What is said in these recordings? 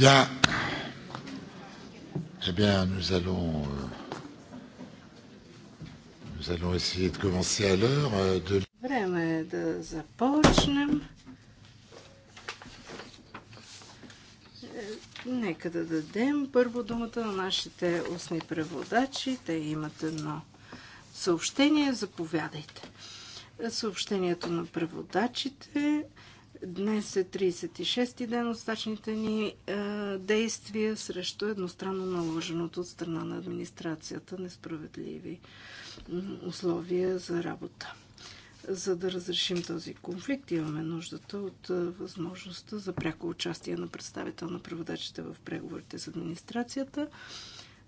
Bien. Eh bien, nous allons, euh, nous allons essayer de commencer à l'heure. Euh, de... Време е да започнем. Е, нека да дадем първо думата на нашите устни преводачи. Те имат едно съобщение. Заповядайте. Е, съобщението на преводачите Днес е 36-ти ден от стачните ни е, действия срещу едностранно наложеното от страна на администрацията несправедливи условия за работа. За да разрешим този конфликт, имаме нуждата от е, възможността за пряко участие на представител на преводачите в преговорите с администрацията.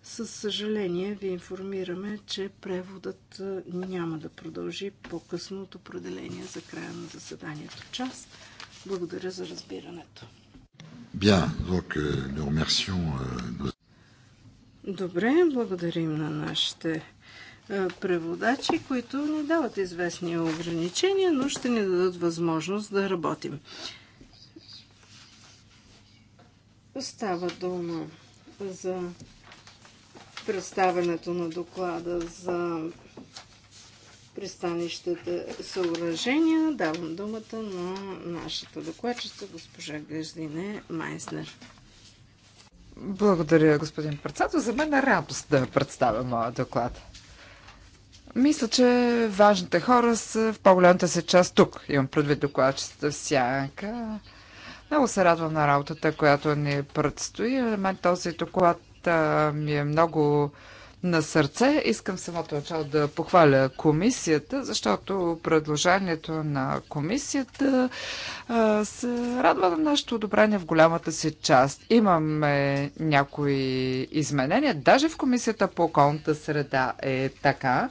Със съжаление ви информираме, че преводът няма да продължи по-късно от определение за края на заседанието час. Благодаря за разбирането. Euh, euh, Добре, благодарим на нашите преводачи, които ни дават известни ограничения, но ще ни дадат възможност да работим. Става дума за представенето на доклада за пристанищата съоръжения. Давам думата на нашата докладчица, госпожа Гъждине Майснер. Благодаря, господин председател. За мен е радост да представя моя доклад. Мисля, че важните хора са в по-голямата си част тук. Имам предвид докладчицата в Сянка. Много се радвам на работата, която ни предстои. Мен този доклад ми е много на сърце. Искам самото начало да похваля комисията, защото предложението на комисията се радва на нашето одобрение в голямата си част. Имаме някои изменения, даже в комисията по околната среда е така,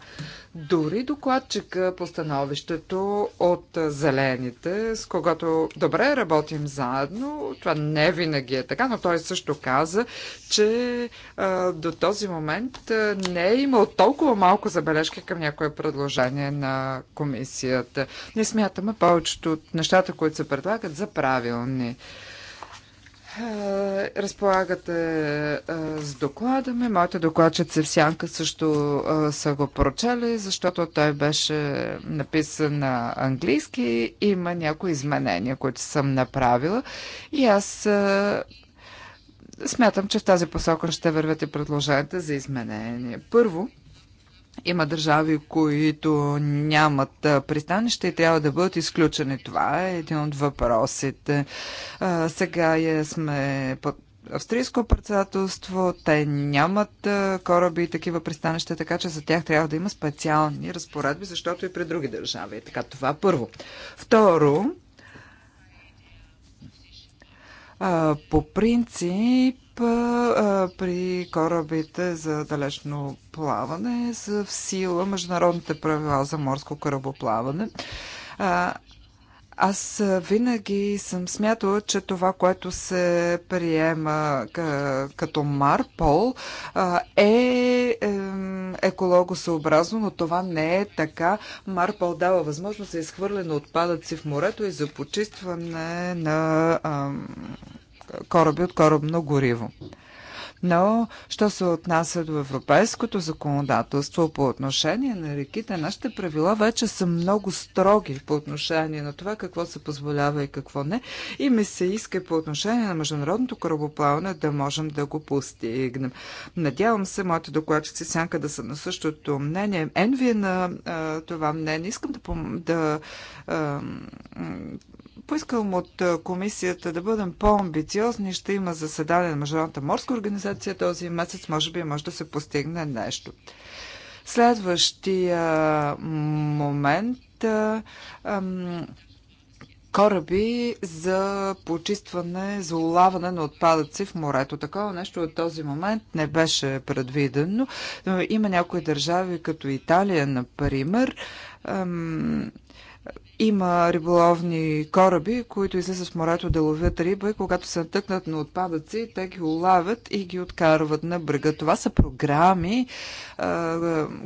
дори докладчика по становището от зелените, с когато добре работим заедно, това не винаги е така, но той също каза, че а, до този момент а, не е имал толкова малко забележки към някое предложение на комисията. Не смятаме повечето от нещата, които се предлагат, за правилни. Е, разполагате е, с доклада ми. Моята докладчица в Сянка също е, са го прочели, защото той беше написан на английски. Има някои изменения, които съм направила. И аз смятам, че в тази посока ще вървят и предложенията за изменения. Първо, има държави, които нямат пристанище и трябва да бъдат изключени. Това е един от въпросите. Сега е, сме под австрийско председателство, те нямат кораби и такива пристанища, така че за тях трябва да има специални разпоредби, защото и при други държави. Е така, това първо. Второ, по принцип, при корабите за далечно плаване са в сила международните правила за морско корабоплаване. Аз винаги съм смятала, че това, което се приема като Марпол, е екологосъобразно, но това не е така. Марпол дава възможност за изхвърляне на отпадъци в морето и за почистване на кораби от корабно гориво. Но, що се отнася до европейското законодателство по отношение на реките, нашите правила вече са много строги по отношение на това какво се позволява и какво не. И ми се иска по отношение на международното корабоплаване да можем да го постигнем. Надявам се, моите докладчици сянка да са на същото мнение. Енви е на а, това мнение. Искам да, да а, Поискам от комисията да бъдем по-амбициозни. Ще има заседание на Международната морска организация този месец. Може би може да се постигне нещо. Следващия момент ам, кораби за почистване, за улаване на отпадъци в морето. Такова нещо от този момент не беше предвидено. Има някои държави, като Италия, например, ам, има риболовни кораби, които излизат в морето да ловят риба и когато се натъкнат на отпадъци, те ги улавят и ги откарват на брега. Това са програми,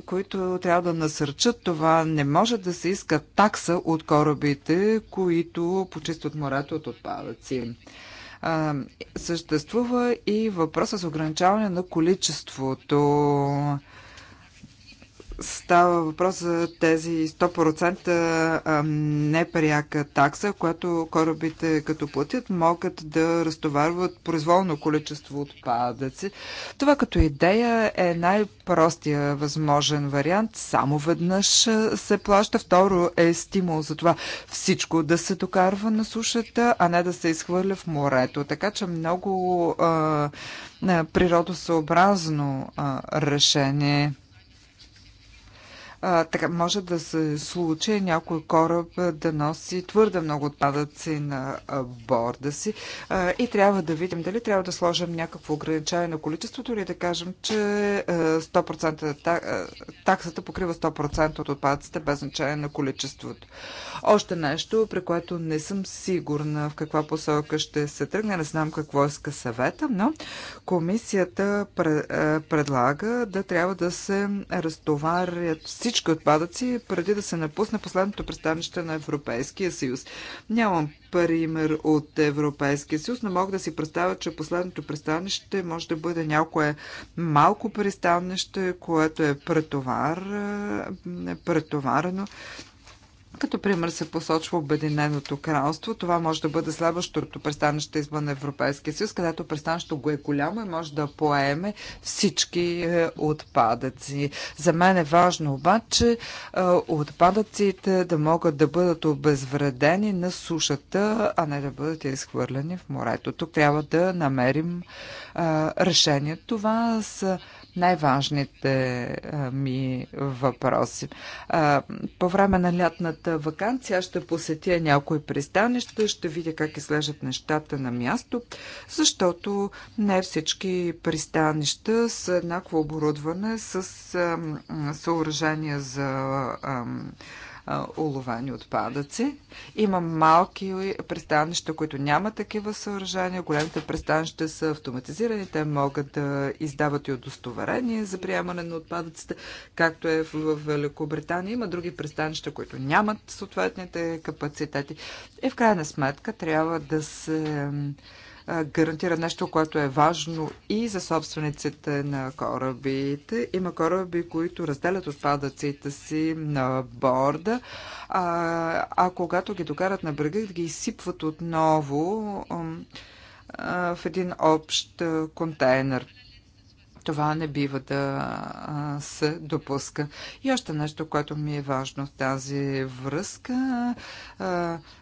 които трябва да насърчат това. Не може да се иска такса от корабите, които почистват морето от отпадъци съществува и въпроса с ограничаване на количеството. Става въпрос за тези 100% непряка такса, която корабите като платят могат да разтоварват произволно количество отпадъци. Това като идея е най-простия възможен вариант. Само веднъж се плаща. Второ е стимул за това всичко да се докарва на сушата, а не да се изхвърля в морето. Така че много а, природосъобразно а, решение. А, така може да се случи някой кораб да носи твърде много отпадъци на борда си а, и трябва да видим дали трябва да сложим някакво ограничение на количеството или да кажем, че 100% таксата покрива 100% от отпадъците без значение на количеството. Още нещо, при което не съм сигурна в каква посока ще се тръгне, не знам какво иска съвета, но комисията предлага да трябва да се разтоварят всички всички отпадъци, преди да се напусне последното представнище на Европейския съюз. Нямам пример от Европейския съюз, но мога да си представя, че последното пристанище може да бъде някое малко пристанище, което е претовар, е, претоварено като пример се посочва Обединеното кралство. Това може да бъде следващото пристанище извън Европейския съюз, където пристанището го е голямо и може да поеме всички е, отпадъци. За мен е важно обаче е, отпадъците да могат да бъдат обезвредени на сушата, а не да бъдат изхвърлени в морето. Тук трябва да намерим е, решение. Това са най-важните ми въпроси. по време на лятната вакансия ще посетя някои пристанища, ще видя как изглеждат нещата на място, защото не всички пристанища са еднакво оборудване с съоръжения за оловани отпадъци. Има малки пристанища, които нямат такива съоръжения. Големите пристанища са автоматизирани. Те могат да издават и удостоверение за приемане на отпадъците, както е в Великобритания. Има други пристанища, които нямат съответните капацитети. И в крайна сметка трябва да се гарантира нещо, което е важно и за собствениците на корабите. Има кораби, които разделят отпадъците си на борда, а, а когато ги докарат на брега, ги изсипват отново в един общ контейнер. Това не бива да се допуска. И още нещо, което ми е важно в тази връзка.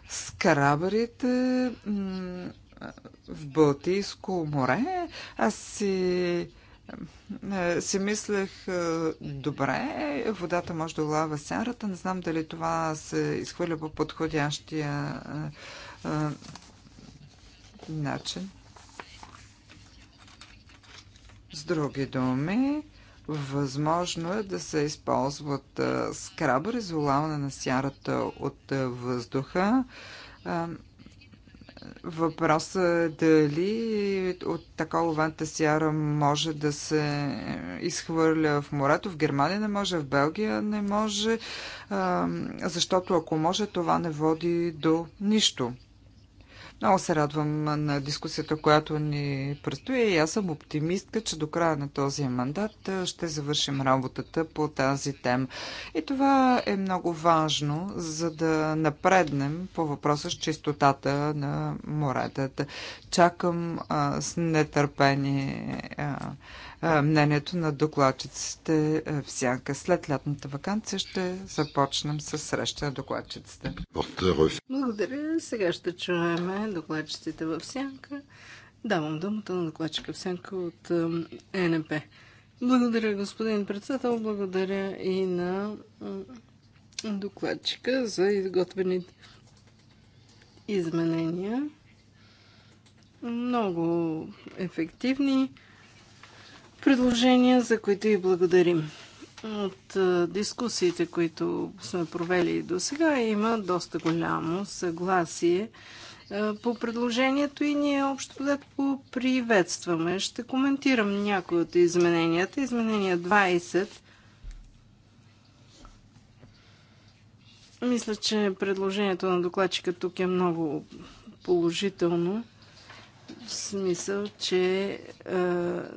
Скрабарите в Балтийско море. Аз си е, си мислех, е, добре, водата може да лава сярата, не знам дали това се изхвърля по подходящия е, начин. С други думи, възможно е да се използват скрабъри за улавяне на сярата от въздуха. А, е дали от такова ванта сяра може да се изхвърля в морето. В Германия не може, в Белгия не може, защото ако може, това не води до нищо. Много се радвам на дискусията, която ни предстои и аз съм оптимистка, че до края на този мандат ще завършим работата по тази тема. И това е много важно, за да напреднем по въпроса с чистотата на моретата. Чакам а, с нетърпение а, мнението на докладчиците в сянка. След лятната вакансия ще започнем с среща на докладчиците. Благодаря. Сега ще чуем докладчиците в сянка. Давам думата на докладчика в сянка от ЕНП. Благодаря, господин председател. Благодаря и на докладчика за изготвените изменения. Много ефективни предложения, за които ви благодарим. От дискусиите, които сме провели до сега, има доста голямо съгласие по предложението и ние общо взето го приветстваме. Ще коментирам някои от измененията. Изменение 20. Мисля, че предложението на докладчика тук е много положително. В смисъл, че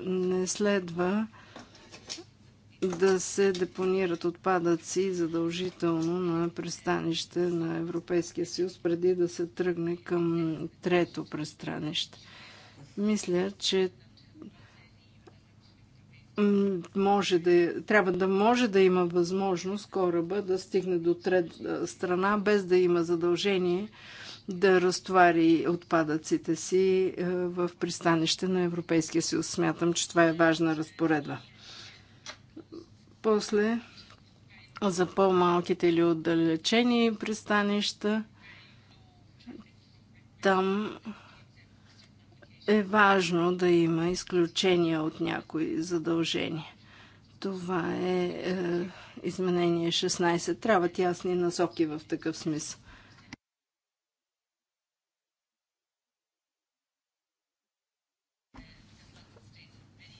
не следва да се депонират отпадъци задължително на пристанище на Европейския съюз, преди да се тръгне към трето пристанище. Мисля, че може да, трябва да може да има възможност кораба да стигне до трета страна, без да има задължение да разтовари отпадъците си е, в пристанище на Европейския съюз. Смятам, че това е важна разпоредба. После за по-малките или отдалечени пристанища там е важно да има изключения от някои задължения. Това е, е изменение 16. Трябват ясни насоки в такъв смисъл.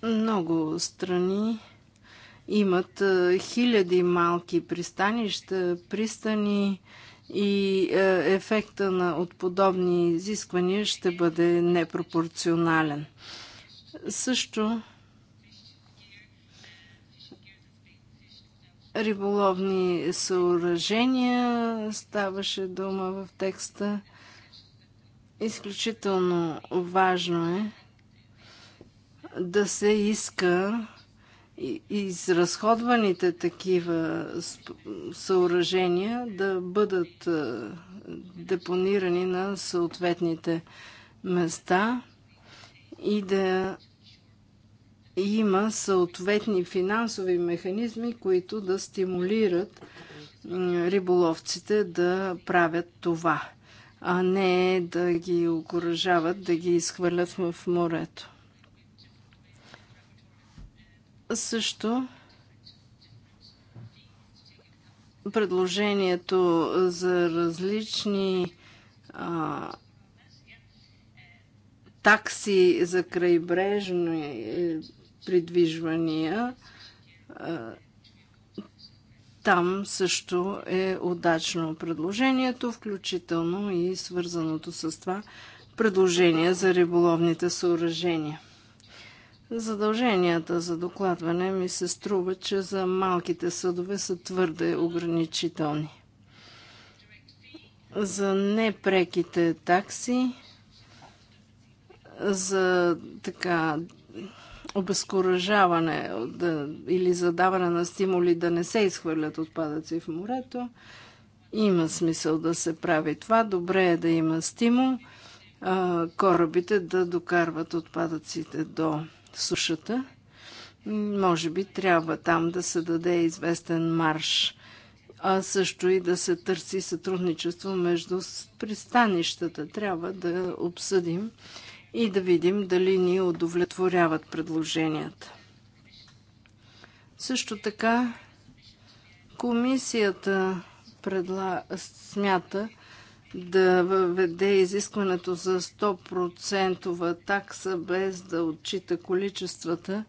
Много страни имат хиляди малки пристанища, пристани и ефекта на, от подобни изисквания ще бъде непропорционален. Също риболовни съоръжения ставаше дума в текста. Изключително важно е да се иска изразходваните такива съоръжения да бъдат депонирани на съответните места и да има съответни финансови механизми, които да стимулират риболовците да правят това, а не да ги окоръжават да ги изхвърлят в морето. Също предложението за различни а, такси за крайбрежни е, придвижвания, там също е удачно предложението, включително и свързаното с това предложение за риболовните съоръжения. Задълженията за докладване ми се струва, че за малките съдове са твърде ограничителни. За непреките такси, за така обезкуражаване да, или за даване на стимули да не се изхвърлят отпадъци в морето, има смисъл да се прави това. Добре е да има стимул а, корабите да докарват отпадъците до сушата. Може би трябва там да се даде известен марш, а също и да се търси сътрудничество между пристанищата. Трябва да обсъдим и да видим дали ни удовлетворяват предложенията. Също така, комисията предла... смята, да въведе изискването за 100% такса без да отчита количествата.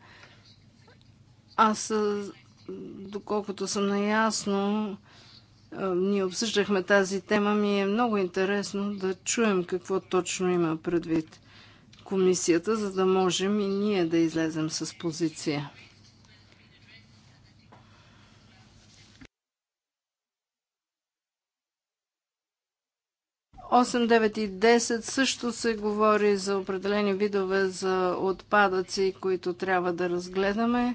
Аз, доколкото съм наясно, ние обсъждахме тази тема, ми е много интересно да чуем какво точно има предвид комисията, за да можем и ние да излезем с позиция. 8, 9 и 10 също се говори за определени видове за отпадъци, които трябва да разгледаме.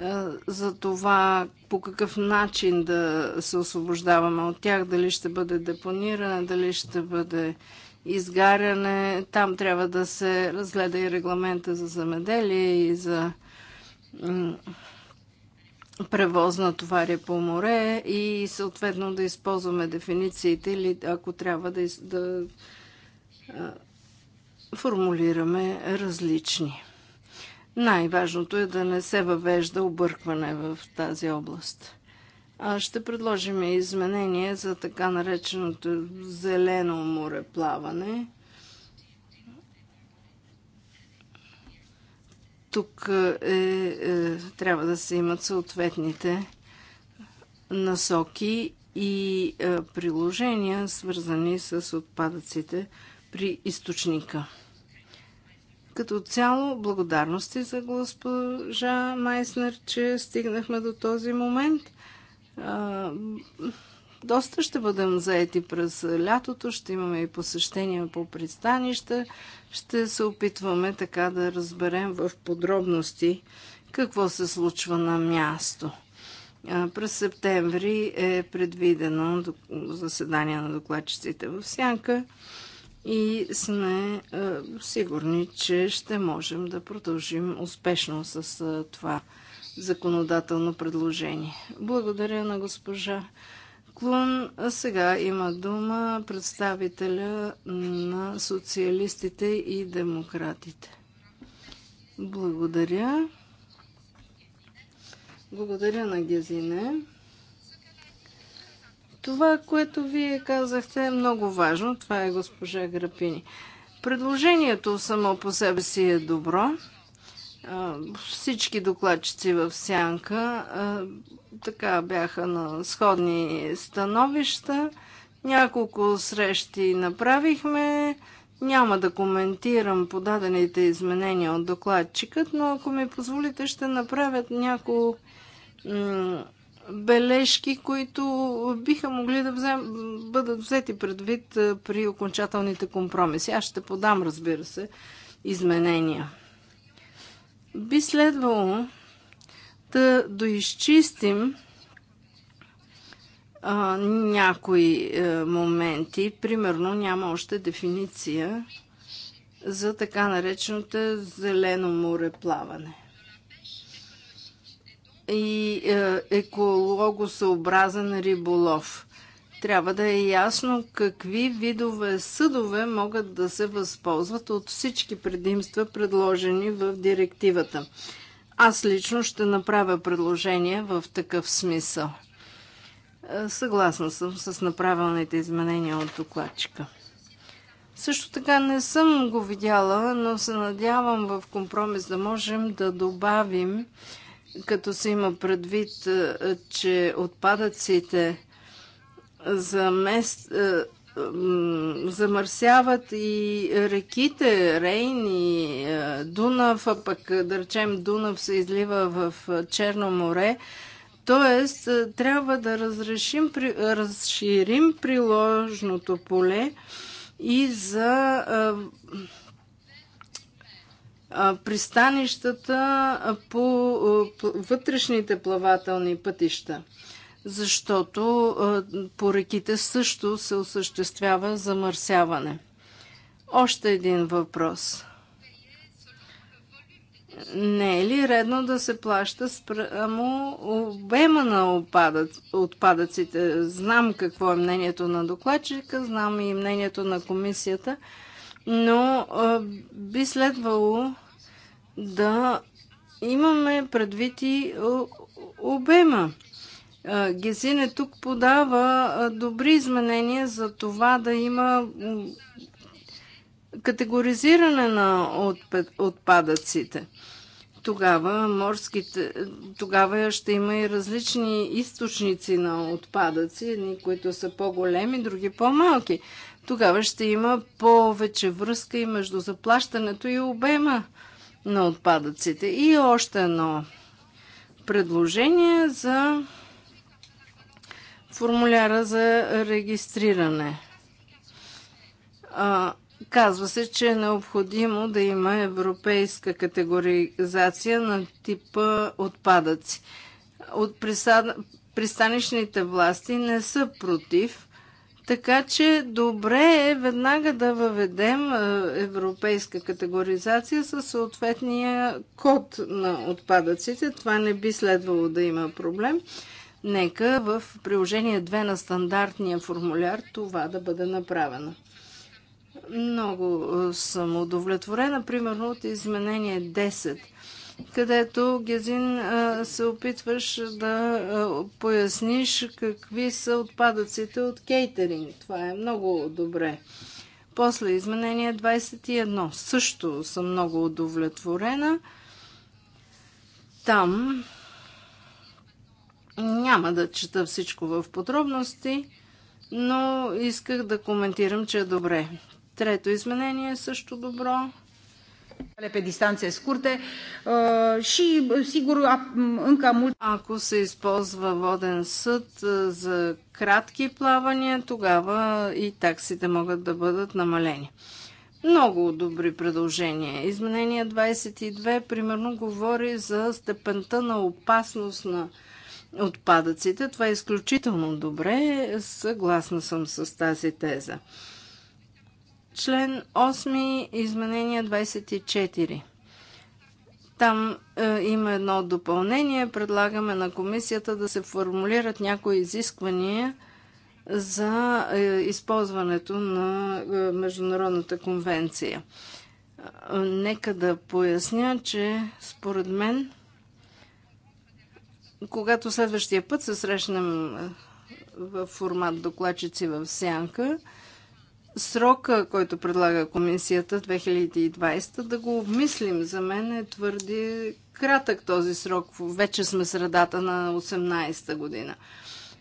Е, за това по какъв начин да се освобождаваме от тях, дали ще бъде депониране, дали ще бъде изгаряне. Там трябва да се разгледа и регламента за замеделие и за превоз на товари по море и съответно да използваме дефинициите или ако трябва да, да а, формулираме различни. Най-важното е да не се въвежда объркване в тази област. А ще предложим изменение за така нареченото зелено мореплаване – Тук е, е, трябва да се имат съответните насоки и е, приложения, свързани с отпадъците при източника. Като цяло, благодарности за госпожа Майснер, че стигнахме до този момент. Доста ще бъдем заети през лятото, ще имаме и посещения по пристанища. Ще се опитваме така да разберем в подробности какво се случва на място. През септември е предвидено заседание на докладчиците в Сянка и сме сигурни, че ще можем да продължим успешно с това законодателно предложение. Благодаря на госпожа а Сега има дума представителя на социалистите и демократите. Благодаря. Благодаря на Гезине. Това, което вие казахте е много важно. Това е госпожа Грапини. Предложението само по себе си е добро всички докладчици в Сянка така бяха на сходни становища. Няколко срещи направихме. Няма да коментирам подадените изменения от докладчикът, но ако ми позволите, ще направят няколко бележки, които биха могли да взем, бъдат взети предвид при окончателните компромиси. Аз ще подам, разбира се, изменения би следвало да доизчистим а, някои а, е, моменти. Примерно няма още дефиниция за така нареченото зелено море плаване И е, екологосъобразен риболов. Трябва да е ясно какви видове съдове могат да се възползват от всички предимства, предложени в директивата. Аз лично ще направя предложение в такъв смисъл. Е, съгласна съм с направените изменения от докладчика. Също така не съм го видяла, но се надявам в компромис да можем да добавим, като се има предвид, е, че отпадъците замест, е, замърсяват и реките, Рейн и е, Дунав, а пък да речем Дунав се излива в е, Черно море. Тоест, трябва да разрешим, разширим приложното поле и за пристанищата по вътрешните плавателни пътища защото по реките също се осъществява замърсяване. Още един въпрос. Не е ли редно да се плаща спрямо обема на отпадъците? Знам какво е мнението на докладчика, знам и мнението на комисията, но би следвало да имаме предвид и обема. Гезине тук подава добри изменения за това да има категоризиране на отпадъците. Тогава, морските, тогава ще има и различни източници на отпадъци, едни, които са по-големи, други по-малки. Тогава ще има повече връзка и между заплащането и обема на отпадъците. И още едно предложение за формуляра за регистриране. А, казва се, че е необходимо да има европейска категоризация на типа отпадъци. От пристанищните власти не са против, така че добре е веднага да въведем европейска категоризация със съответния код на отпадъците. Това не би следвало да има проблем. Нека в приложение 2 на стандартния формуляр това да бъде направено. Много е, съм удовлетворена, примерно от изменение 10 където Гезин е, се опитваш да е, поясниш какви са отпадъците от кейтеринг. Това е много добре. После изменение 21. Също съм много удовлетворена. Там няма да чета всичко в подробности, но исках да коментирам, че е добре. Трето изменение е също добро дистанция е с курте și, сигур încă mult... Ако се използва воден съд за кратки плавания, тогава и таксите могат да бъдат намалени. Много добри предложения. Изменение 22, примерно, говори за степента на опасност на отпадъците. Това е изключително добре. Съгласна съм с тази теза. Член 8, изменение 24. Там е, има едно допълнение. Предлагаме на комисията да се формулират някои изисквания за е, използването на е, Международната конвенция. Е, нека да поясня, че според мен когато следващия път се срещнем в формат докладчици в сянка, срока, който предлага комисията 2020, да го обмислим. За мен е твърди кратък този срок. Вече сме средата на 18-та година.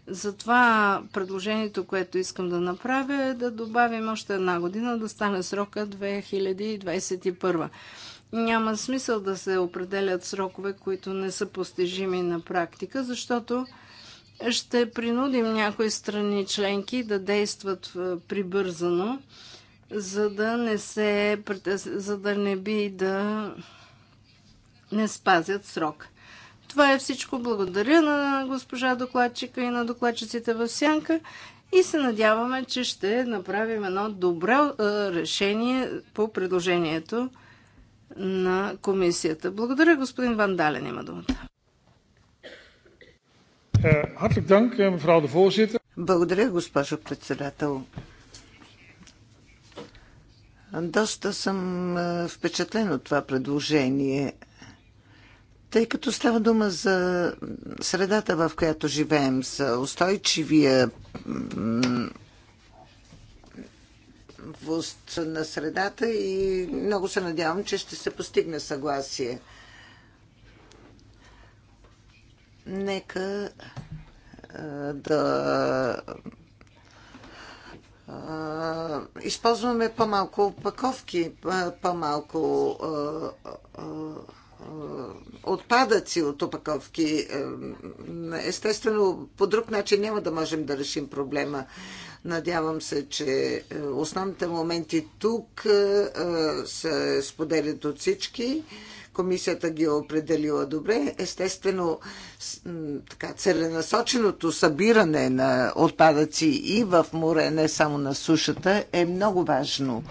Затова предложението, което искам да направя е да добавим още една година, да стане срока 2021 няма смисъл да се определят срокове, които не са постижими на практика, защото ще принудим някои страни членки да действат е, прибързано, за да не, се, за да не би да не спазят срок. Това е всичко. Благодаря на госпожа докладчика и на докладчиците в Сянка и се надяваме, че ще направим едно добро е, решение по предложението на комисията. Благодаря, господин Вандален има думата. Е, е, Благодаря, госпожо председател. Доста съм е, впечатлен от това предложение, тъй като става дума за средата, в която живеем, за устойчивия гъвкавост на средата и много се надявам, че ще се постигне съгласие. Нека да използваме по-малко опаковки, по-малко отпадъци от опаковки. Естествено, по друг начин няма да можем да решим проблема. Надявам се, че е, основните моменти тук е, е, се споделят от всички. Комисията ги е определила добре. Естествено, така, целенасоченото събиране на отпадъци и в море, не само на сушата, е много важно.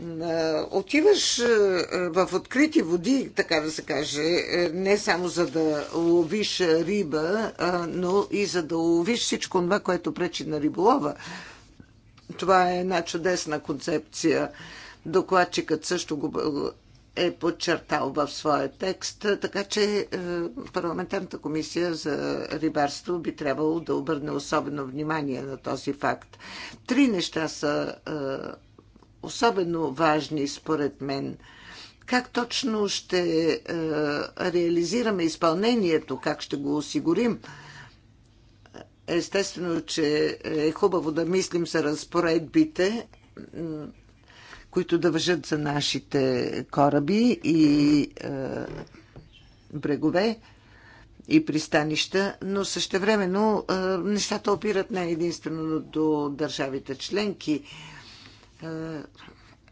Е, отиваш е, е, в открити води, така да се каже, не само за да ловиш риба, но и за да ловиш всичко това, което пречи на риболова. Това е една чудесна концепция. Докладчикът също го е подчертал в своя текст, така че парламентарната комисия за рибарство би трябвало да обърне особено внимание на този факт. Три неща са особено важни според мен. Как точно ще е, реализираме изпълнението, как ще го осигурим? Естествено, че е хубаво да мислим за разпоредбите, които да въжат за нашите кораби и е, брегове и пристанища, но същевременно е, нещата опират не единствено до държавите членки. Е, е,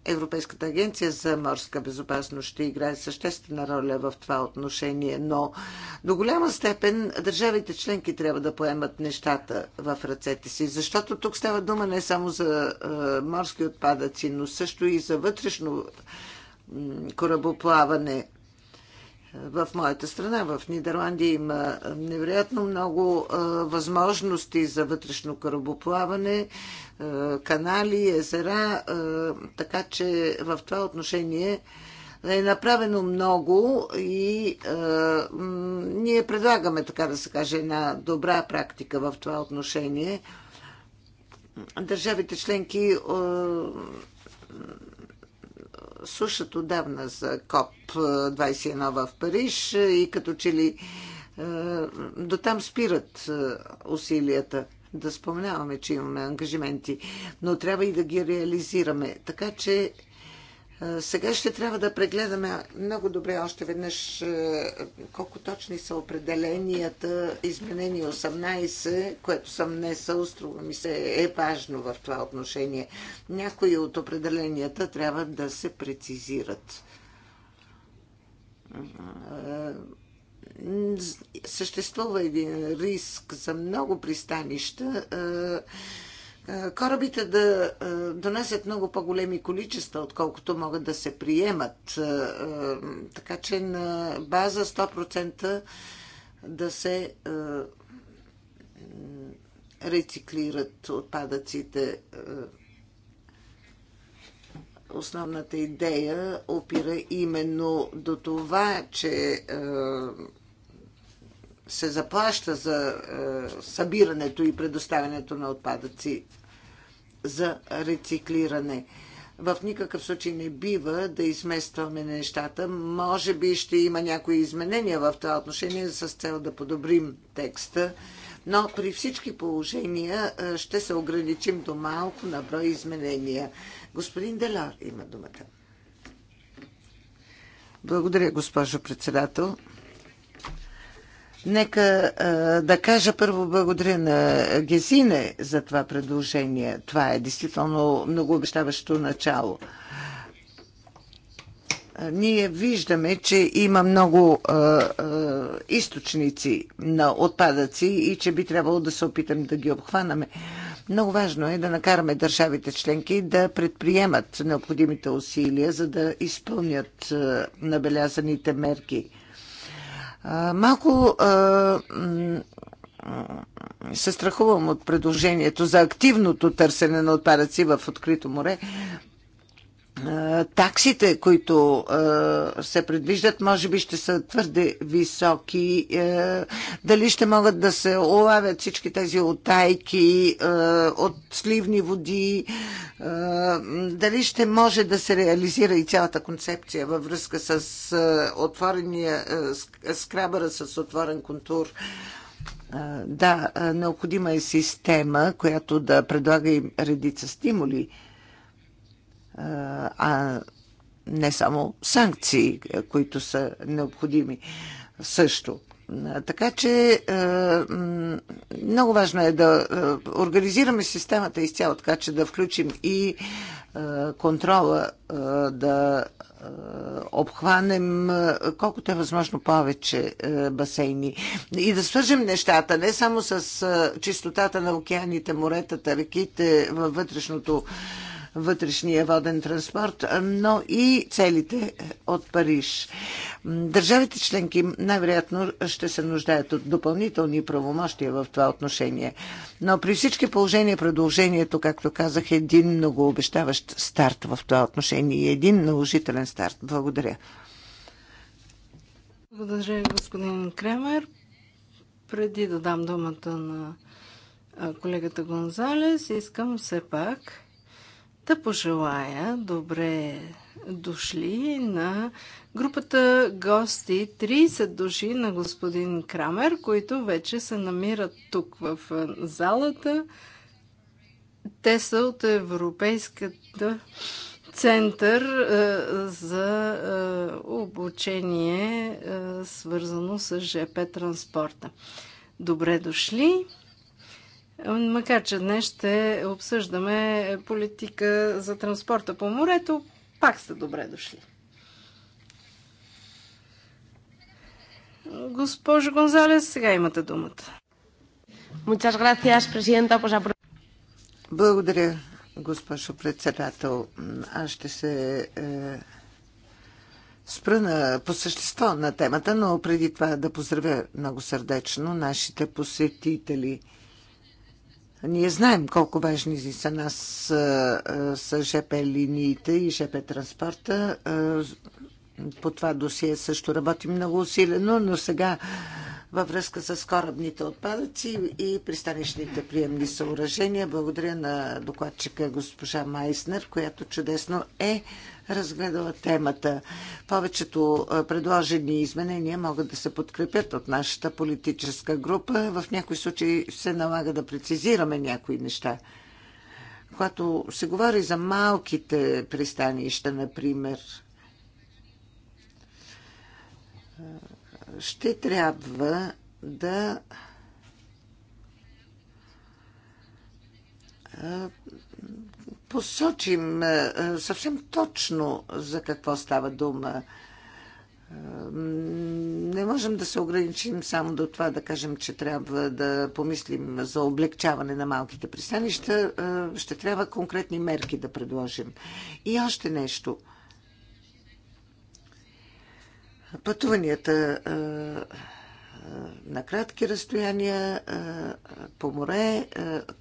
Европейската агенция за морска безопасност ще играе съществена роля в това отношение, но до голяма степен държавите членки трябва да поемат нещата в ръцете си, защото тук става дума не само за е, морски отпадъци, но също и за вътрешно корабоплаване. В моята страна, в Нидерландия, има невероятно много възможности за вътрешно корабоплаване, канали, езера, така че в това отношение е направено много и е, ние предлагаме, така да се каже, една добра практика в това отношение. Държавите членки А, слушат отдавна за КОП-21 в Париж и като че ли е, до там спират е, усилията да споменаваме, че имаме ангажименти, но трябва и да ги реализираме. Така че сега ще трябва да прегледаме много добре още веднъж колко точни са определенията. Изменени 18, което съм не струва ми се е важно в това отношение. Някои от определенията трябва да се прецизират. Съществува един риск за много пристанища е, корабите да е, донесат много по-големи количества, отколкото могат да се приемат. Е, така че на база 100% да се рециклират отпадъците. Основната идея опира именно до това, че се заплаща за е, събирането и предоставянето на отпадъци за рециклиране. В никакъв случай не бива да изместваме нещата. Може би ще има някои изменения в това отношение с цел да подобрим текста, но при всички положения е, ще се ограничим до малко на брой изменения. Господин Делар има думата. Благодаря, госпожо председател. Нека а, да кажа първо благодаря на Гезине за това предложение. Това е действително много обещаващо начало. А, ние виждаме, че има много а, а, източници на отпадъци и че би трябвало да се опитам да ги обхванаме. Много важно е да накараме държавите членки да предприемат необходимите усилия, за да изпълнят а, набелязаните мерки – Малко се страхувам от предложението за активното търсене на отпадъци в открито море, таксите, които се предвиждат, може би ще са твърде високи. Дали ще могат да се улавят всички тези отайки от сливни води? Дали ще може да се реализира и цялата концепция във връзка с отворения скрабъра с отворен контур? Да, необходима е система, която да предлага и редица стимули – а не само санкции, които са необходими също. Така че е, много важно е да е, организираме системата изцяло, така че да включим и е, контрола, да обхванем колкото е възможно повече басейни и да свържем нещата не само с чистотата на океаните, моретата, реките във вътрешното вътрешния воден транспорт, но и целите от Париж. Държавите членки най-вероятно ще се нуждаят от допълнителни правомощия в това отношение. Но при всички положения предложението, както казах, е един много обещаващ старт в това отношение и един наложителен старт. Благодаря. Благодаря, господин Кремер. Преди да дам думата на колегата Гонзалес, искам все пак да пожелая добре дошли на групата гости, 30 души на господин Крамер, които вече се намират тук в е, залата. Те са от Европейската център е, за е, обучение, свързано с ЖП транспорта. Добре дошли! Макар, че днес ще обсъждаме политика за транспорта по морето, пак сте добре дошли. Госпожо Гонзалес, сега имате думата. Благодаря, госпожо председател. Аз ще се е, спра на, по същество на темата, но преди това да поздравя много сърдечно нашите посетители – ние знаем колко важни за нас с ЖП линиите и ЖП транспорта. По това досие също работим много усилено, но сега във връзка с корабните отпадъци и пристанищните приемни съоръжения. Благодаря на докладчика госпожа Майснер, която чудесно е разгледала темата. Повечето предложени изменения могат да се подкрепят от нашата политическа група. В някои случаи се налага да прецизираме някои неща. Когато се говори за малките пристанища, например, ще трябва да посочим е, е, съвсем точно за какво става дума. Е, не можем да се ограничим само до това да кажем, че трябва да помислим за облегчаване на малките пристанища. Ще трябва конкретни мерки да предложим. И още нещо. Пътуванията е, на кратки разстояния, е, е, по море.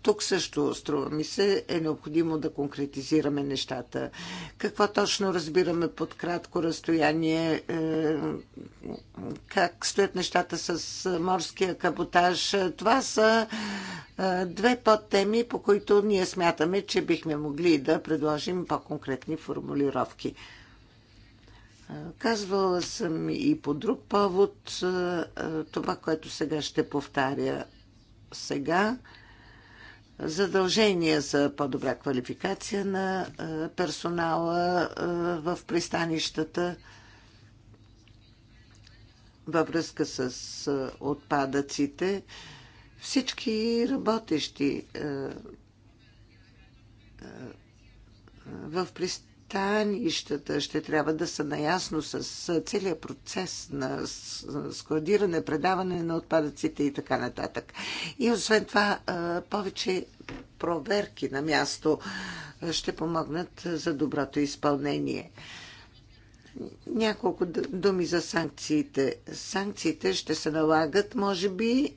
Тук също, струва ми се, е необходимо да конкретизираме нещата. Какво точно разбираме под кратко разстояние? Как стоят нещата с морския каботаж? Това са две подтеми, по които ние смятаме, че бихме могли да предложим по-конкретни формулировки. Казвала съм и по друг повод това, което сега ще повтаря сега. Задължения за по-добра квалификация на персонала в пристанищата във връзка с отпадъците. Всички работещи в пристанищата пристанищата ще трябва да са наясно с целият процес на складиране, предаване на отпадъците и така нататък. И освен това, повече проверки на място ще помогнат за доброто изпълнение. Няколко думи за санкциите. Санкциите ще се налагат, може би,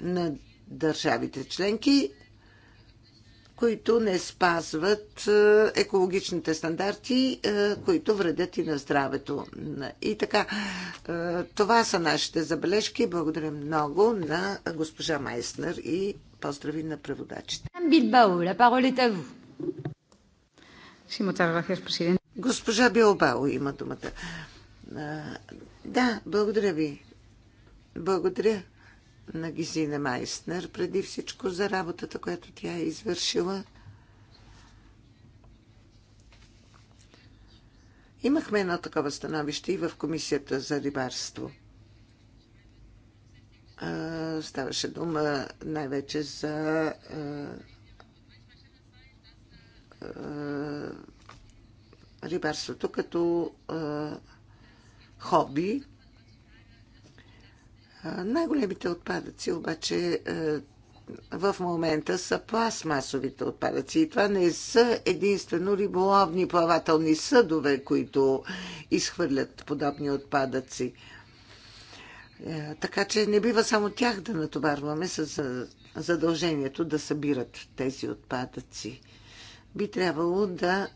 на държавите членки които не спазват е, екологичните стандарти, е, които вредят и на здравето. И така, е, това са нашите забележки. Благодаря много на госпожа Майснер и поздрави на преводачите. Госпожа Билбао има думата. Да, благодаря ви. Благодаря на Гизина Майснер, преди всичко за работата, която тя е извършила. Имахме едно такова становище и в Комисията за рибарство. Ставаше дума най-вече за рибарството като хоби най-големите отпадъци обаче е, в момента са пластмасовите отпадъци. И това не са единствено риболовни плавателни съдове, които изхвърлят подобни отпадъци. Е, така че не бива само тях да натоварваме с задължението да събират тези отпадъци. Би трябвало да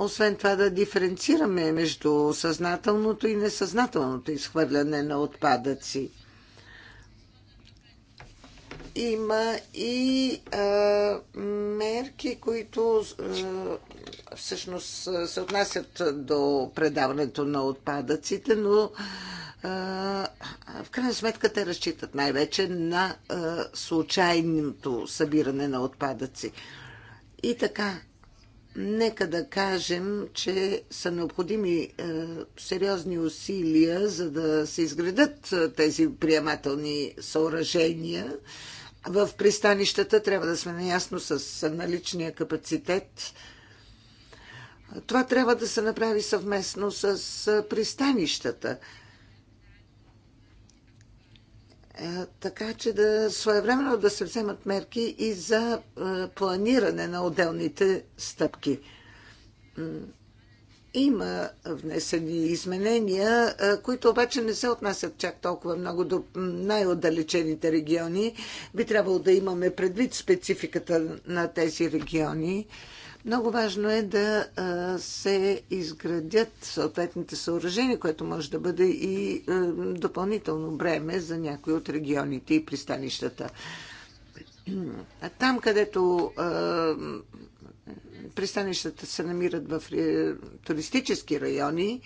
освен това да диференцираме между съзнателното и несъзнателното изхвърляне на отпадъци. Има и а, мерки, които а, всъщност се отнасят до предаването на отпадъците, но в крайна сметка те разчитат най-вече на случайното събиране на отпадъци. И така, Нека да кажем, че са необходими е, сериозни усилия, за да се изградат е, тези приемателни съоръжения. В пристанищата трябва да сме наясно с наличния капацитет. Това трябва да се направи съвместно с е, пристанищата. Е, така че да своевременно да се вземат мерки и за е, планиране на отделните стъпки. Има внесени изменения, е, които обаче не се отнасят чак толкова много до най-отдалечените региони. Би трябвало да имаме предвид спецификата на тези региони много важно е да се изградят съответните съоръжения, което може да бъде и допълнително бреме за някои от регионите и пристанищата. Там, където пристанищата се намират в туристически райони,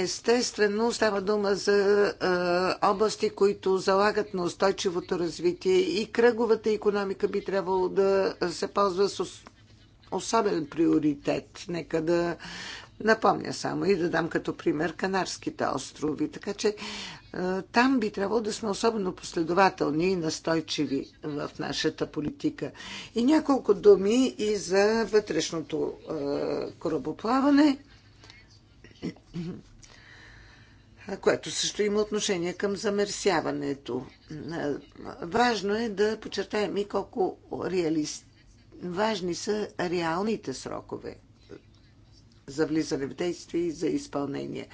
Естествено, става дума за е, области, които залагат на устойчивото развитие и кръговата економика би трябвало да се ползва с особен приоритет. Нека да напомня само и да дам като пример Канарските острови. Така че е, там би трябвало да сме особено последователни и настойчиви в нашата политика. И няколко думи и за вътрешното е, корабоплаване което също има отношение към замерсяването. Важно е да подчертаем и колко реалист... важни са реалните срокове за влизане в действие и за изпълнение.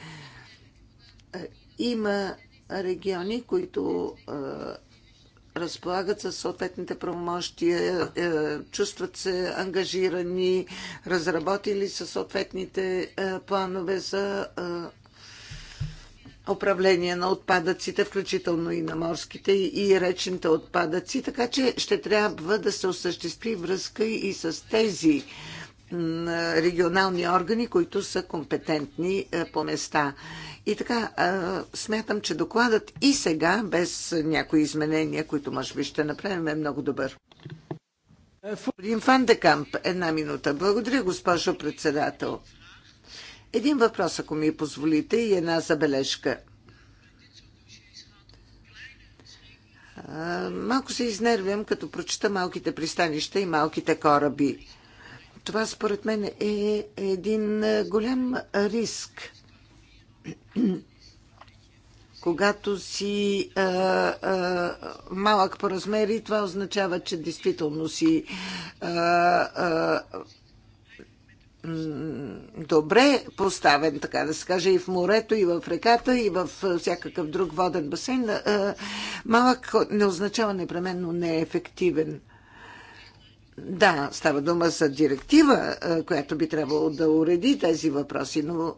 Има региони, които разполагат със съответните правомощия, чувстват се ангажирани, разработили са съответните планове за управление на отпадъците, включително и на морските и речните отпадъци, така че ще трябва да се осъществи връзка и с тези регионални органи, които са компетентни е, по места. И така, е, смятам, че докладът и сега, без някои изменения, които може би ще направим, е много добър. Господин Фандекамп, една минута. Благодаря, госпожо председател. Един въпрос, ако ми позволите, и една забележка. Малко се изнервям, като прочета малките пристанища и малките кораби. Това според мен е един голям риск. Когато си а, а, малък по размери, това означава, че действително си а, а, добре поставен, така да се каже, и в морето, и в реката, и в всякакъв друг воден басейн, малък не означава непременно неефективен. Е да, става дума за директива, която би трябвало да уреди тези въпроси, но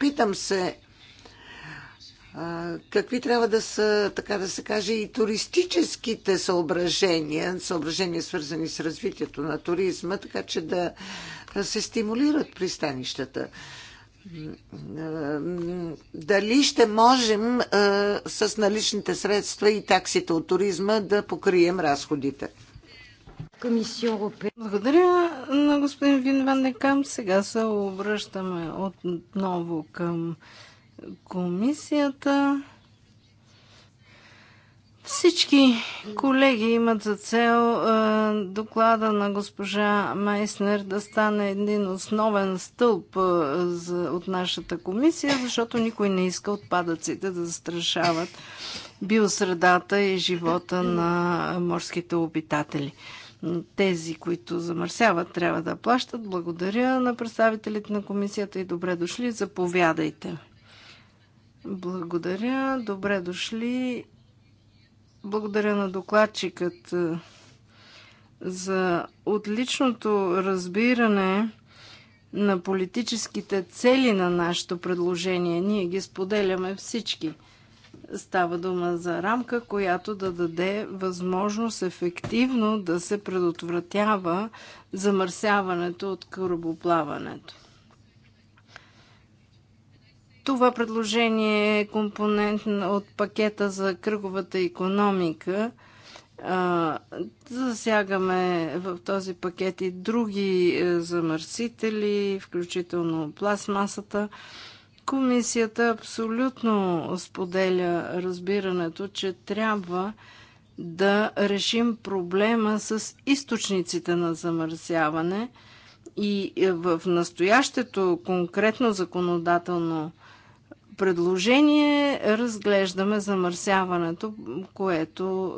питам се какви трябва да са, така да се каже, и туристическите съображения, съображения свързани с развитието на туризма, така че да се стимулират пристанищата. Дали ще можем с наличните средства и таксите от туризма да покрием разходите? Благодаря на господин Вин Ван Декам. Сега се обръщаме отново към комисията. Всички колеги имат за цел е, доклада на госпожа Майснер да стане един основен стълб е, за, от нашата комисия, защото никой не иска отпадъците да застрашават биосредата и живота на морските обитатели. Тези, които замърсяват, трябва да плащат. Благодаря на представителите на комисията и добре дошли. Заповядайте. Благодаря. Добре дошли. Благодаря на докладчикът е, за отличното разбиране на политическите цели на нашето предложение. Ние ги споделяме всички. Става дума за рамка, която да даде възможност ефективно да се предотвратява замърсяването от корабоплаването. Това предложение е компонент от пакета за кръговата економика. Засягаме в този пакет и други е, замърсители, включително пластмасата. Комисията абсолютно споделя разбирането, че трябва да решим проблема с източниците на замърсяване и е, в настоящето конкретно законодателно предложение разглеждаме замърсяването, което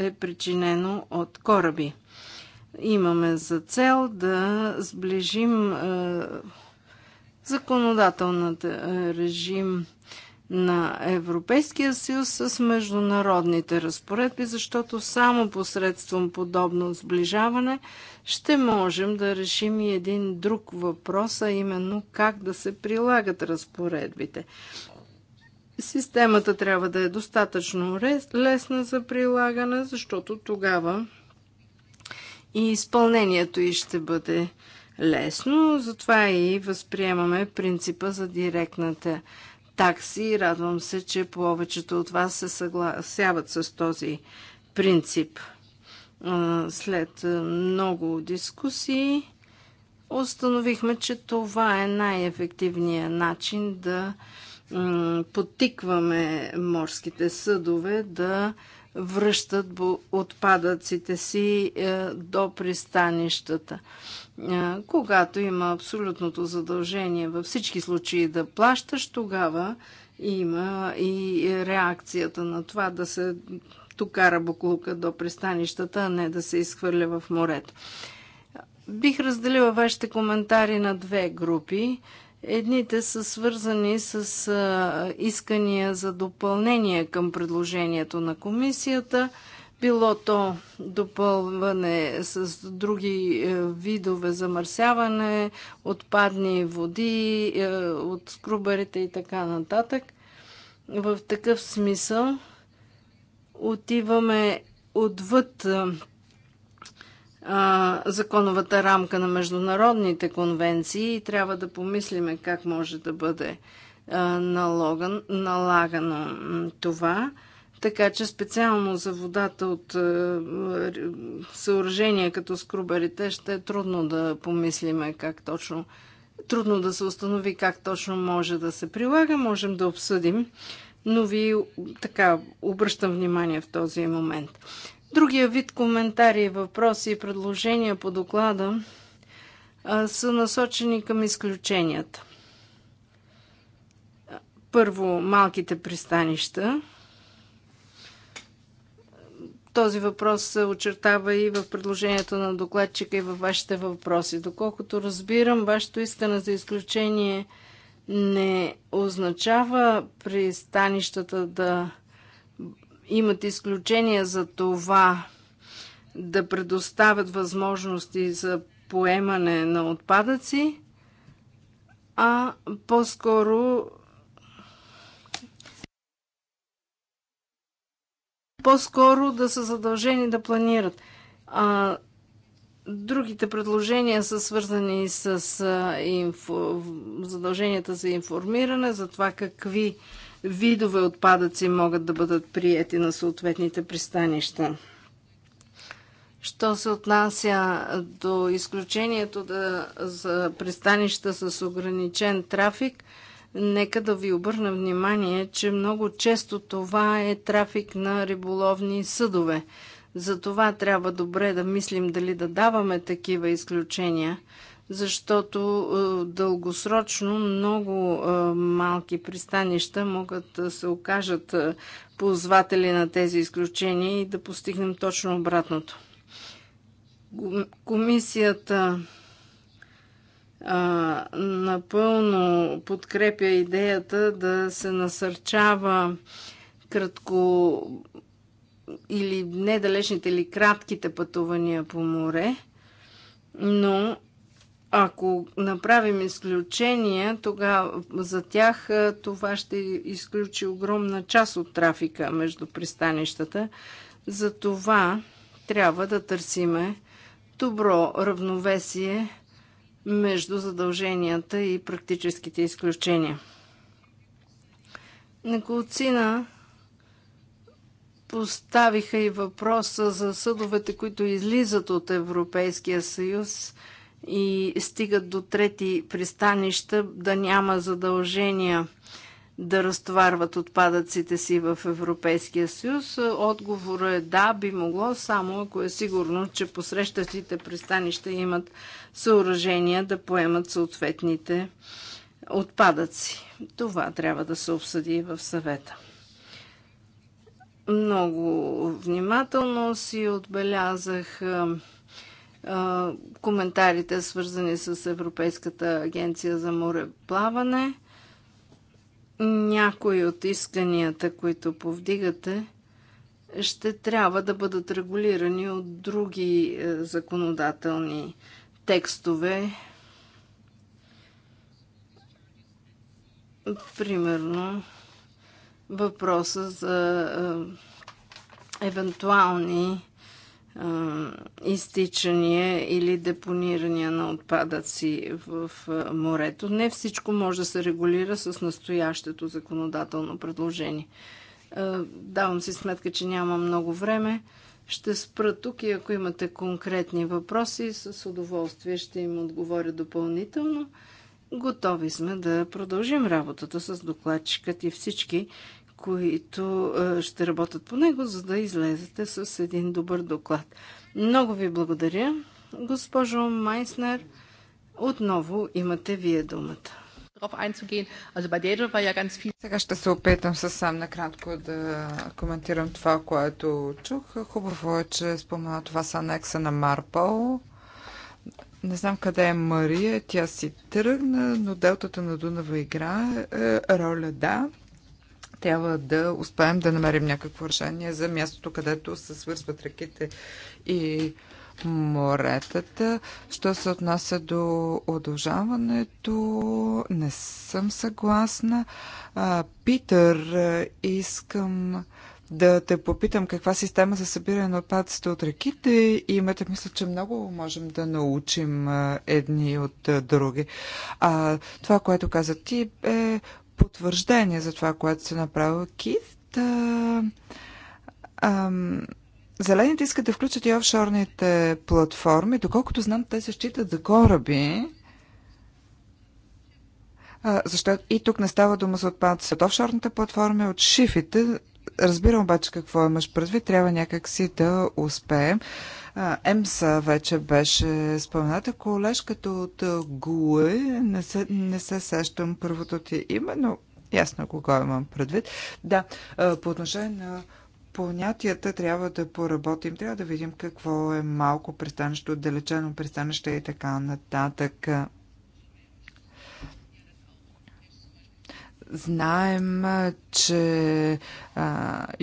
е, е причинено от кораби. Имаме за цел да сближим е, законодателната е, режим на Европейския съюз с международните разпоредби, защото само посредством подобно сближаване ще можем да решим и един друг въпрос, а именно как да се прилагат разпоредбите. Системата трябва да е достатъчно лесна за прилагане, защото тогава и изпълнението и ще бъде лесно. Затова и възприемаме принципа за директната такси. Радвам се, че повечето от вас се съгласяват с този принцип. След много дискусии установихме, че това е най-ефективният начин да подтикваме морските съдове да връщат отпадъците си е, до пристанищата. Когато има абсолютното задължение във всички случаи да плащаш, тогава има и реакцията на това да се докара буклука до пристанищата, а не да се изхвърля в морето. Бих разделила вашите коментари на две групи. Едните са свързани с искания за допълнение към предложението на комисията – било то допълване с други е, видове замърсяване, отпадни води е, от скруберите и така нататък. В такъв смисъл отиваме отвъд е, законовата рамка на международните конвенции и трябва да помислиме как може да бъде налагано това така че специално за водата от е, съоръжения като скрубарите ще е трудно да помислиме как точно, трудно да се установи как точно може да се прилага. Можем да обсъдим, но ви така обръщам внимание в този момент. Другия вид коментари, въпроси и предложения по доклада а, са насочени към изключенията. Първо, малките пристанища – този въпрос се очертава и в предложението на докладчика и във вашите въпроси. Доколкото разбирам, вашето искане за изключение не означава при станищата да имат изключения за това да предоставят възможности за поемане на отпадъци, а по-скоро по-скоро да са задължени да планират. А, другите предложения са свързани с а, инфо, задълженията за информиране, за това какви видове отпадъци могат да бъдат приети на съответните пристанища. Що се отнася до изключението да, за пристанища с ограничен трафик – Нека да ви обърна внимание, че много често това е трафик на риболовни съдове. Затова трябва добре да мислим дали да даваме такива изключения, защото е, дългосрочно много е, малки пристанища могат да се окажат е, ползватели на тези изключения и да постигнем точно обратното. Комисията а, напълно подкрепя идеята да се насърчава кратко или недалечните или кратките пътувания по море, но ако направим изключения, тогава за тях това ще изключи огромна част от трафика между пристанищата. Затова трябва да търсиме добро равновесие между задълженията и практическите изключения. Неколцина поставиха и въпроса за съдовете, които излизат от Европейския съюз и стигат до трети пристанища, да няма задължения да разтоварват отпадъците си в Европейския съюз? Отговорът е да, би могло, само ако е сигурно, че посрещащите пристанища имат съоръжения да поемат съответните отпадъци. Това трябва да се обсъди в съвета. Много внимателно си отбелязах коментарите, свързани с Европейската агенция за мореплаване някои от исканията, които повдигате, ще трябва да бъдат регулирани от други е, законодателни текстове. Примерно въпроса за е, евентуални изтичания или депонирания на отпадъци в морето. Не всичко може да се регулира с настоящето законодателно предложение. Давам си сметка, че няма много време. Ще спра тук и ако имате конкретни въпроси, с удоволствие ще им отговоря допълнително. Готови сме да продължим работата с докладчикът и всички, които е, ще работят по него, за да излезете с един добър доклад. Много ви благодаря. Госпожо Майснер, отново имате вие думата. Сега ще се опитам съвсем накратко да коментирам това, което чух. Хубаво е, че спомена това с анекса на Марпол. Не знам къде е Мария, тя си тръгна, но делтата на Дунава игра е, роля да трябва да успеем да намерим някакво решение за мястото, където се свързват реките и моретата. Що се отнася до удължаването, не съм съгласна. А, Питър, искам да те попитам каква система за събиране на отпадците от реките имате. Мисля, че много можем да научим едни от други. А, това, което каза ти, е потвърждение за това, което се направи Кит. Да, ам, зелените искат да включат и офшорните платформи. Доколкото знам, те се считат за кораби. А, защото и тук не става дума за отпадъци от офшорните платформи, от шифите. Разбирам обаче какво имаш предвид. Трябва някакси да успеем. ЕМСА вече беше спомената. Колежката от ГУЕ, не се, не се сещам първото ти име, но ясно кого имам предвид. Да, по отношение на понятията трябва да поработим, трябва да видим какво е малко пристанище, отдалечено пристанище и така нататък. Знаем, че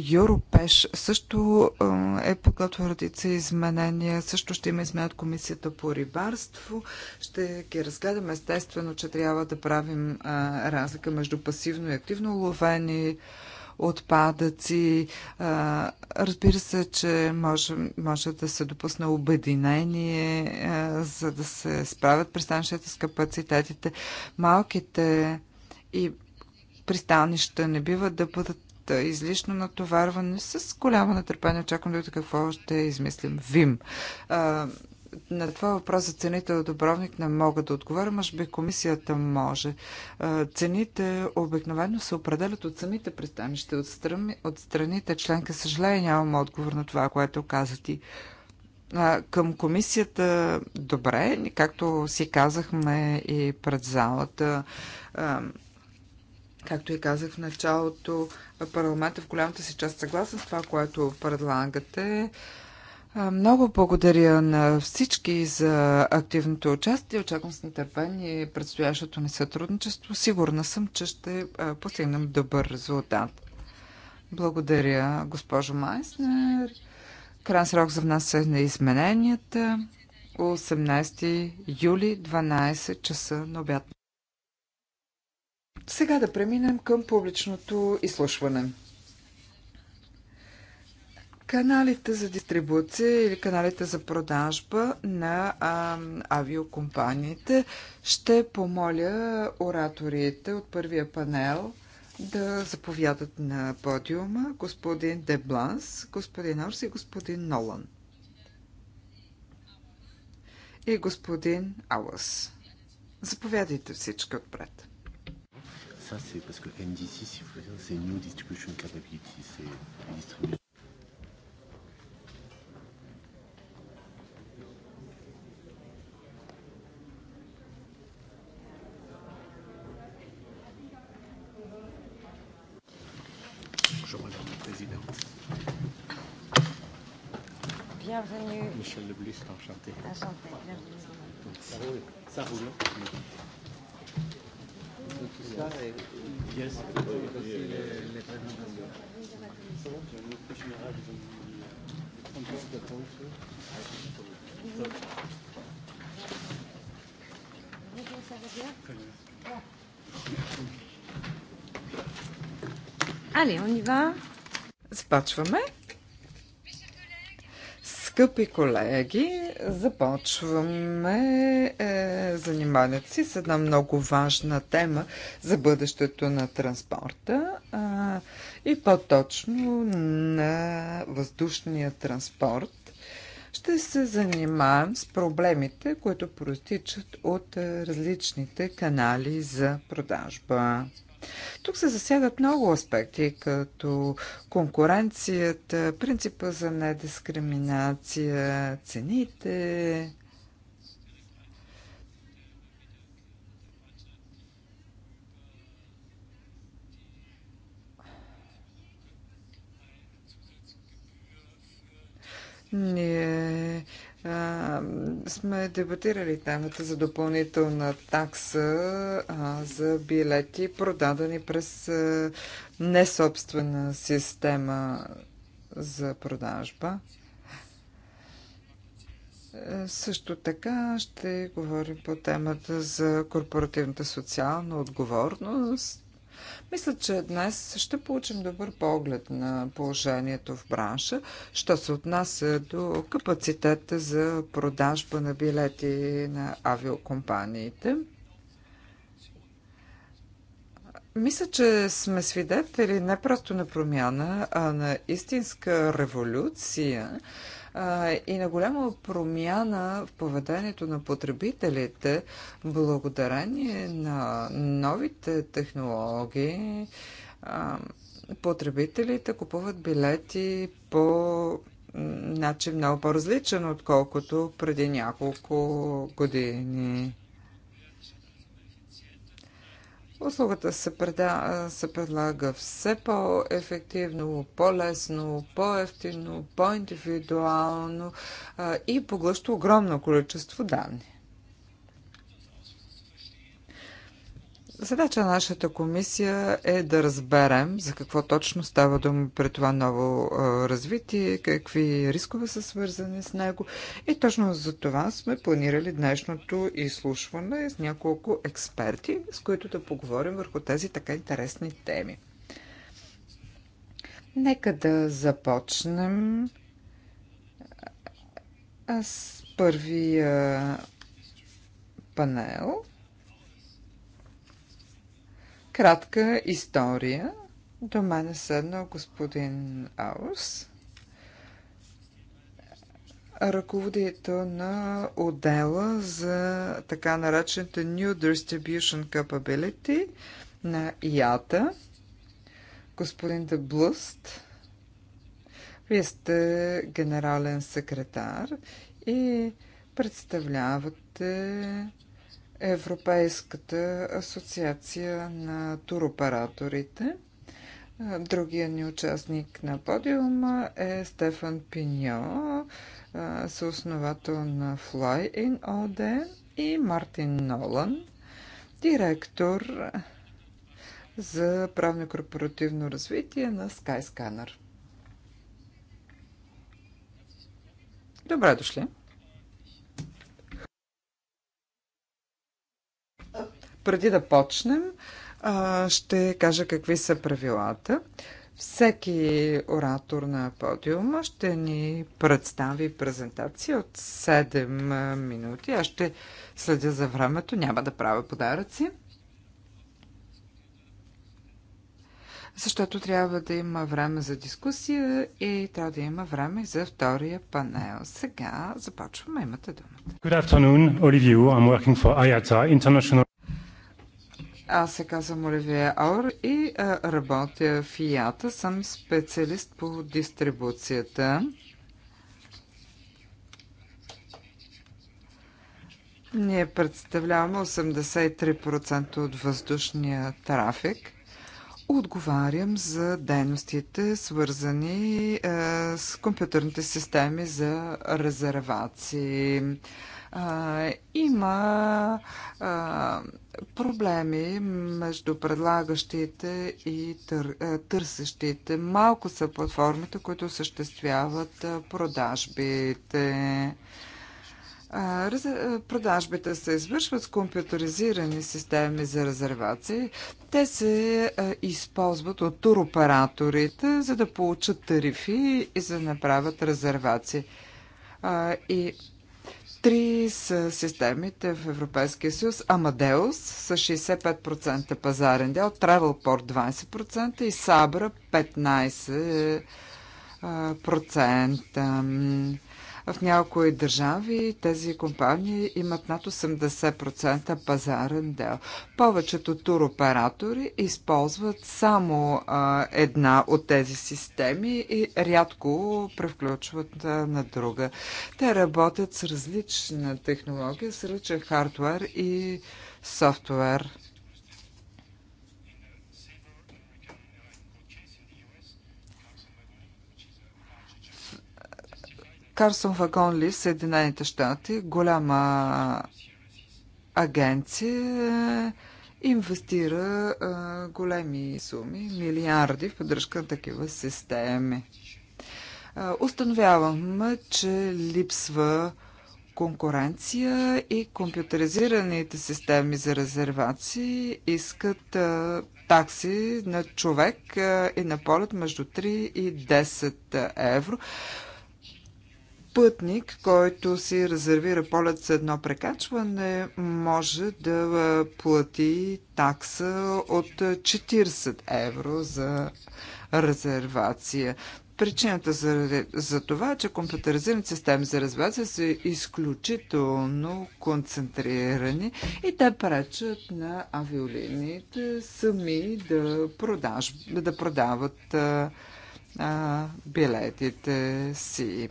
Юропеш също е подготвил редица изменения, също ще има изменят комисията по рибарство. Ще ги разгледаме естествено, че трябва да правим разлика между пасивно и активно ловени отпадъци. Разбира се, че може, може да се допусне обединение, за да се справят пристанищата с капацитетите. Малките и пристанища не бива да бъдат излишно натоварване. С голямо натърпение, очаквам да какво ще измислим. Вим. А, на това въпрос за цените от Добровник не мога да отговоря, може би комисията може. А, цените обикновено се определят от самите пристанища, от, страни, от страните членка. Съжаление, нямам отговор на това, което каза ти. А, към комисията, добре, както си казахме и пред залата, Както и казах в началото, парламента в голямата си част е съгласен с това, което предлагате. Много благодаря на всички за активното участие. Очаквам с нетърпение предстоящото ни сътрудничество. Сигурна съм, че ще постигнем добър резултат. Благодаря, госпожо Майснер. Кран срок за нас е на измененията. 18 юли, 12 часа на обяд. Сега да преминем към публичното изслушване. Каналите за дистрибуция или каналите за продажба на а, авиокомпаниите ще помоля ораторите от първия панел да заповядат на подиума господин Дебланс, господин Орс и господин Нолан. И господин Алас. Заповядайте всички отпред ça, c'est parce que NDC, si vous voulez, c'est New Distribution Capability, c'est distribution Bonjour Madame la Présidente. Bienvenue. Michel Leblus, enchanté. Enchanté, bienvenue. Ça roule, ça roule. Allez, on y va. Започваме. Скъпи колеги, започваме е, заниманието си с една много важна тема за бъдещето на транспорта а, и по-точно на въздушния транспорт. Ще се занимаем с проблемите, които проистичат от е, различните канали за продажба. Тук се засягат много аспекти, като конкуренцията, принципа за недискриминация, цените, Ние сме дебатирали темата за допълнителна такса а, за билети, продадени през а, несобствена система за продажба. Е, също така ще говорим по темата за корпоративната социална отговорност мисля, че днес ще получим добър поглед на положението в бранша, що се отнася до капацитета за продажба на билети на авиокомпаниите. Мисля, че сме свидетели не просто на промяна, а на истинска революция и на голяма промяна в поведението на потребителите благодарение на новите технологии. Потребителите купуват билети по начин много по-различен, отколкото преди няколко години. Услугата се, преда, се предлага все по-ефективно, по-лесно, по-ефтино, по-индивидуално и поглъща огромно количество данни. Задача на нашата комисия е да разберем за какво точно става дума при това ново развитие, какви рискове са свързани с него. И точно за това сме планирали днешното изслушване с няколко експерти, с които да поговорим върху тези така интересни теми. Нека да започнем с първия панел – Кратка история. До мен е седнал господин Аус, ръководител на отдела за така наречените New Distribution Capability на ИАТА, господин Деблъст. Вие сте генерален секретар и представлявате Европейската асоциация на туроператорите. Другия ни участник на подиума е Стефан Пиньо, съосновател на Fly in OD и Мартин Нолан, директор за правно-корпоративно развитие на Skyscanner. Добре дошли! Преди да почнем, ще кажа какви са правилата. Всеки оратор на подиума ще ни представи презентация от 7 минути. Аз ще следя за времето, няма да правя подаръци. Защото трябва да има време за дискусия и трябва да има време за втория панел. Сега започваме, имате думата. Good afternoon, Olivier. I'm working for IATA, International аз се казвам Оливия Аур и а, работя в ИАТА. Съм специалист по дистрибуцията. Ние представляваме 83% от въздушния трафик. Отговарям за дейностите, свързани с компютърните системи за резервации а, има а, проблеми между предлагащите и тър, търсещите. Малко са платформите, които съществяват продажбите. Продажбите се извършват с компютъризирани системи за резервации. Те се използват от туроператорите, за да получат тарифи и за да направят резервации. И Три са системите в Европейския съюз. Амадеус с 65% пазарен дял, Travelport 20% и Сабра 15%. В някои държави тези компании имат над 80% пазарен дел. Повечето туроператори използват само а, една от тези системи и рядко превключват а, на друга. Те работят с различна технология, с различен хардвер и софтуер. Карсон Вагон Ли, Съединените щати, голяма агенция, е, инвестира а, е, големи суми, милиарди в поддръжка на такива системи. А, е, установявам, че липсва конкуренция и компютъризираните системи за резервации искат а, такси на човек а, и на полет между 3 и 10 евро пътник, който си резервира полет с едно прекачване, може да плати такса от 40 евро за резервация. Причината за, за това е, че компютъризирани системи за резервация са изключително концентрирани и те пречат на авиолиниите сами да, продаж, да продават а, а, билетите си.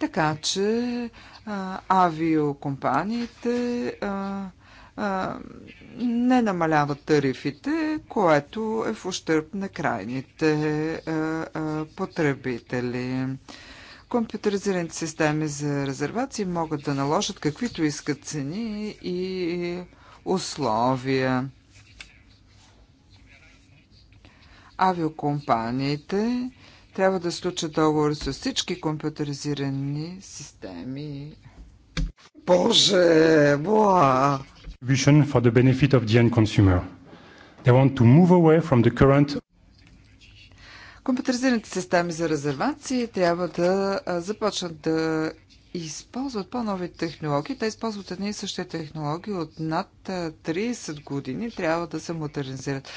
Така че а, авиокомпаниите а, а, не намаляват тарифите, което е в ущърп на крайните а, а, потребители. Компютризираните системи за резервации могат да наложат каквито искат цени и условия. Авиокомпаниите трябва да сключа договор с всички компютъризирани системи. Боже, боа! Vision for the benefit of the end consumer. They want to move away from the current Компютъризираните системи за резервации трябва да започнат да използват по-нови технологии. Те използват едни и същи технологии от над 30 години. Трябва да се модернизират.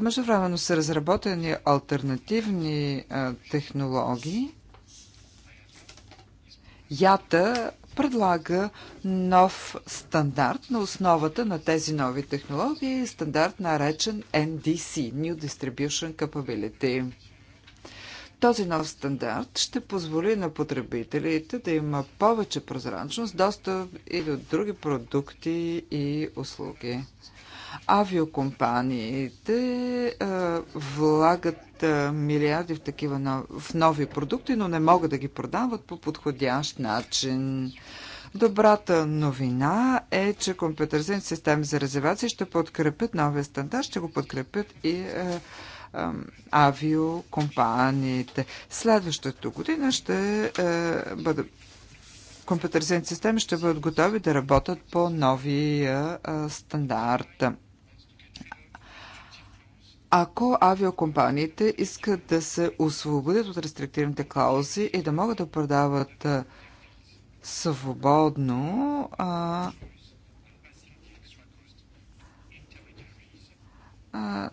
Междувременно са разработени альтернативни технологии. Ята предлага нов стандарт на основата на тези нови технологии, стандарт наречен NDC, New Distribution Capability. Този нов стандарт ще позволи на потребителите да има повече прозрачност, достъп и до други продукти и услуги. Авиокомпаниите а, влагат а, милиарди в такива нов, в нови продукти, но не могат да ги продават по подходящ начин. Добрата новина е, че компютъризираните системи за резервации ще подкрепят новия стандарт, ще го подкрепят и а, авиокомпаниите. Следващата година ще е, бъде компютъризираните системи ще бъдат готови да работят по новия стандарт. Ако авиокомпаниите искат да се освободят от рестриктивните клаузи и да могат да продават свободно, а, а,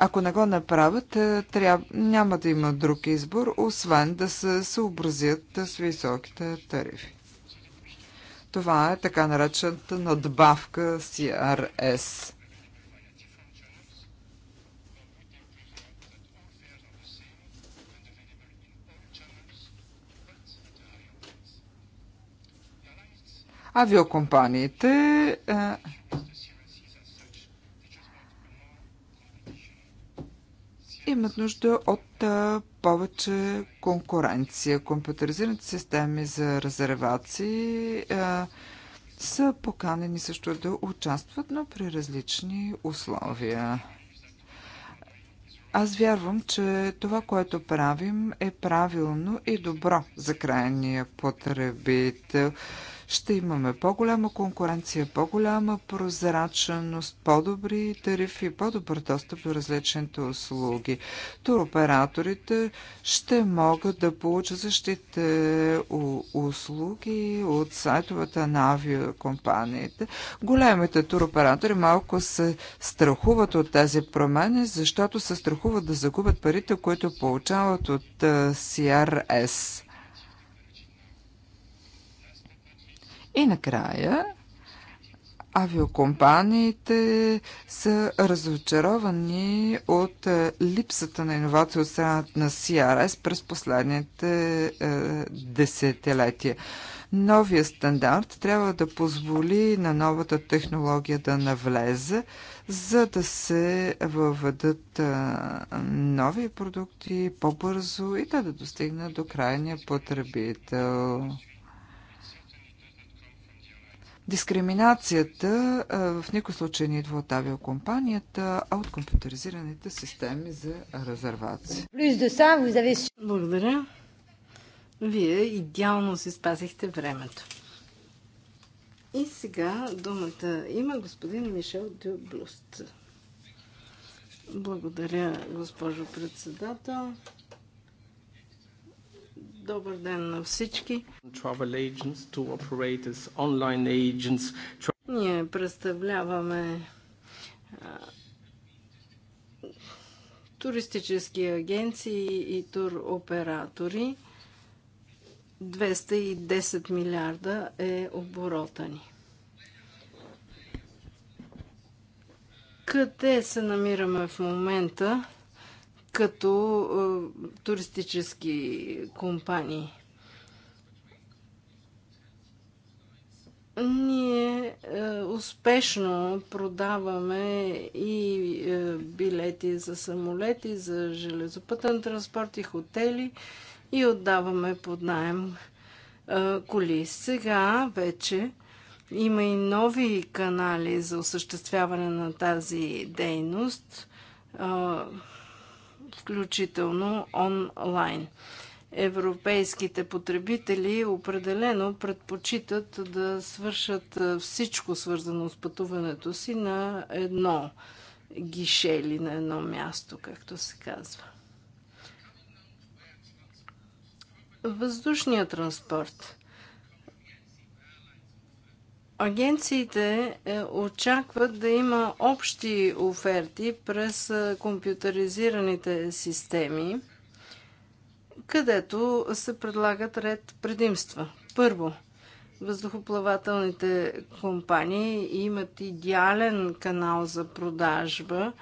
ако не го направят, е, тряб... няма да има друг избор, освен да се съобразят с високите тарифи. Това е така наречената надбавка CRS. Авиокомпаниите е, имат нужда от повече конкуренция. Компютъризираните системи за резервации са поканени също да участват, но при различни условия. Аз вярвам, че това, което правим, е правилно и добро за крайния потребител ще имаме по-голяма конкуренция, по-голяма прозрачност, по-добри тарифи, по-добър достъп до различните услуги. Туроператорите ще могат да получат защитите услуги от сайтовете на авиокомпаниите. Големите туроператори малко се страхуват от тези промени, защото се страхуват да загубят парите, които получават от CRS. И накрая авиокомпаниите са разочаровани от е, липсата на иновация от страна на CRS през последните е, десетилетия. Новия стандарт трябва да позволи на новата технология да навлезе, за да се въведат е, нови продукти по-бързо и да, да достигнат до крайния потребител. Дискриминацията в никой случай не идва от авиокомпанията, а от компютъризираните системи за резервация. Благодаря. Вие идеално си спазихте времето. И сега думата има господин Мишел Дюблюст. Благодаря, госпожо председател. Добър ден на всички. Ние представляваме а, туристически агенции и туроператори. 210 милиарда е оборота ни. Къде се намираме в момента? като туристически компании. Ние е, успешно продаваме и е, билети за самолети, за железопътен транспорт и хотели и отдаваме под найем е, коли. Сега вече има и нови канали за осъществяване на тази дейност. Е, включително онлайн. Европейските потребители определено предпочитат да свършат всичко свързано с пътуването си на едно гише или на едно място, както се казва. Въздушният транспорт. Агенциите е, очакват да има общи оферти през е, компютъризираните системи, където се предлагат ред предимства. Първо, въздухоплавателните компании имат идеален канал за продажба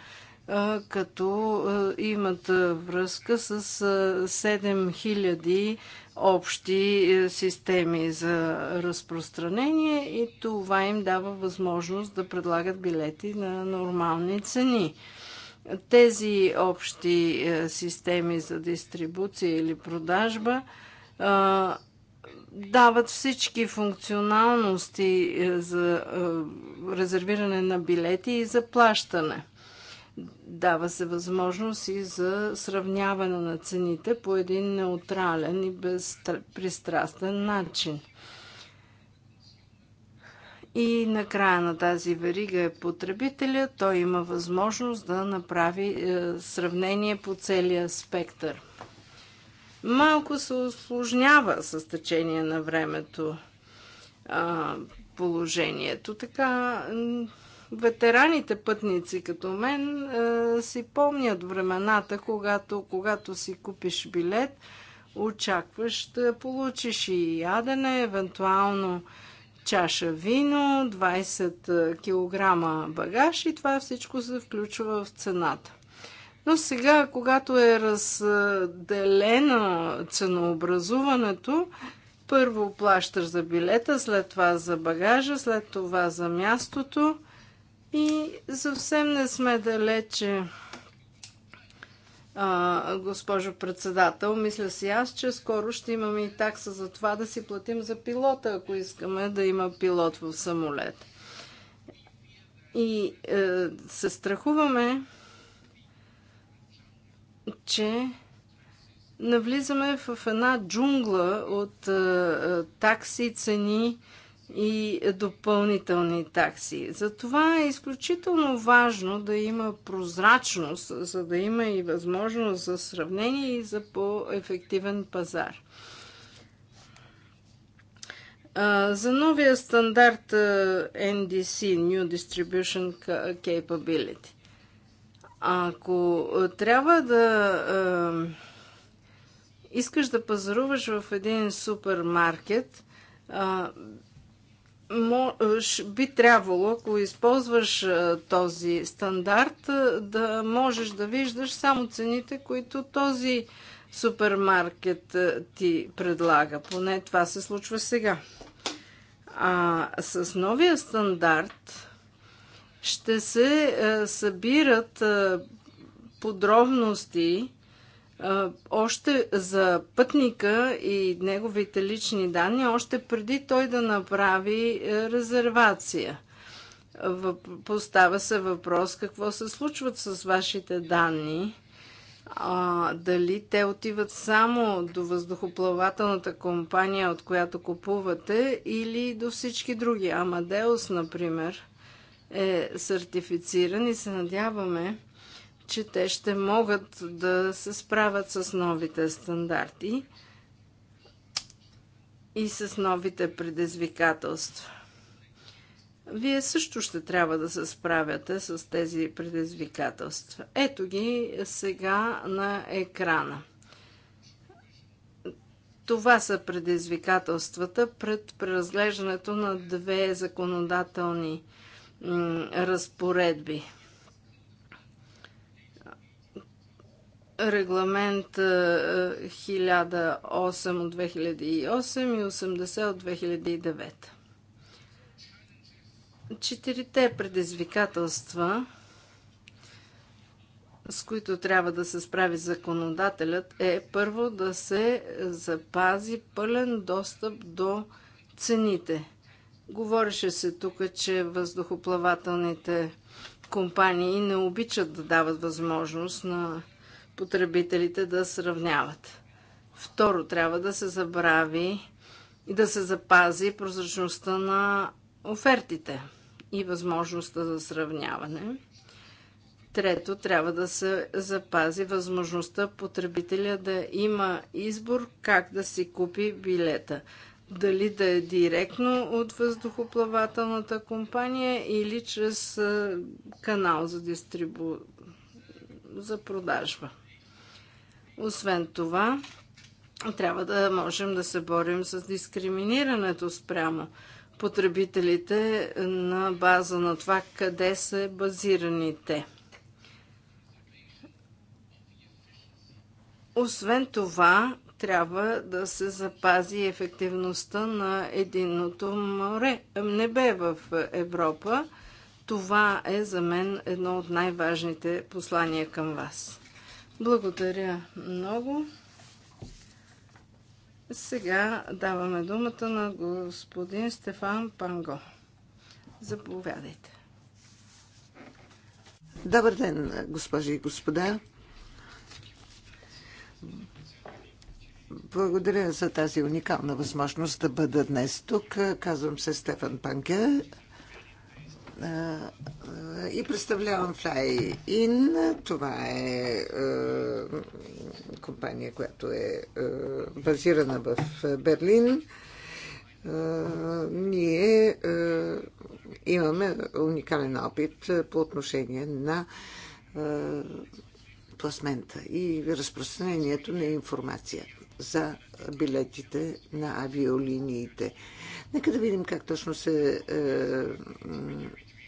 като имат връзка с 7000 общи е, системи за разпространение и това им дава възможност да предлагат билети на нормални цени. Тези общи е, системи за дистрибуция или продажба дават всички функционалности е, за резервиране на билети и за плащане – Дава се възможност и за сравняване на цените по един неутрален и безпристрастен начин. И на края на тази верига е потребителя. Той има възможност да направи е, сравнение по целия спектър. Малко се осложнява с течение на времето положението. Така ветераните пътници като мен си помнят времената, когато, когато си купиш билет, очакваш да получиш и ядене, евентуално чаша вино, 20 кг багаж и това всичко се включва в цената. Но сега, когато е разделено ценообразуването, първо плащаш за билета, след това за багажа, след това за мястото и съвсем не сме далече, а, госпожо председател. Мисля си аз, че скоро ще имаме и такса за това да си платим за пилота, ако искаме да има пилот в самолет. И е, се страхуваме, че навлизаме в една джунгла от е, е такси, цени, е, и допълнителни такси. Затова е изключително важно да има прозрачност, за да има и възможност за сравнение и за по-ефективен пазар. За новия стандарт NDC, New Distribution Capability, ако трябва да искаш да пазаруваш в един супермаркет – би трябвало, ако използваш този стандарт, да можеш да виждаш само цените, които този супермаркет ти предлага. Поне това се случва сега. А с новия стандарт ще се събират подробности още за пътника и неговите лични данни, още преди той да направи е, резервация. Поставя се въпрос какво се случват с вашите данни. А, дали те отиват само до въздухоплавателната компания, от която купувате, или до всички други. Амадеус, например, е сертифициран и се надяваме, че те ще могат да се справят с новите стандарти и с новите предизвикателства. Вие също ще трябва да се справяте с тези предизвикателства. Ето ги сега на екрана. Това са предизвикателствата пред преразглеждането на две законодателни разпоредби. регламент 1008 е, е, от 2008 и 80 от 2009. Четирите предизвикателства, с които трябва да се справи законодателят, е първо да се запази пълен достъп до цените. Говореше се тук, че въздухоплавателните компании не обичат да дават възможност на потребителите да сравняват. Второ, трябва да се забрави и да се запази прозрачността на офертите и възможността за сравняване. Трето, трябва да се запази възможността потребителя да има избор как да си купи билета. Дали да е директно от въздухоплавателната компания или чрез канал за дистрибу... за продажба. Освен това, трябва да можем да се борим с дискриминирането спрямо потребителите на база на това къде са базирани те. Освен това, трябва да се запази ефективността на единното море, небе в Европа. Това е за мен едно от най-важните послания към вас. Благодаря много. Сега даваме думата на господин Стефан Панго. Заповядайте. Добър ден, госпожи и господа. Благодаря за тази уникална възможност да бъда днес тук. Казвам се Стефан Панге и представлявам In. Това е компания, която е базирана в Берлин. Ние имаме уникален опит по отношение на пласмента и разпространението на информация за билетите на авиолиниите. Нека да видим как точно се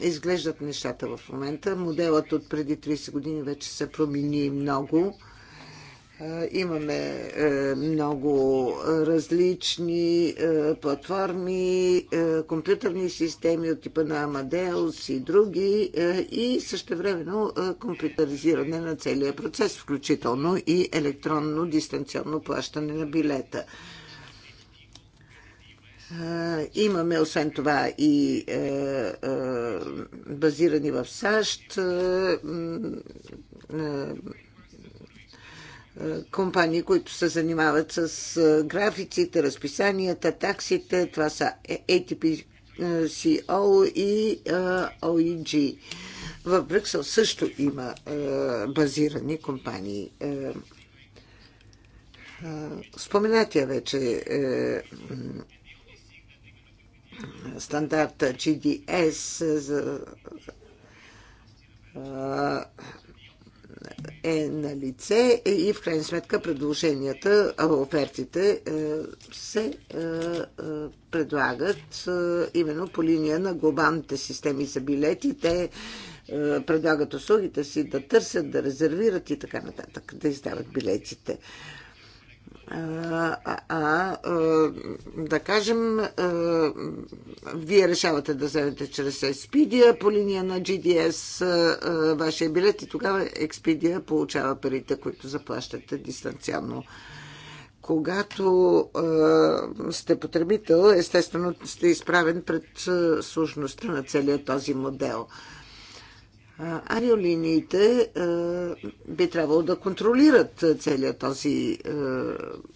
изглеждат нещата в момента. Моделът от преди 30 години вече се промени много. Е, имаме е, много различни е, платформи, компютърни системи от типа на Amadeus и други и същевременно компютъризиране на целия процес, включително и електронно дистанционно плащане на билета. Имаме освен това и е, е, базирани в САЩ е, е, е компании, които се занимават с е, графиците, разписанията, таксите. Това са ATPCO и OEG. В Брюксел също има базирани компании. Споменатия вече стандарта GDS за е на лице и в крайна сметка предложенията, офертите е, се е, е, предлагат именно по линия на глобалните системи за билети. Те предлагат услугите си да търсят, да резервират и така нататък, да издават билетите а, да кажем, вие решавате да вземете чрез Expedia по линия на GDS вашия билет и тогава Expedia получава парите, които заплащате дистанционно. Когато сте потребител, естествено сте изправен пред сложността на целият този модел – авиолиниите би трябвало да контролират целият този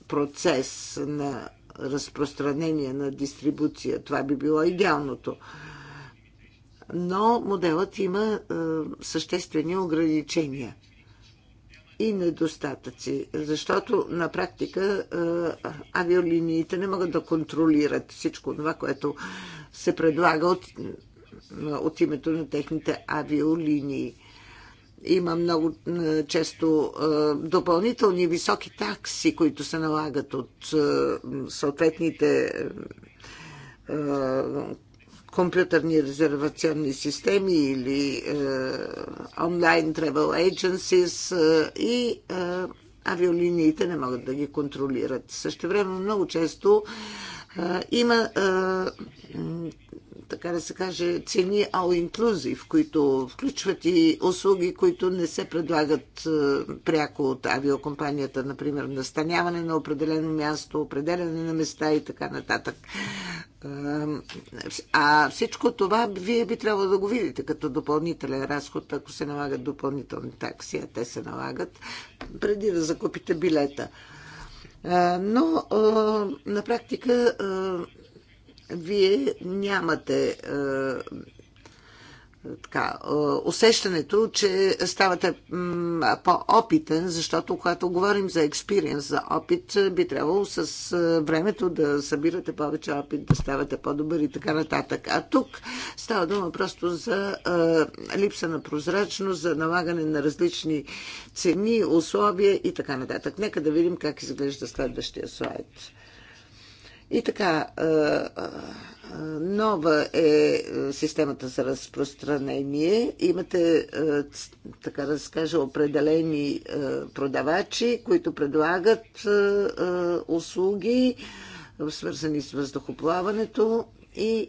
процес на разпространение, на дистрибуция. Това би било идеалното. Но моделът има съществени ограничения и недостатъци, защото на практика авиолиниите не могат да контролират всичко това, което се предлага от от името на техните авиолинии. Има много често допълнителни високи такси, които се налагат от съответните компютърни резервационни системи или онлайн travel agencies и авиолиниите не могат да ги контролират. Също време много често има така да се каже, цени all inclusive, които включват и услуги, които не се предлагат е, пряко от авиокомпанията, например настаняване на определено място, определяне на места и така нататък. Е, а всичко това вие би трябвало да го видите като допълнителен разход, ако се налагат допълнителни такси, а те се налагат преди да закупите билета. Е, но на практика вие нямате е, така, е, усещането, че ставате по-опитен, защото когато говорим за експириенс, за опит, е, би трябвало с времето да събирате повече опит, да ставате по-добър и така нататък. А тук става дума просто за липса на прозрачност, за налагане на различни цени, условия и така нататък. Нека да видим как изглежда следващия слайд. И така, нова е системата за разпространение. Имате, така да се каже, определени продавачи, които предлагат услуги, свързани с въздухоплаването и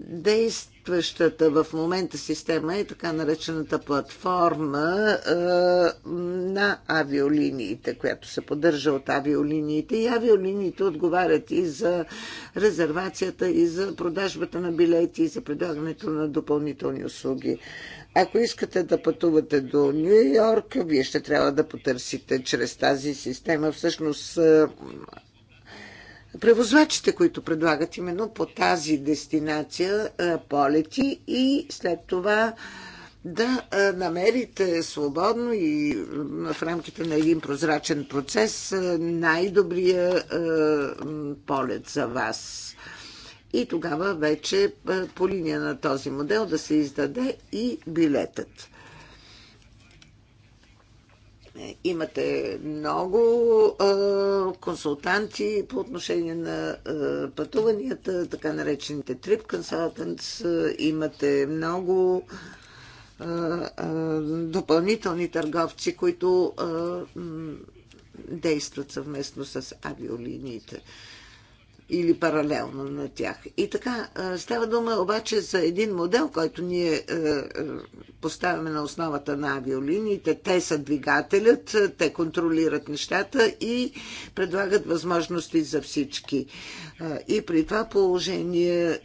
действия действащата в момента система е така наречената платформа е, на авиолиниите, която се поддържа от авиолиниите. И авиолиниите отговарят и за резервацията, и за продажбата на билети, и за предлагането на допълнителни услуги. Ако искате да пътувате до Нью Йорк, вие ще трябва да потърсите чрез тази система всъщност е, превозвачите, които предлагат именно по тази дестинация полети и след това да намерите свободно и в рамките на един прозрачен процес най-добрия полет за вас. И тогава вече по линия на този модел да се издаде и билетът. Имате много консултанти по отношение на пътуванията, така наречените trip consultants. Имате много допълнителни търговци, които действат съвместно с авиолиниите или паралелно на тях. И така, става дума обаче за един модел, който ние поставяме на основата на авиолиниите. Те са двигателят, те контролират нещата и предлагат възможности за всички. И при това положение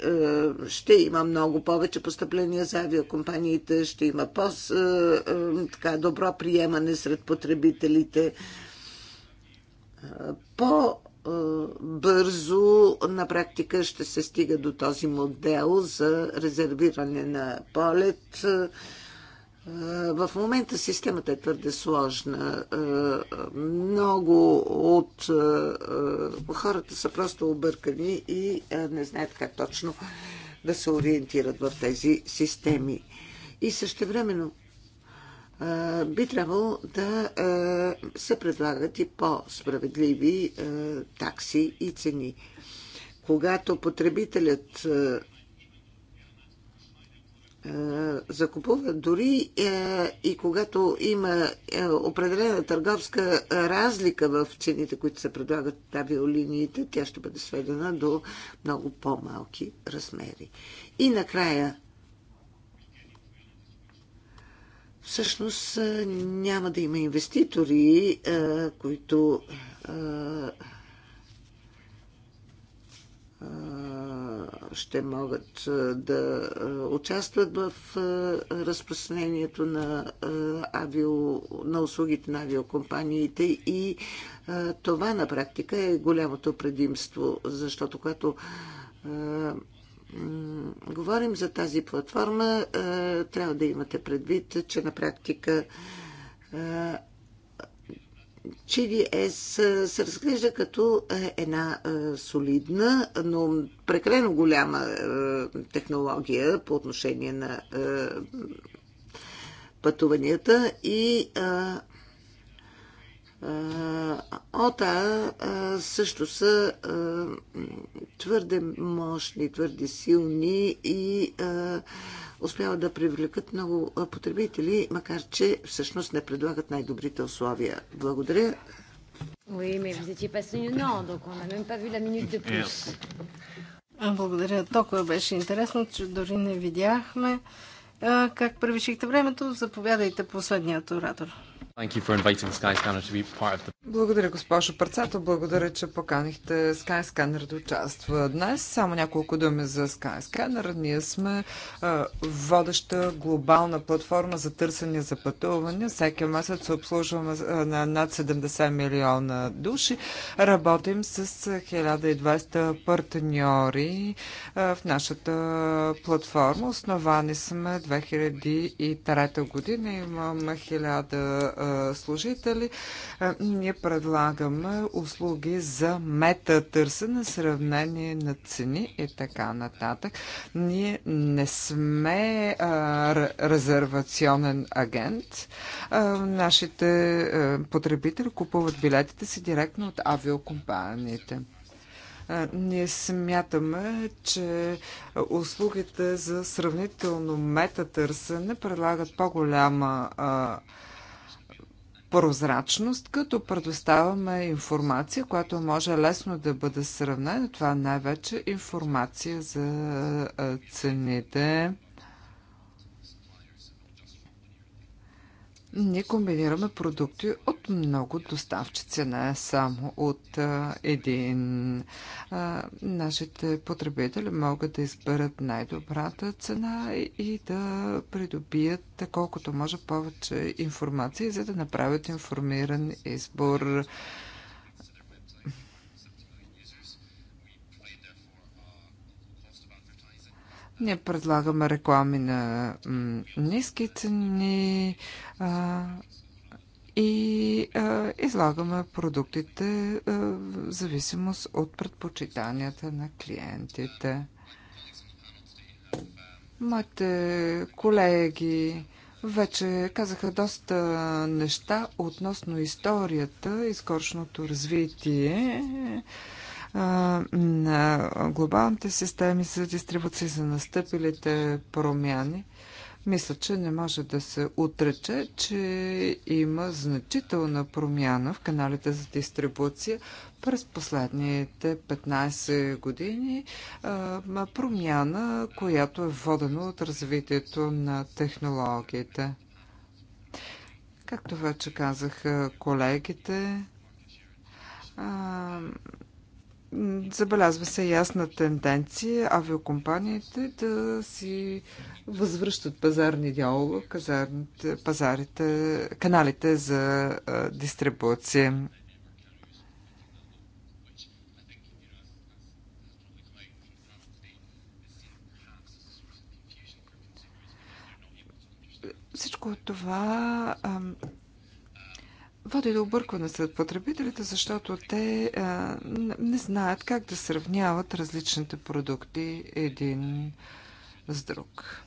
ще има много повече постъпления за авиокомпаниите, ще има по-добро приемане сред потребителите по бързо на практика ще се стига до този модел за резервиране на полет. Е, в момента системата е твърде сложна. Е, много от е, хората са просто объркани и не знаят как точно да се ориентират в тези системи. И също времено би трябвало да се предлагат и по-справедливи такси и цени. Когато потребителят закупува дори и когато има определена търговска разлика в цените, които се предлагат от авиолиниите, тя ще бъде сведена до много по-малки размери. И накрая всъщност няма да има инвеститори, които ще могат да участват в разпространението на, авио, на услугите на авиокомпаниите и това на практика е голямото предимство, защото когато говорим за тази платформа, е, трябва да имате предвид, че на практика е, GDS е, се разглежда като една солидна, но прекалено голяма технология по отношение на пътуванията и а, ОТА също са твърде мощни, твърде силни и успяват да привлекат много потребители, макар че всъщност не предлагат най-добрите условия. Благодаря. Oui, mais vous étiez passé une donc on n'a même pas vu la minute de plus. Благодаря. Толкова беше интересно, че дори не видяхме как превишихте времето. Заповядайте последният оратор. Благодаря, госпожо председател. Благодаря, че поканихте Skyscanner да участва днес. Само няколко думи за Skyscanner. Ние сме а, е, водеща глобална платформа за търсене за пътуване. Всеки месец обслужваме е, на над 70 милиона души. Работим с 1200 партньори е, в нашата платформа. Основани сме 2003 година. Имаме 1000 служители, ние предлагаме услуги за метатърсене, сравнение на цени и така нататък. Ние не сме резервационен агент. Нашите потребители купуват билетите си директно от авиокомпаниите. Ние смятаме, че услугите за сравнително метатърсене предлагат по-голяма прозрачност, като предоставяме информация, която може лесно да бъде сравнена. Това най-вече информация за цените ние комбинираме продукти от много доставчици, не само от а, един. А, нашите потребители могат да изберат най-добрата цена и да придобият колкото може повече информация, за да направят информиран избор. Ние предлагаме реклами на ниски цени а, и а, излагаме продуктите а, в зависимост от предпочитанията на клиентите. Моите колеги вече казаха доста неща относно историята и скорошното развитие на глобалните системи за дистрибуция, за настъпилите промяни, мисля, че не може да се отрече, че има значителна промяна в каналите за дистрибуция през последните 15 години. Промяна, която е водена от развитието на технологиите. Както вече казах колегите, Забелязва се ясна тенденция авиокомпаниите да си възвръщат пазарни дялове, пазарите, каналите за дистрибуция. Всичко това води до объркване сред потребителите, защото те а, не знаят как да сравняват различните продукти един с друг.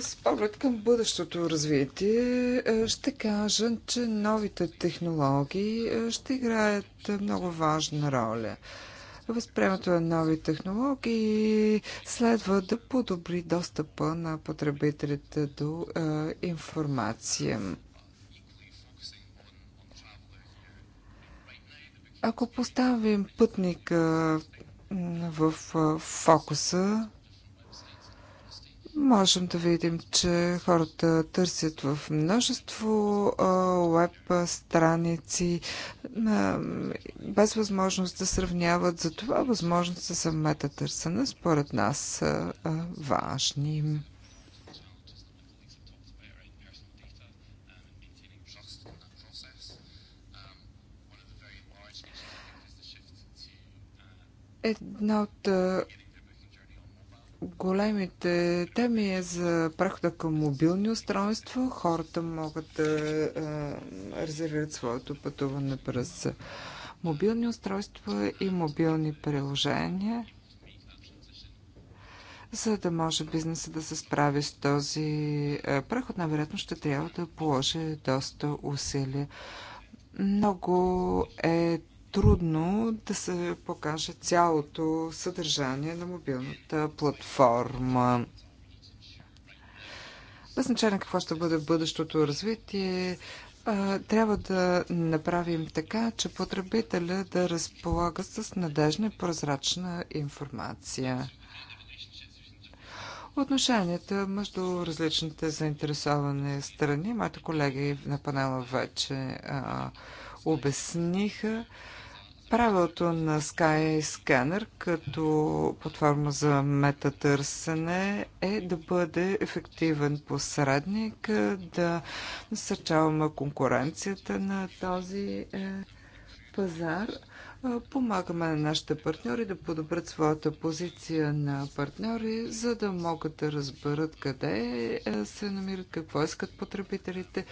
С поглед към бъдещото развитие ще кажа, че новите технологии ще играят много важна роля. Възприемането на нови технологии следва да подобри достъпа на потребителите до е, информация. Ако поставим пътника в фокуса, Можем да видим, че хората търсят в множество веб страници, без възможност да сравняват. За това възможността за метатърсене според нас са важни. Една от големите теми е за прехода към мобилни устройства. Хората могат да резервират своето пътуване през мобилни устройства и мобилни приложения, за да може бизнеса да се справи с този преход. Най-вероятно ще трябва да положи доста усилия. Много е трудно да се покаже цялото съдържание на мобилната платформа. Без значение какво ще бъде бъдещото развитие, трябва да направим така, че потребителя да разполага с надежна и прозрачна информация. Отношенията между различните заинтересовани страни, моите колеги на панела вече а, обясниха. А, Правилото на Skyscanner като платформа за метатърсене е да бъде ефективен посредник, е, да насърчаваме конкуренцията на този е, пазар Помагаме на нашите партньори да подобрят своята позиция на партньори, за да могат да разберат къде е, се намират, какво искат потребителите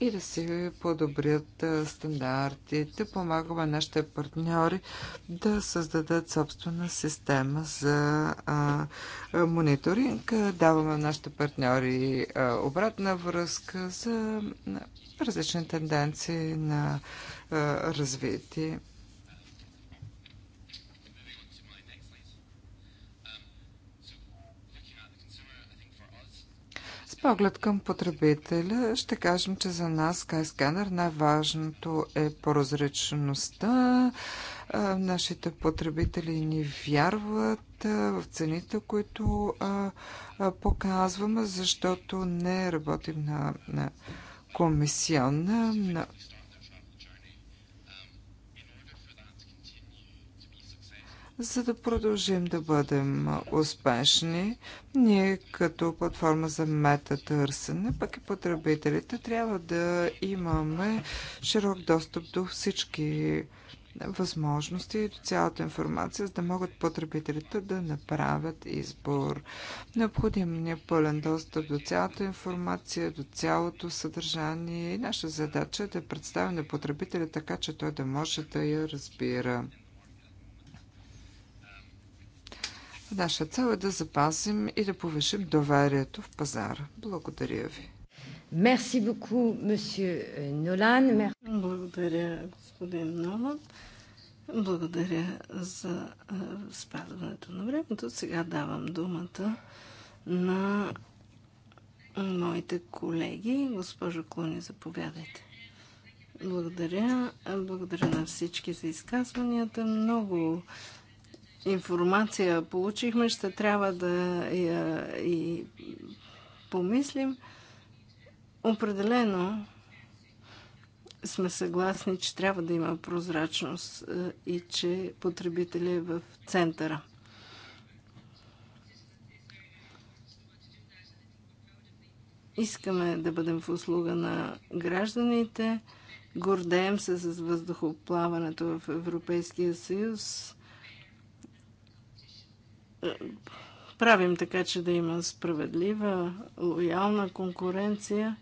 и да си подобрят е, стандартите. Помагаме на нашите партньори да създадат собствена система за мониторинг. Даваме на нашите партньори е, обратна връзка за различни тенденции на развитие. поглед към потребителя ще кажем, че за нас Skyscanner най-важното е прозрачността. Нашите потребители ни вярват в цените, които показваме, защото не работим на, на комисионна, на За да продължим да бъдем успешни, ние като платформа за метатърсене, пък и потребителите, трябва да имаме широк достъп до всички възможности и до цялата информация, за да могат потребителите да направят избор. Необходим ни е пълен достъп до цялата информация, до цялото съдържание и наша задача е да представим на потребителя така, че той да може да я разбира. Наша цел е да запазим и да повишим доверието в пазара. Благодаря ви. Мерси beaucoup, месье Нолан. Благодаря, господин Нолан. Благодаря за е, спазването на времето. Сега давам думата на моите колеги. Госпожо Клуни, заповядайте. Благодаря. Благодаря на всички за изказванията. Много информация получихме, ще трябва да я и помислим. Определено сме съгласни, че трябва да има прозрачност е, и че потребители е в центъра. Искаме да бъдем в услуга на гражданите. Гордеем се с въздухоплаването в Европейския съюз правим така, че да има справедлива, лоялна конкуренция.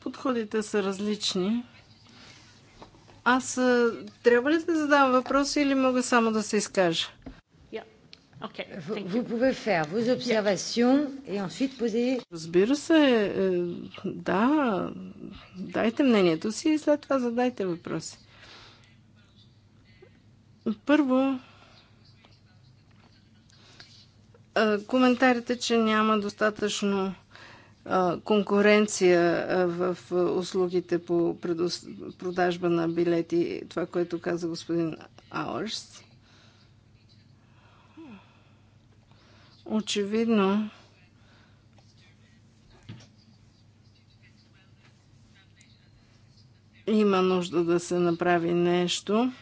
Подходите са различни. Аз трябва ли да задавам въпроси или мога само да се изкажа? Разбира се, е, да, дайте мнението си и след това задайте въпроси. Първо, Коментарите, че няма достатъчно конкуренция в услугите по продажба на билети, това, което каза господин Ауърс. Очевидно, има нужда да се направи нещо.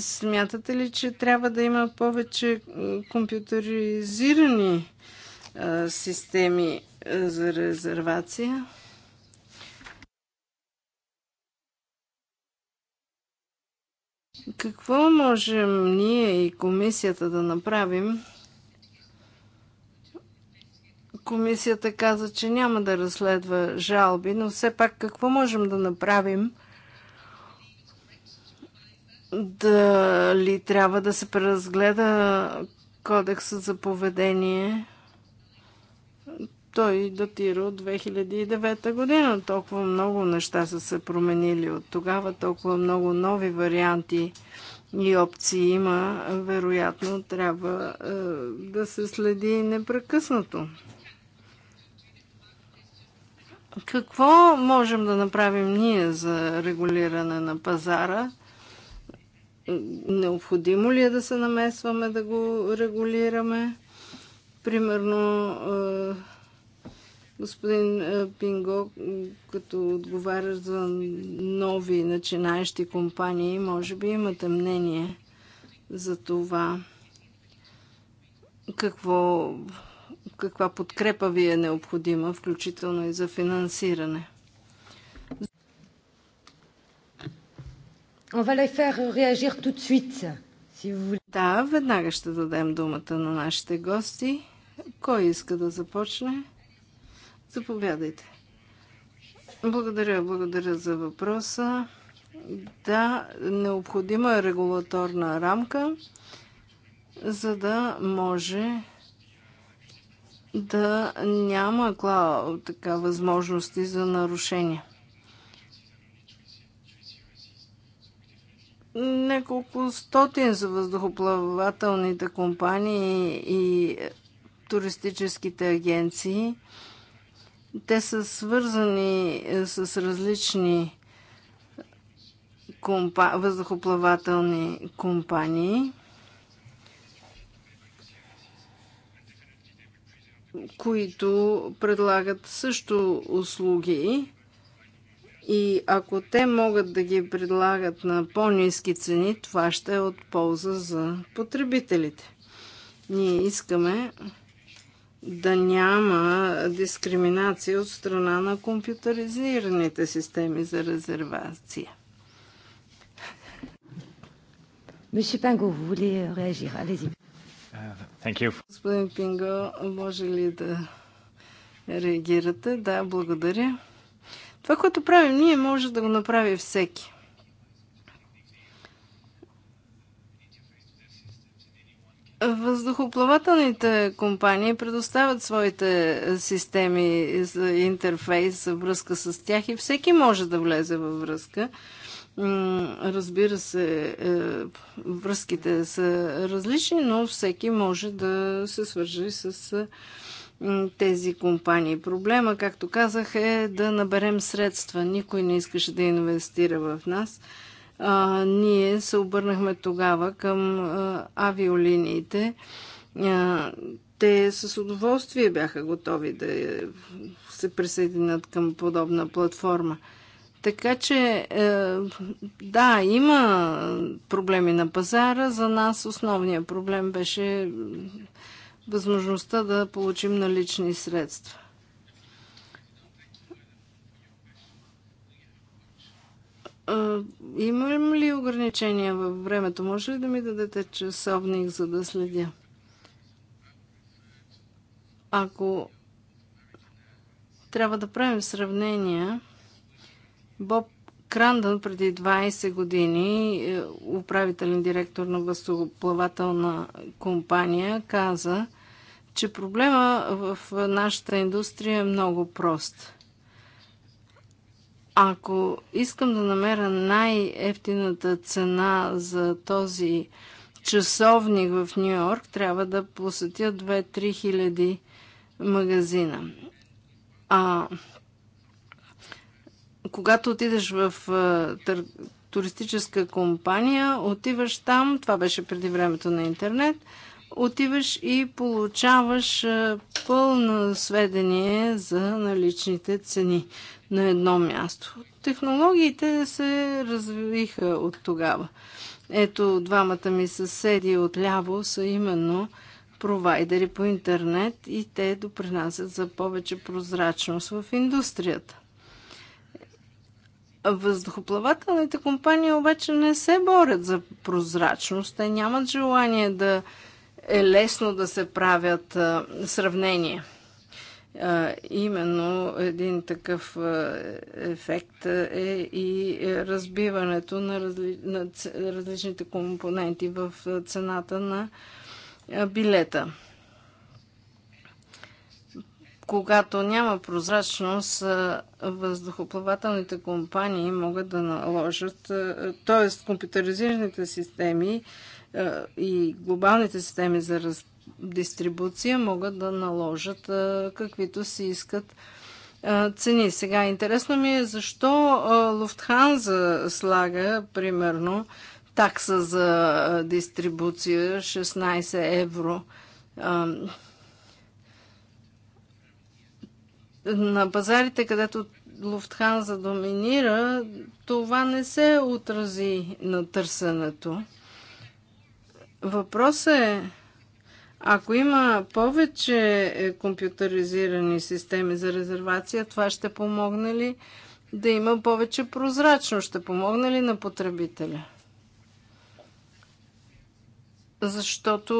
Смятате ли, че трябва да има повече компютъризирани системи за резервация? Какво можем ние и комисията да направим? Комисията каза, че няма да разследва жалби, но все пак какво можем да направим – дали трябва да се преразгледа кодекса за поведение. Той датира от 2009 година. Толкова много неща са се променили от тогава, толкова много нови варианти и опции има. Вероятно, трябва е, да се следи непрекъснато. Какво можем да направим ние за регулиране на пазара? Необходимо ли е да се намесваме, да го регулираме? Примерно, господин Пинго, като отговаряш за нови начинаещи компании, може би имате мнение за това. Какво, каква подкрепа ви е необходима, включително и за финансиране? Да, веднага ще дадем думата на нашите гости. Кой иска да започне? Заповядайте. Благодаря, благодаря за въпроса. Да, необходима е регулаторна рамка, за да може да няма такава възможности за нарушения. няколко стотин за въздухоплавателните компании и туристическите агенции. Те са свързани е, с различни компа... въздухоплавателни компании, които предлагат също услуги и ако те могат да ги предлагат на по-низки цени, това ще е от полза за потребителите. Ние искаме да няма дискриминация от страна на компютъризираните системи за резервация. Monsieur Pingo, vous реагира? Euh, uh, Господин Пинго, може ли да реагирате? Да, благодаря. Това, което правим ние, може да го направи всеки. Въздухоплавателните компании предоставят своите системи за интерфейс, за връзка с тях и всеки може да влезе във връзка. Разбира се, е, връзките са различни, но всеки може да се свържи с е, тези компании. Проблема, както казах, е да наберем средства. Никой не искаше да инвестира в нас. А, ние се обърнахме тогава към а, авиолиниите. А, те с удоволствие бяха готови да се присъединят към подобна платформа. Така че, е, да, има проблеми на пазара. За нас основният проблем беше възможността да получим налични средства. Имам ли ограничения във времето? Може ли да ми дадете часовник, за да следя? Ако трябва да правим сравнения, Боб Крандън преди 20 години, е, управителен директор на възоплавателна компания, каза, че проблема в нашата индустрия е много прост. Ако искам да намеря най-ефтината цена за този часовник в Нью Йорк, трябва да посетя 2-3 хиляди магазина. А когато отидеш в тър... туристическа компания, отиваш там, това беше преди времето на интернет – отиваш и получаваш пълно сведение за наличните цени на едно място. Технологиите се развиха от тогава. Ето, двамата ми съседи отляво са именно провайдери по интернет и те допринасят за повече прозрачност в индустрията. Въздухоплавателните компании обаче не се борят за прозрачност. Те нямат желание да е лесно да се правят сравнения. Именно един такъв ефект е и разбиването на, разли... на различните компоненти в цената на билета когато няма прозрачност, въздухоплавателните компании могат да наложат, т.е. компютъризираните системи е, и глобалните системи за дистрибуция могат да наложат е, каквито си искат е, цени. Сега интересно ми е защо Луфтханза слага, примерно, такса за дистрибуция 16 евро. На пазарите, където Луфтханза доминира, това не се отрази на търсенето. Въпросът е, ако има повече е, компютъризирани системи за резервация, това ще помогне ли да има повече прозрачност? Ще помогне ли на потребителя? Защото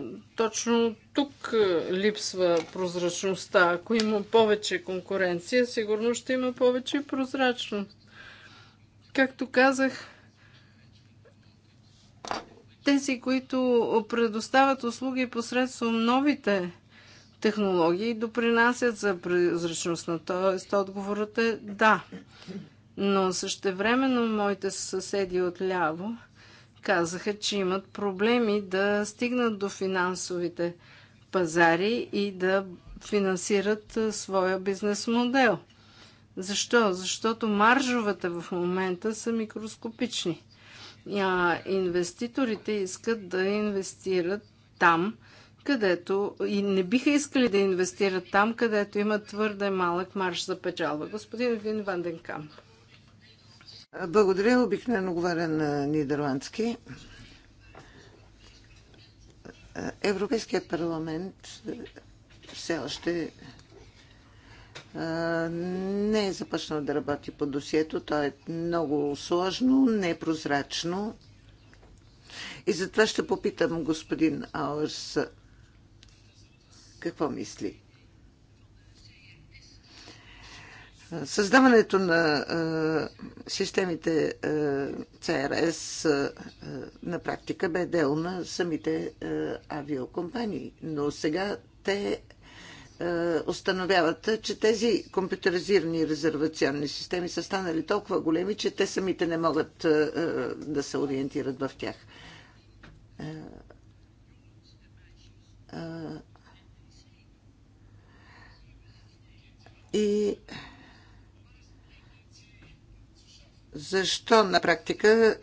е, точно тук е, липсва прозрачността. Ако има повече конкуренция, сигурно ще има повече прозрачност. Както казах, тези, които предоставят услуги посредством новите технологии, допринасят за прозрачността. Тоест, отговорът е да. Но също времено моите съседи от ляво казаха, че имат проблеми да стигнат до финансовите пазари и да финансират своя бизнес модел. Защо? Защото маржовете в момента са микроскопични а, инвеститорите искат да инвестират там, където и не биха искали да инвестират там, където има твърде малък марш за печалба. Господин Вин Ванденкамп. Благодаря. Обикновено говоря на нидерландски. Европейският парламент все още не е започнал да работи по досието. То е много сложно, непрозрачно. И затова ще попитам господин Ауърс какво мисли. Създаването на е, системите е, е, на практика бе дел на самите е, авиокомпании, но сега те е, установяват, че тези компютъризирани резервационни системи са станали толкова големи, че те самите не могат е, е, да се ориентират в тях. И защо на практика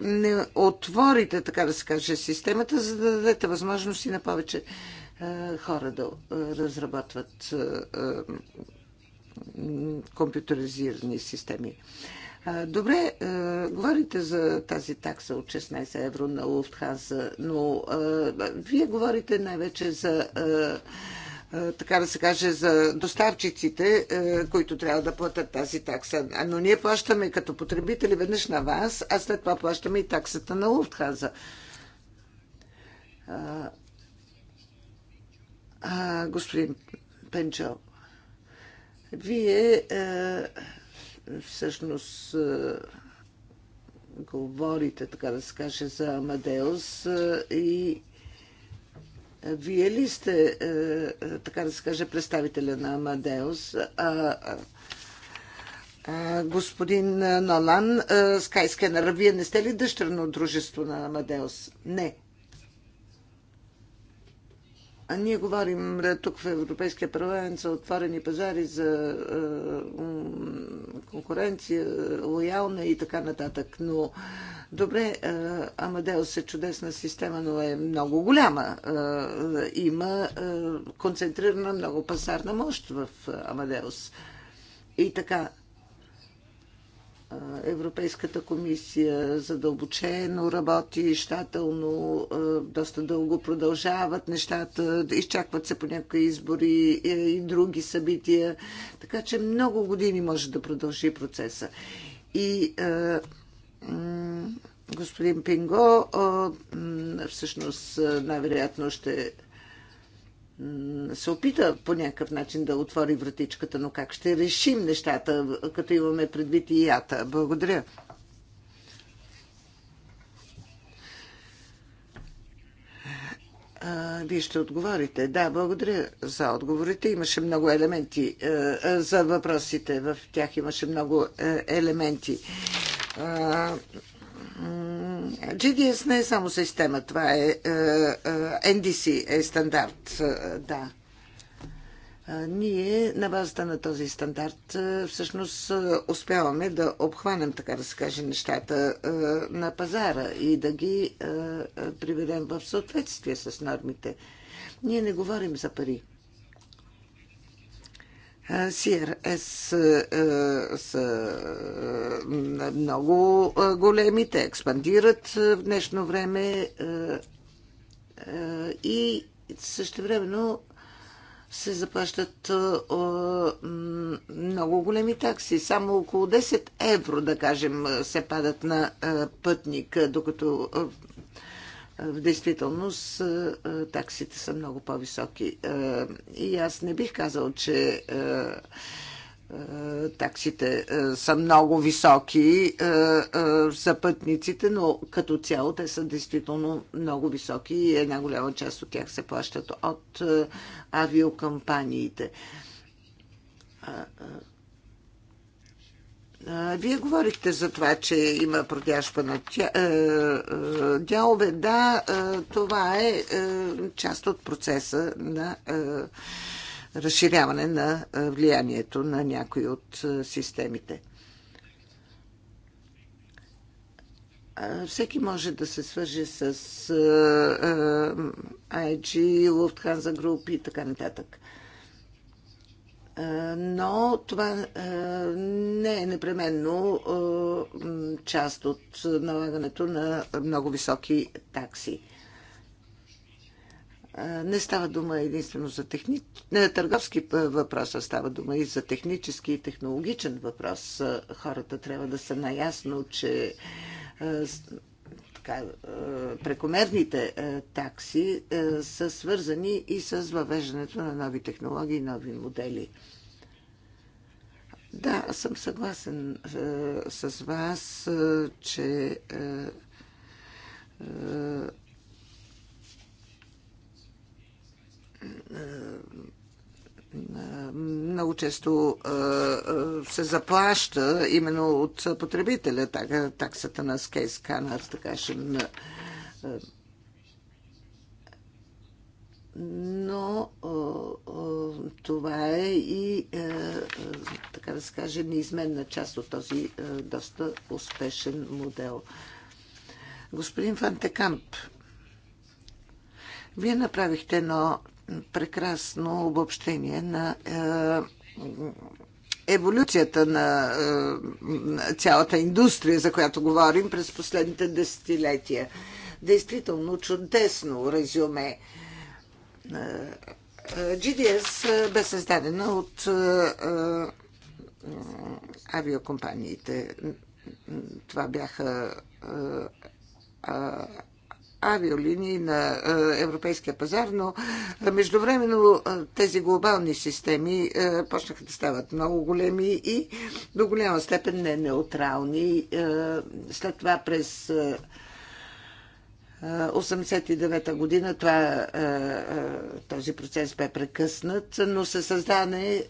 не отворите, така да се каже, системата, за да дадете възможности на повече хора да разработват компютъризирани системи. Добре, говорите за тази такса от 16 евро на Луфтханса, но вие говорите най-вече за така да се каже, за доставчиците, които трябва да платят тази такса. Но ние плащаме като потребители веднъж на вас, а след това плащаме и таксата на Луфтханза. А, господин Пенчо, вие е, всъщност е, говорите, така да се каже, за Амадеус е, и вие ли сте, е, така да се каже, представителя на Амадеус? А, а, господин Нолан, Скайскенър, вие не сте ли дъщерно дружество на Амадеус? Не. А ние говорим тук в Европейския парламент за отворени пазари, за е, конкуренция, лоялна и така нататък. Но добре, е, Амадеус е чудесна система, но е много голяма. Е, има е, концентрирана много пазарна мощ в е, Амадеус. И така, Европейската комисия задълбочено работи, щателно, доста дълго продължават нещата, изчакват се по някои избори е, и други събития. Така че много години може да продължи процеса. И господин Пинго всъщност най-вероятно ще се опита по някакъв начин да отвори вратичката, но как ще решим нещата, като имаме предвид и ята? Благодаря. Вие ще отговорите. Да, благодаря за отговорите. Имаше много елементи е, е, за въпросите. В тях имаше много е, елементи. GDS не е само система, това е, NDC е, е, е стандарт, е, да. Ние на базата на този стандарт всъщност успяваме да обхванем, така да се каже, нещата на пазара и да ги приведем в съответствие с нормите. Ние не говорим за пари. CRS е, е, са е, много големи, те експандират в днешно време и същевременно се заплащат много големи такси. Само около 10 евро, да кажем, се падат на пътник, докато в действителност таксите са много по-високи. И аз не бих казал, че таксите са много високи за пътниците, но като цяло те са действително много високи и една голяма част от тях се плащат от авиокампаниите. Вие говорихте за това, че има продяжба на е, е, дялове. Да, е, това е част от процеса на разширяване на влиянието на някои от системите. Всеки може да се свържи с IG, Lufthansa Group и така нататък. Е, но това е, не е непременно е, част от налагането на много високи такси. Не става дума единствено за техни... не, търговски въпрос, а става дума и за технически и технологичен въпрос. Хората трябва да са наясно, че така, е, прекомерните е, такси е, са свързани и с въвеждането на нови технологии, нови модели. Да, съм съгласен с вас, е, че е, е, много често се заплаща именно от потребителя таксата на скейсканър, така кажем. Но това е и, така да се каже, неизменна част от този доста успешен модел. Господин Фантекамп, вие направихте едно прекрасно обобщение на е, еволюцията е, на цялата индустрия, за която говорим през последните десетилетия. Действително чудесно резюме. Е, GDS бе създадена от авиокомпаниите. Това бяха авиолинии на е, европейския пазар, но е, междувременно е, тези глобални системи почнаха да стават много големи и до голяма степен не неутрални. След това през 1989 година това, този процес бе прекъснат, но се създане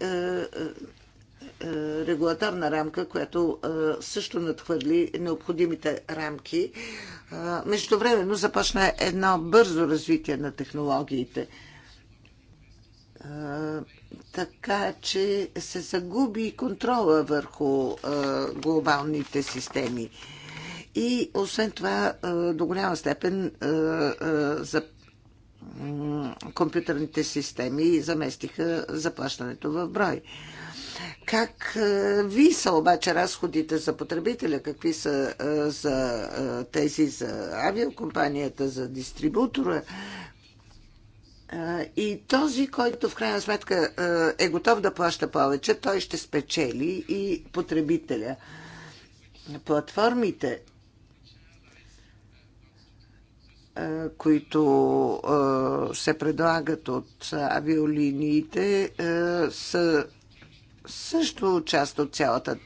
е, регулаторна рамка, която е, също надхвърли необходимите рамки. Е, междувременно започна едно бързо развитие на технологиите. Така че се загуби контрола върху глобалните системи. И освен това, до голяма степен за компютърните системи заместиха заплащането в брой. Как е, ви са обаче разходите за потребителя? Какви са е, за е, тези за авиокомпанията, за дистрибутора? И този, който в крайна сметка е готов да плаща повече, той ще спечели и потребителя. Платформите, които се предлагат от авиолиниите, са също част от цялата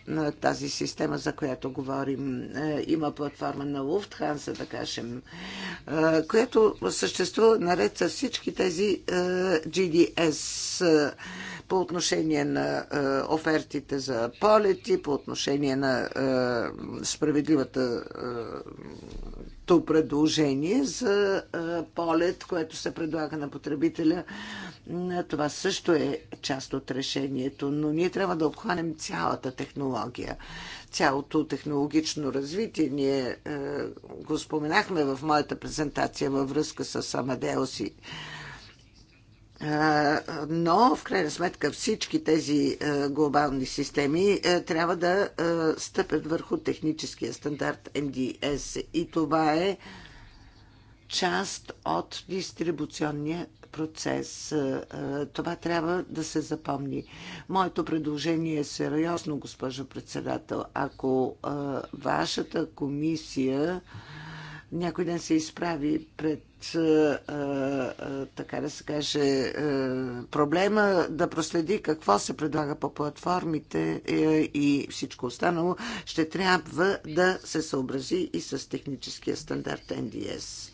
тази система, за която говорим. Е, има платформа на Луфтханса, да кажем, е, която съществува наред с всички тези е, GDS по отношение на офертите за полети, по отношение на справедливата то предложение за полет, което се предлага на потребителя това също е част от решението, но ние трябва да обхванем цялата технология, цялото технологично развитие. Ние е, го споменахме в моята презентация във връзка с Амадеоси. Е, но в крайна сметка всички тези е, глобални системи е, трябва да стъпят върху техническия стандарт MDS и това е част от дистрибуционния процес. Е, е, това трябва да се запомни. Моето предложение е сериозно, госпожо председател. Ако е, вашата комисия някой ден се изправи пред, така да се каже, проблема да проследи какво се предлага по платформите и всичко останало, ще трябва да се съобрази и с техническия стандарт NDS.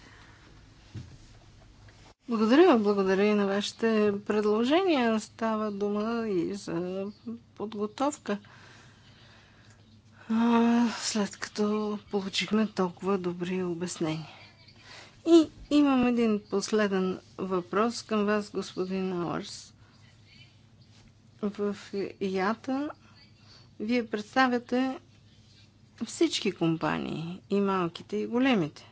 Благодаря, благодаря и на вашите предложения. Става дума и за подготовка. След като получихме толкова добри обяснения. И имам един последен въпрос към вас, господин Орс. В ИАТА вие представяте всички компании, и малките, и големите.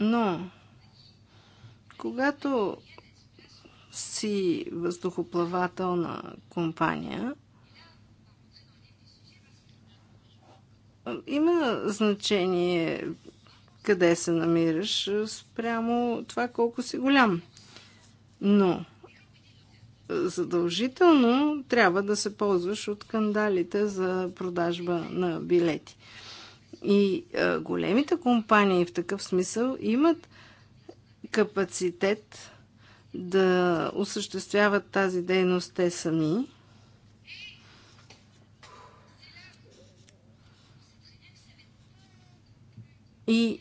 Но когато си въздухоплавателна компания, има значение къде се намираш спрямо това колко си голям. Но задължително трябва да се ползваш от кандалите за продажба на билети. И а, големите компании в такъв смисъл имат капацитет да осъществяват тази дейност те сами. И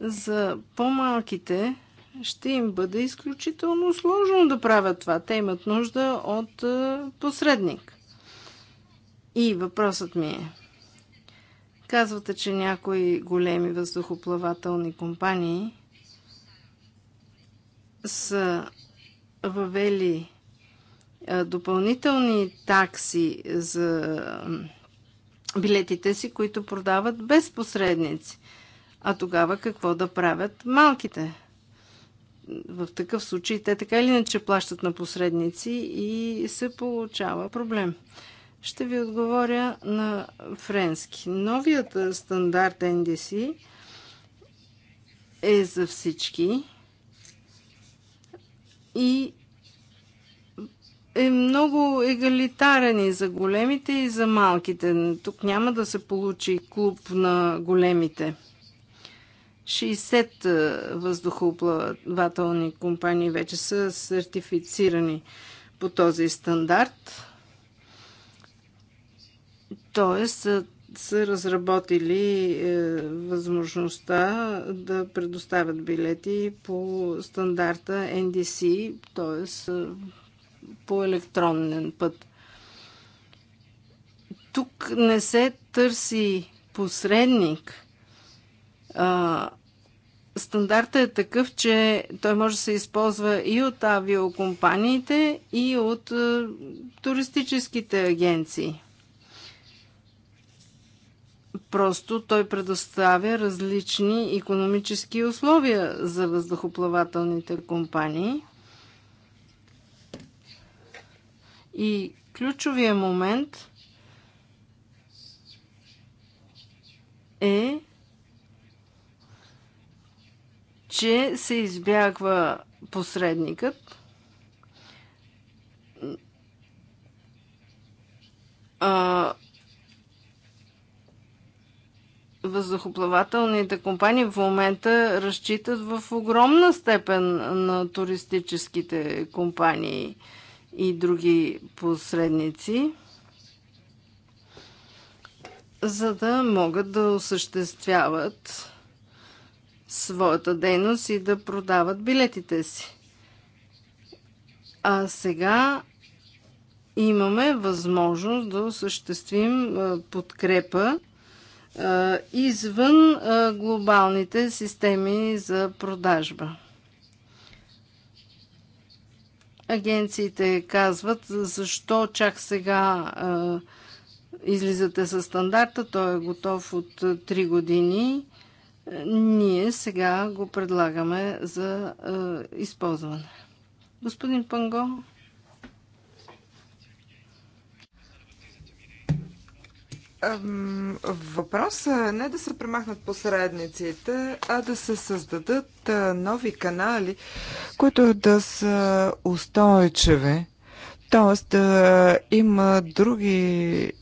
за по-малките ще им бъде изключително сложно да правят това. Те имат нужда от е, посредник. И въпросът ми е. Казвате, че някои големи въздухоплавателни компании са въвели допълнителни такси за билетите си, които продават без посредници. А тогава какво да правят малките? В такъв случай те така или иначе плащат на посредници и се получава проблем. Ще ви отговоря на френски. Новият стандарт NDC е за всички и е много егалитарен и за големите, и за малките. Тук няма да се получи клуб на големите. 60 въздухоплавателни компании вече са сертифицирани по този стандарт. Тоест, са разработили е, възможността да предоставят билети по стандарта NDC, т.е. по електронен път. Тук не се търси посредник. А, е такъв, че той може да се използва и от авиокомпаниите, и от е, туристическите агенции. Просто той предоставя различни економически условия за въздухоплавателните компании. И ключовия момент е, че се избягва посредникът. А, въздухоплавателните компании в момента разчитат в огромна степен на туристическите компании и други посредници, за да могат да осъществяват своята дейност и да продават билетите си. А сега имаме възможност да осъществим подкрепа извън глобалните системи за продажба. Агенциите казват, защо чак сега излизате със стандарта, той е готов от 3 години. Ние сега го предлагаме за използване. Господин Панго. Въпросът е не да се премахнат посредниците, а да се създадат нови канали, които да са устойчиви. Тоест да има други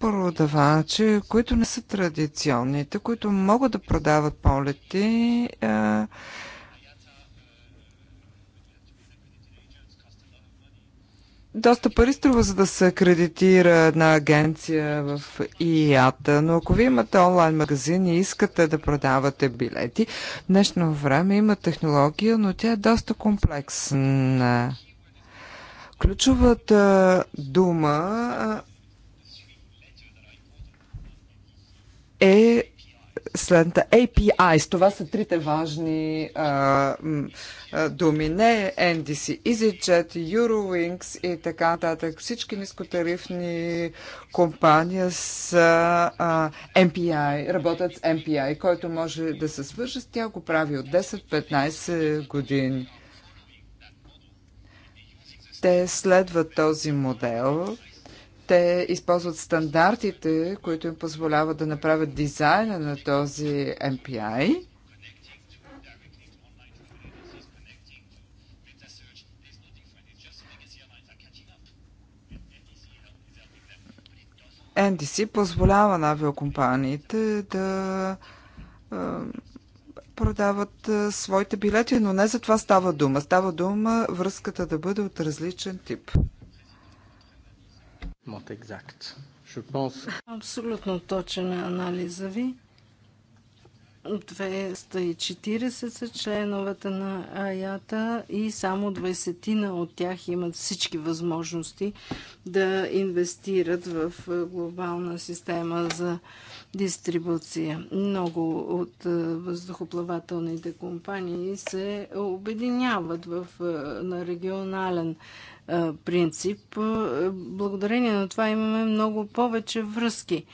продавачи, които не са традиционните, които могат да продават полети доста пари струва, за да се кредитира една агенция в ИАТА, но ако ви имате онлайн магазин и искате да продавате билети, в днешно време има технология, но тя е доста комплексна. Ключовата дума е следната APIs. Това са трите важни а, а, думи. Не NDC, EasyJet, Eurowings и така нататък. Всички нискотарифни компании с а, MPI, работят с MPI, който може да се свържи с тях, го прави от 10-15 години. Те следват този модел те използват стандартите, които им позволяват да направят дизайна на този MPI. NDC позволява на авиокомпаниите да продават своите билети, но не за това става дума. Става дума връзката да бъде от различен тип. Not exact. Pense... Абсолютно точен е анализа ви. 240 са членовете на Аята и само 20 от тях имат всички възможности да инвестират в глобална система за дистрибуция. Много от е, въздухоплавателните компании се обединяват в, е, на регионален е, принцип. Благодарение на това имаме много повече връзки.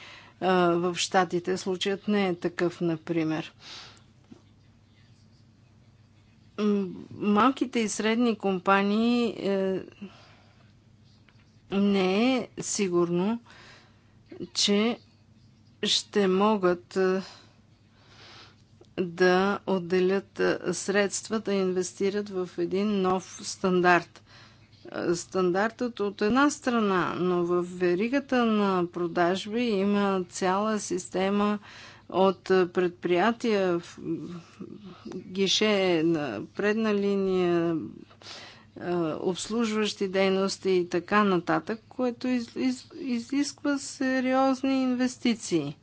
В Штатите случаят не е такъв, например малките и средни компании не е сигурно, че ще могат да отделят средства да инвестират в един нов стандарт. Стандартът от една страна, но в веригата на продажби има цяла система от предприятия, гише на предна линия, обслужващи дейности и така нататък, което из, из, изисква сериозни инвестиции.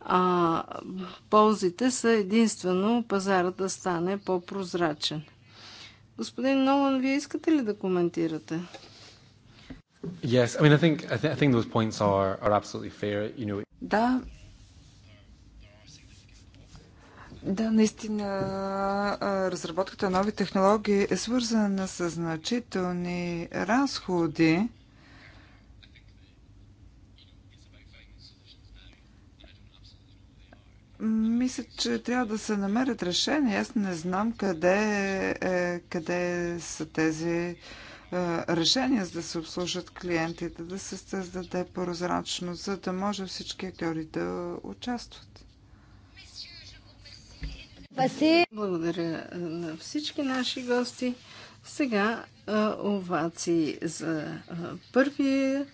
А ползите са единствено пазарът да стане по-прозрачен. Господин Нолан, вие искате ли да коментирате? Yes, I mean, I think, I think, those points are, are absolutely fair. You know... Да, да, наистина разработката на нови технологии е свързана с значителни разходи. Мисля, че трябва да се намерят решения. Аз не знам къде, е, къде са тези е, решения, за да се обслужат клиентите, да се създаде прозрачност, за да може всички актьори да участват. Благодаря е, на всички наши гости. Сега е, овации за е, първия,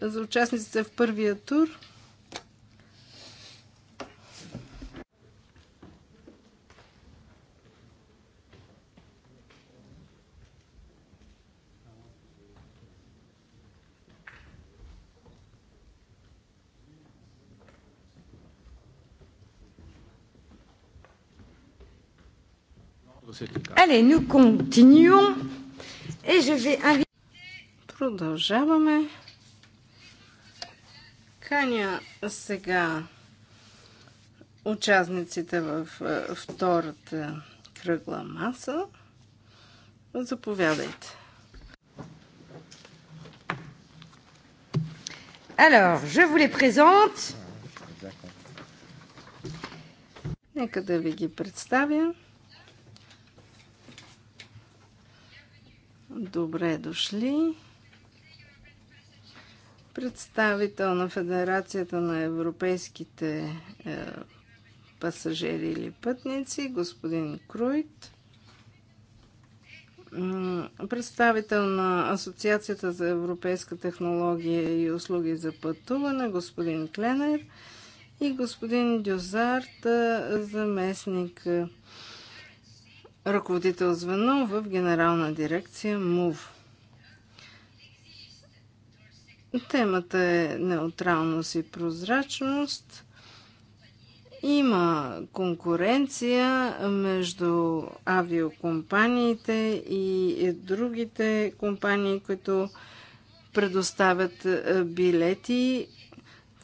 за участниците в първия тур. Allez, nous continuons. Et je vais inviter... Продължаваме. Каня сега участниците в е, втората кръгла маса. Заповядайте. Alors, je vous les présente. Нека да ви ги представя. Добре дошли. Представител на Федерацията на европейските е, пасажери или пътници, господин Круйт. Представител на Асоциацията за европейска технология и услуги за пътуване, господин Кленер. И господин Дюзарт, е, заместник е, ръководител звено в генерална дирекция МУВ. Темата е неутралност и прозрачност. Има конкуренция между авиокомпаниите и другите компании, които предоставят билети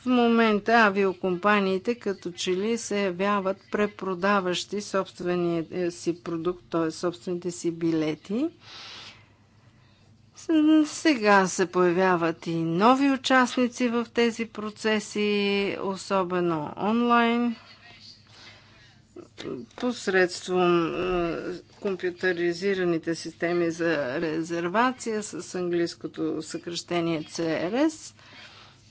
в момента авиокомпаниите като че ли се явяват препродаващи собствения е, си продукт, т.е. собствените си билети. Сега се появяват и нови участници в тези процеси, особено онлайн, посредством е, компютъризираните системи за резервация с английското съкръщение CRS –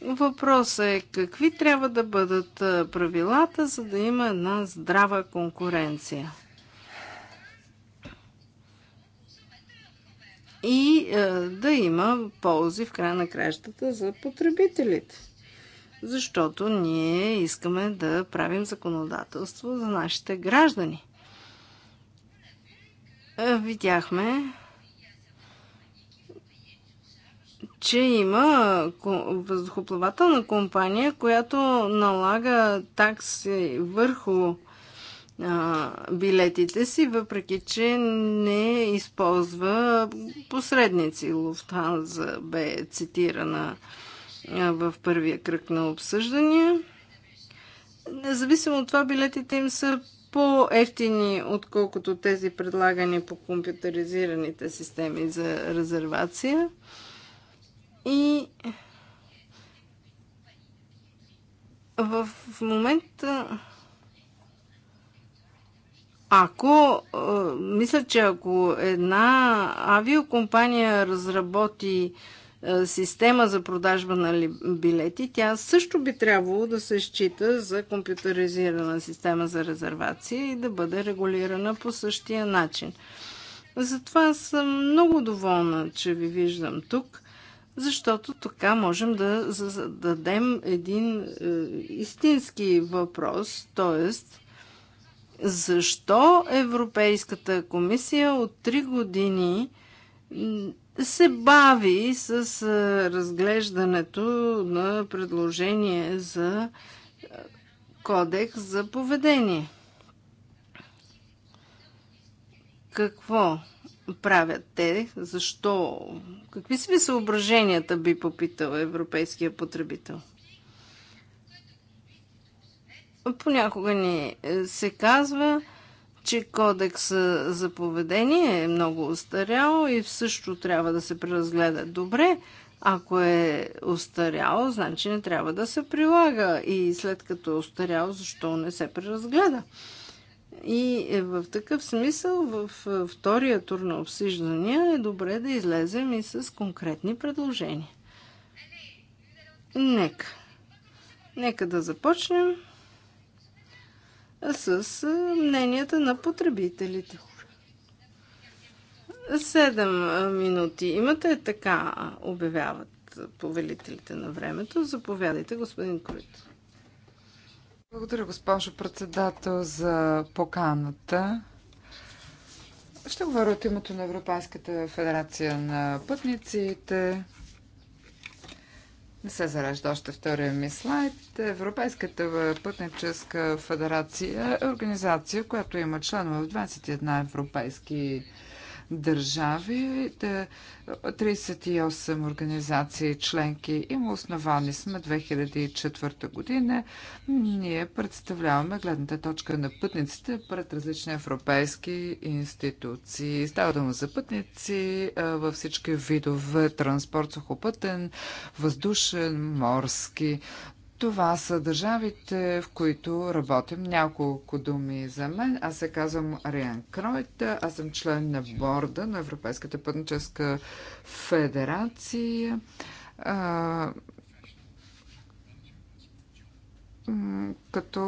Въпросът е какви трябва да бъдат правилата, за да има една здрава конкуренция. И е, да има ползи в края на кращата за потребителите. Защото ние искаме да правим законодателство за нашите граждани. Е, видяхме, че има въздухоплавателна компания, която налага такси върху а, билетите си, въпреки че не използва посредници. Луфтанза бе цитирана в първия кръг на обсъждания. Независимо от това, билетите им са по-ефтини, отколкото тези предлагани по компютъризираните системи за резервация. И в момента ако, мисля, че ако една авиокомпания разработи система за продажба на билети, тя също би трябвало да се счита за компютъризирана система за резервация и да бъде регулирана по същия начин. Затова съм много доволна, че ви виждам тук защото така можем да зададем един е, истински въпрос, т.е. защо Европейската комисия от 3 години се бави с е, разглеждането на предложение за е, кодекс за поведение. Какво правят те? Защо? Какви са ви съображенията, би попитал европейския потребител? Понякога ни е, се казва, че кодекс за поведение е много устарял и също трябва да се преразгледа добре. Ако е устарял, значи не трябва да се прилага. И след като е устарял, защо не се преразгледа? И е в такъв смисъл, в е, втория тур на обсъждания е добре да излезем и с конкретни предложения. Нека. Нека да започнем с е, мненията на потребителите. Седем минути. Имате така, обявяват повелителите на времето. Заповядайте, господин Корито. Благодаря, госпожо председател, за поканата. Ще говоря от името на Европейската федерация на пътниците. Не се зарежда още втория ми слайд. Европейската пътническа федерация е организация, която има членове в 21 европейски държави, 38 организации членки. Има основани сме 2004 година. Ние представляваме гледната точка на пътниците пред различни европейски институции. Става дума за пътници във всички видове транспорт, сухопътен, въздушен, морски. Това са държавите, в които работим. Няколко думи за мен. Аз се казвам Ариан Кройт. Аз съм член на борда на Европейската пътническа федерация. А, като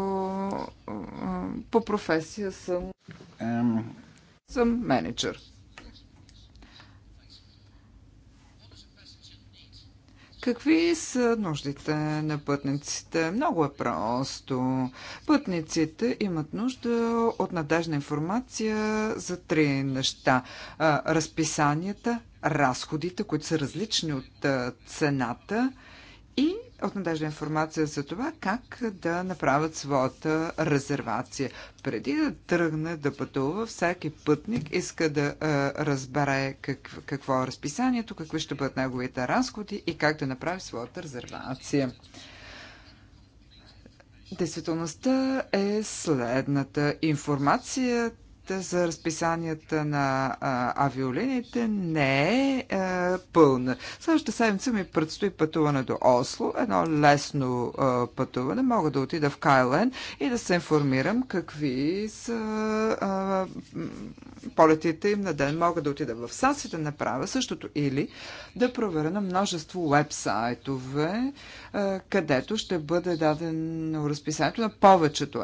по професия съм, съм менеджер. Какви са нуждите на пътниците? Много е просто. Пътниците имат нужда от надежна информация за три неща. Разписанията, разходите, които са различни от цената и от надежда информация за това как да направят своята резервация. Преди да тръгне да пътува, всеки пътник иска да е, разбере как, какво е разписанието, какви ще бъдат неговите разходи и как да направи своята резервация. Действителността е следната. Информацията информацията за разписанията на а, авиолиниите не е а, пълна. Следващата седмица ми предстои пътуване до Осло, едно лесно а, пътуване. Мога да отида в Кайлен и да се информирам какви са а, полетите им на ден. Мога да отида в САС и да направя същото или да проверя на множество вебсайтове, където ще бъде дадено разписанието на повечето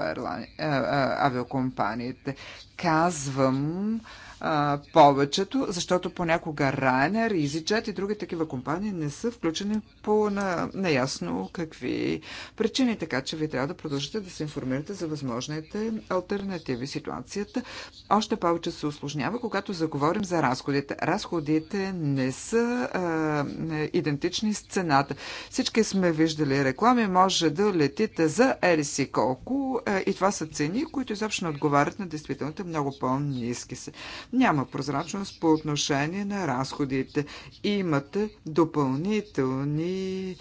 авиокомпаниите. Казвам, а, повечето, защото понякога Ryanair, EasyJet и други такива компании не са включени по на, неясно какви причини, така че ви трябва да продължите да се информирате за възможните альтернативи. Ситуацията още повече се осложнява, когато заговорим за разходите. Разходите не са а, идентични с цената. Всички сме виждали реклами, може да летите за ериси колко а, и това са цени, които изобщо не отговарят на действителните много по-низки се. Няма прозрачност по отношение на разходите. Имате допълнителни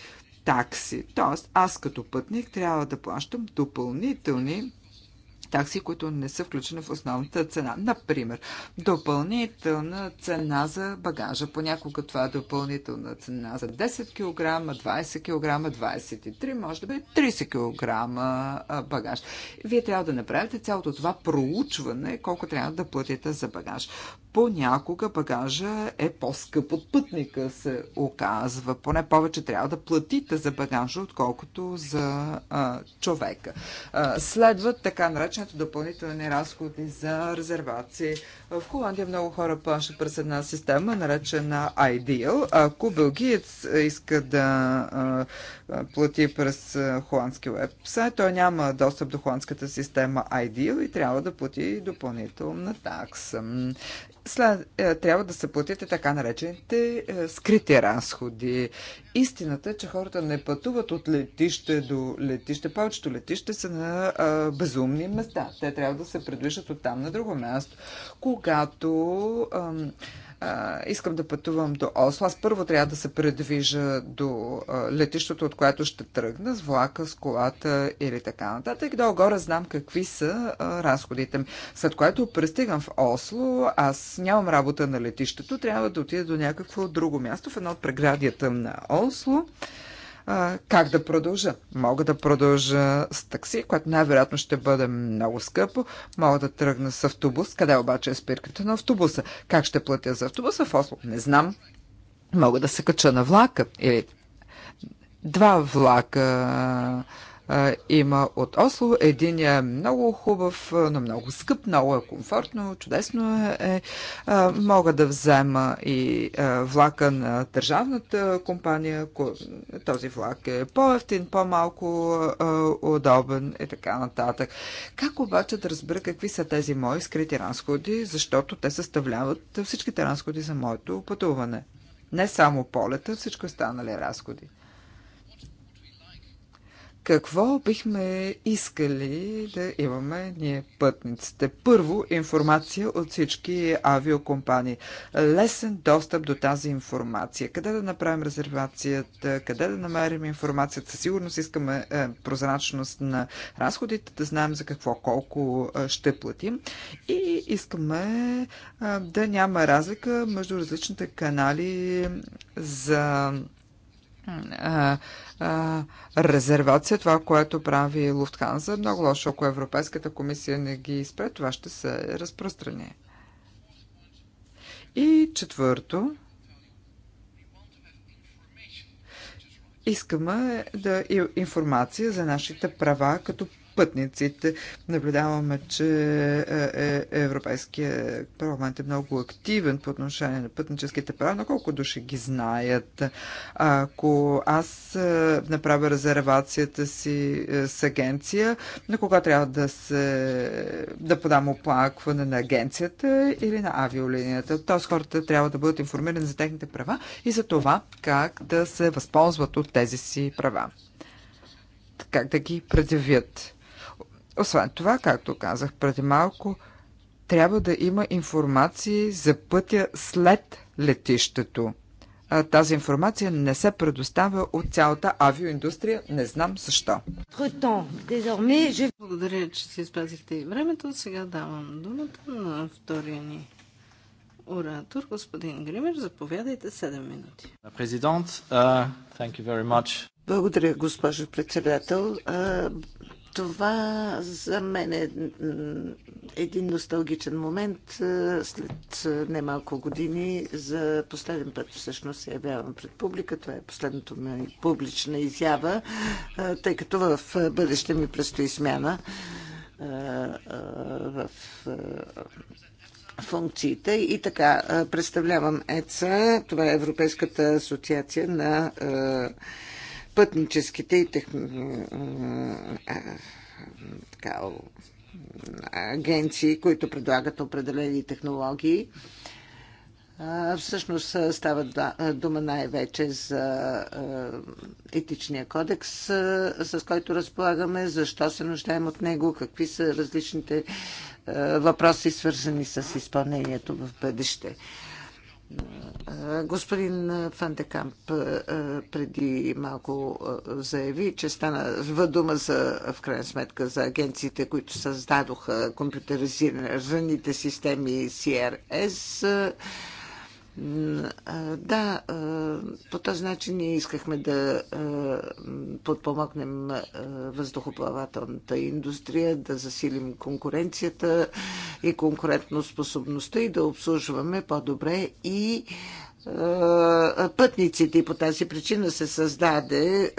такси. Тоест, аз като пътник трябва да плащам допълнителни такси, които не са включени в основната цена. Например, допълнителна цена за багажа. Понякога това е допълнителна цена за 10 кг, 20 кг, 23, може да бъде 30 кг багаж. Вие трябва да направите цялото това проучване, колко трябва да платите за багаж понякога багажа е по-скъп от пътника, се оказва. Поне повече трябва да платите за багажа, отколкото за а, човека. А, следват така наречените допълнителни разходи за резервации в Холандия много хора плащат през една система, наречена Ideal. Ако бългиец иска да плати през холандски вебсайт, той няма достъп до холандската система Ideal и трябва да плати допълнителна такса. След, е, трябва да се платите така наречените е, скрити разходи. Истината е, че хората не пътуват от летище до летище. Повечето летище са на а, безумни места. Те трябва да се предвижат от там на друго място. Когато а, искам да пътувам до Осло. Аз първо трябва да се предвижа до а, летището, от което ще тръгна, с влака, с колата или така нататък. Долу-горе знам какви са а, разходите ми. След което пристигам в Осло, аз нямам работа на летището, трябва да отида до някакво друго място в едно от преградията на Осло а, как да продължа. Мога да продължа с такси, което най-вероятно ще бъде много скъпо. Мога да тръгна с автобус, къде обаче е спирката на автобуса. Как ще платя за автобуса в Осло? Не знам. Мога да се кача на влака или два влака има от Осло. един е много хубав, но много скъп, много е комфортно, чудесно е. мога да взема и влака на държавната компания. Този влак е по-ефтин, по-малко удобен и така нататък. Как обаче да разбера какви са тези мои скрити разходи, защото те съставляват всичките разходи за моето пътуване? Не само полета, всичко останали разходи. Какво бихме искали да имаме ние пътниците? Първо, информация от всички авиокомпании. Лесен достъп до тази информация. Къде да направим резервацията? Къде да намерим информацията? Със сигурност искаме е, прозрачност на разходите, да знаем за какво, колко е, ще платим. И искаме е, да няма разлика между различните канали за резервация, това, което прави Луфтханза, е много лошо. Ако Европейската комисия не ги изпред, това ще се разпространи. И четвърто, искаме да информация за нашите права като пътниците. Наблюдаваме, че е, е, Европейския парламент е много активен по отношение на пътническите права, но колко души ги знаят. Ако аз е, направя резервацията си с агенция, на кога трябва да, се, да подам оплакване на агенцията или на авиолинията? Тоест хората трябва да бъдат информирани за техните права и за това как да се възползват от тези си права как да ги предявят. Освен това, както казах преди малко, трябва да има информации за пътя след летището. Тази информация не се предоставя от цялата авиоиндустрия. Не знам защо. Благодаря, че си спазихте и времето. Сега давам думата на втория ни оратор, господин Гример. Заповядайте 7 минути. Президент, uh, uh Благодаря, госпожо председател. Uh, това за мен е един носталгичен момент. Е, след е, немалко години за последен път всъщност се явявам пред публика. Това е последното ми публична изява, е, тъй като в бъдеще ми предстои смяна в функциите и така представлявам ЕЦА, това е Европейската асоциация на пътническите и тех... така, агенции, които предлагат определени технологии. Всъщност става дума най-вече за етичния кодекс, с който разполагаме, защо се нуждаем от него, какви са различните въпроси, свързани с изпълнението в бъдеще. Господин Фандекамп преди малко заяви, че стана въдума за, в крайна сметка, за агенциите, които създадоха компютъризираните системи CRS да, по този начин ние искахме да подпомогнем въздухоплавателната индустрия, да засилим конкуренцията и конкурентоспособността и да обслужваме по-добре и пътниците. И по тази причина се създаде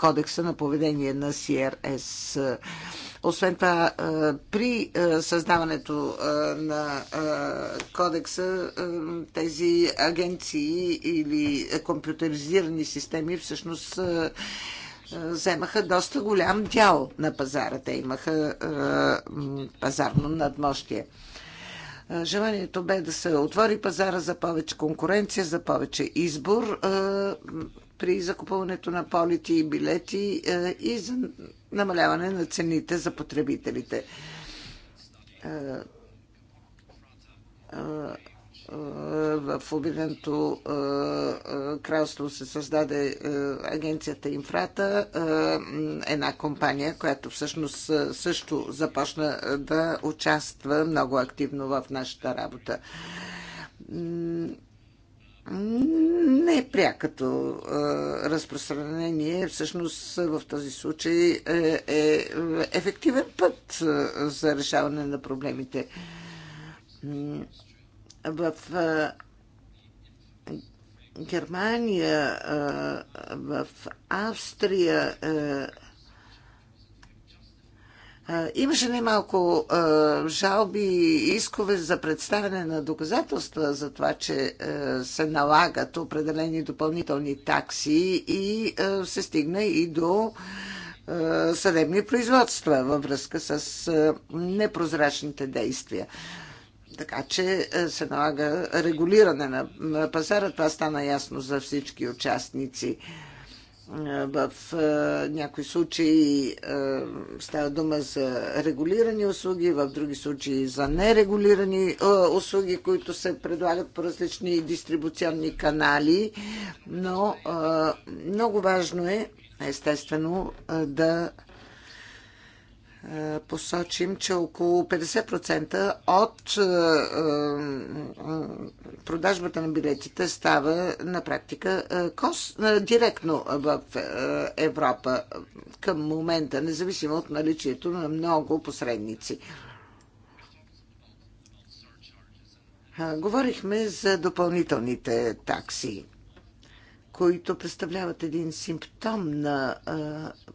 кодекса на поведение на CRS освен това, при създаването на кодекса тези агенции или компютеризирани системи всъщност вземаха доста голям дял на пазара. Те имаха пазарно надмощие. Желанието бе да се отвори пазара за повече конкуренция, за повече избор при закупуването на полети и билети и за намаляване на цените за потребителите. Е, е, е, в Обединеното кралство се създаде агенцията Инфрата, една компания, която всъщност също започна да участва много активно в нашата работа не е прякото разпространение всъщност в този случай е, е ефективен път за решаване на проблемите. В Германия, в Австрия, Имаше немалко жалби и искове за представяне на доказателства за това, че се налагат определени допълнителни такси и се стигна и до съдебни производства във връзка с непрозрачните действия. Така че се налага регулиране на пазара. Това стана ясно за всички участници. В е, някои случаи е, става дума за регулирани услуги, в други случаи за нерегулирани е, услуги, които се предлагат по различни дистрибуционни канали. Но много важно е, естествено, да посочим, че около 50% от е, е, продажбата на билетите става на практика е, кос, директно в Европа към момента, независимо от наличието на много посредници. Говорихме за допълнителните такси които представляват един симптом на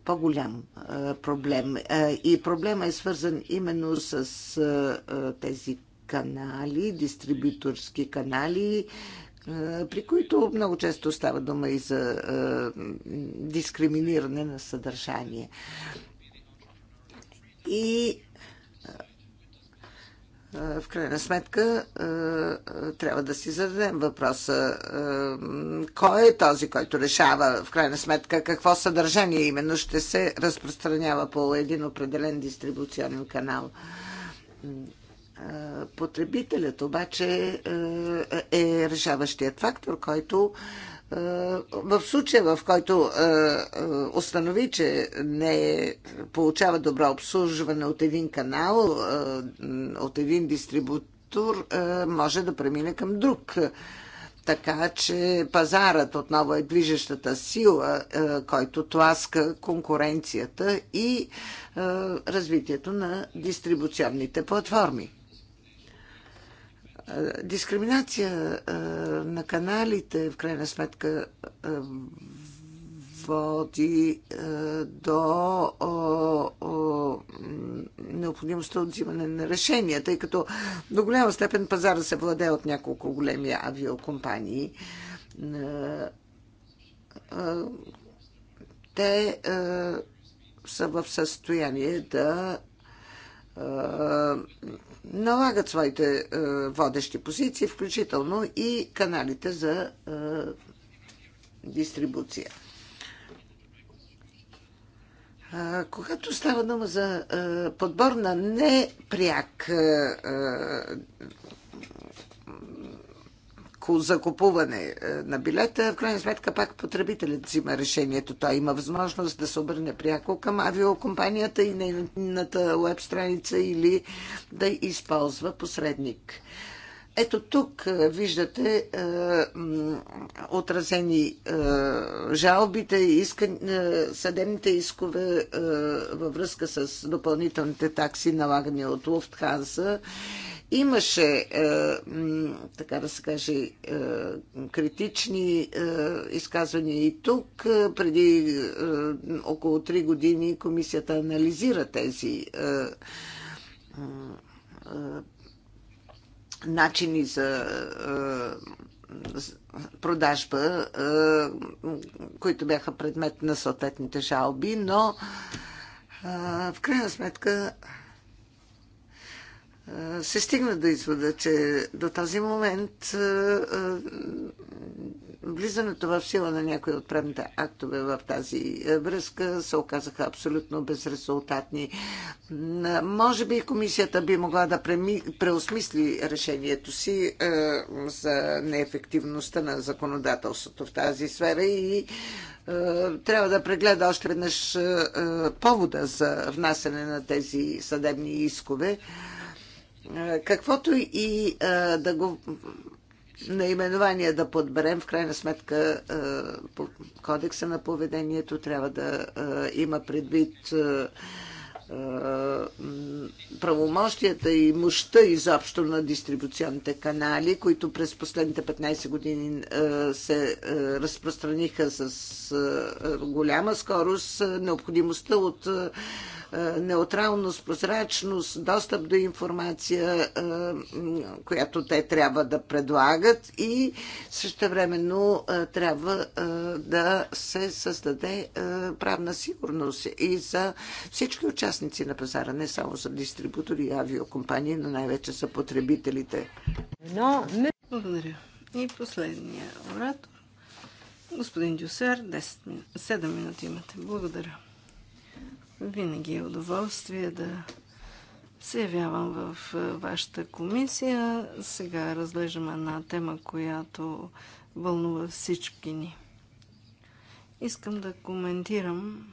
по-голям проблем. и проблема е свързан именно с тези канали, дистрибюторски канали, при които много често става дума и за дискриминиране на съдържание. И е, в крайна сметка е, е, трябва да си зададем въпроса кой е този, който решава в крайна сметка какво съдържание именно ще се разпространява по един определен дистрибуционен канал. Потребителят обаче е решаващият фактор, който в случая, в който е, е, установи, че не е, получава добро обслужване от един канал, от един дистрибутор, може да премине към друг. Така че пазарът отново е движещата сила, който тласка конкуренцията и развитието на дистрибуционните платформи. Дискриминация на каналите, в крайна сметка, води до необходимостта от взимане на решения, тъй като до голяма степен пазара се владее от няколко големи авиокомпании. Те са в състояние да е, налагат своите е, водещи позиции, включително и каналите за е, дистрибуция. Когато става дума за подбор на непряк закупуване е, на билета, в крайна сметка пак потребителят взима решението. Той има възможност да се обърне пряко към авиокомпанията и нейната веб страница или да използва посредник. Ето тук е, виждате е, отразени е, жалбите, и е, съдебните искове е, във връзка с допълнителните такси, налагани от Луфтханса Имаше, е, така да се каже, е, критични е, изказвания и тук. Преди около 3 години комисията анализира тези начини за продажба, които бяха предмет на съответните жалби, но в крайна сметка е, се стигна до извода, че до този момент е, е, влизането в сила на някои от правните актове в тази връзка се оказаха абсолютно безрезултатни. Може би комисията би могла да преосмисли решението си за неефективността на законодателството в тази сфера и трябва да прегледа още веднъж повода за внасяне на тези съдебни искове. Е, каквото и е, да го наименование да подберем, в крайна сметка е, кодекса на поведението трябва да има предвид правомощията и мощта изобщо на дистрибуционните канали, които през последните 15 години се разпространиха с голяма скорост, необходимостта от е, неутралност, прозрачност, достъп до информация, е, която те трябва да предлагат и същевременно е, трябва да се създаде правна сигурност и за всички участници на пазара, не само за дистрибутори и авиокомпании, но най-вече за потребителите. Но... Благодаря. И последния оратор. Господин Дюсер, 10 7 минути имате. Благодаря. Винаги е удоволствие да се явявам в вашата комисия. Сега разглеждаме една тема, която вълнува всички ни. Искам да коментирам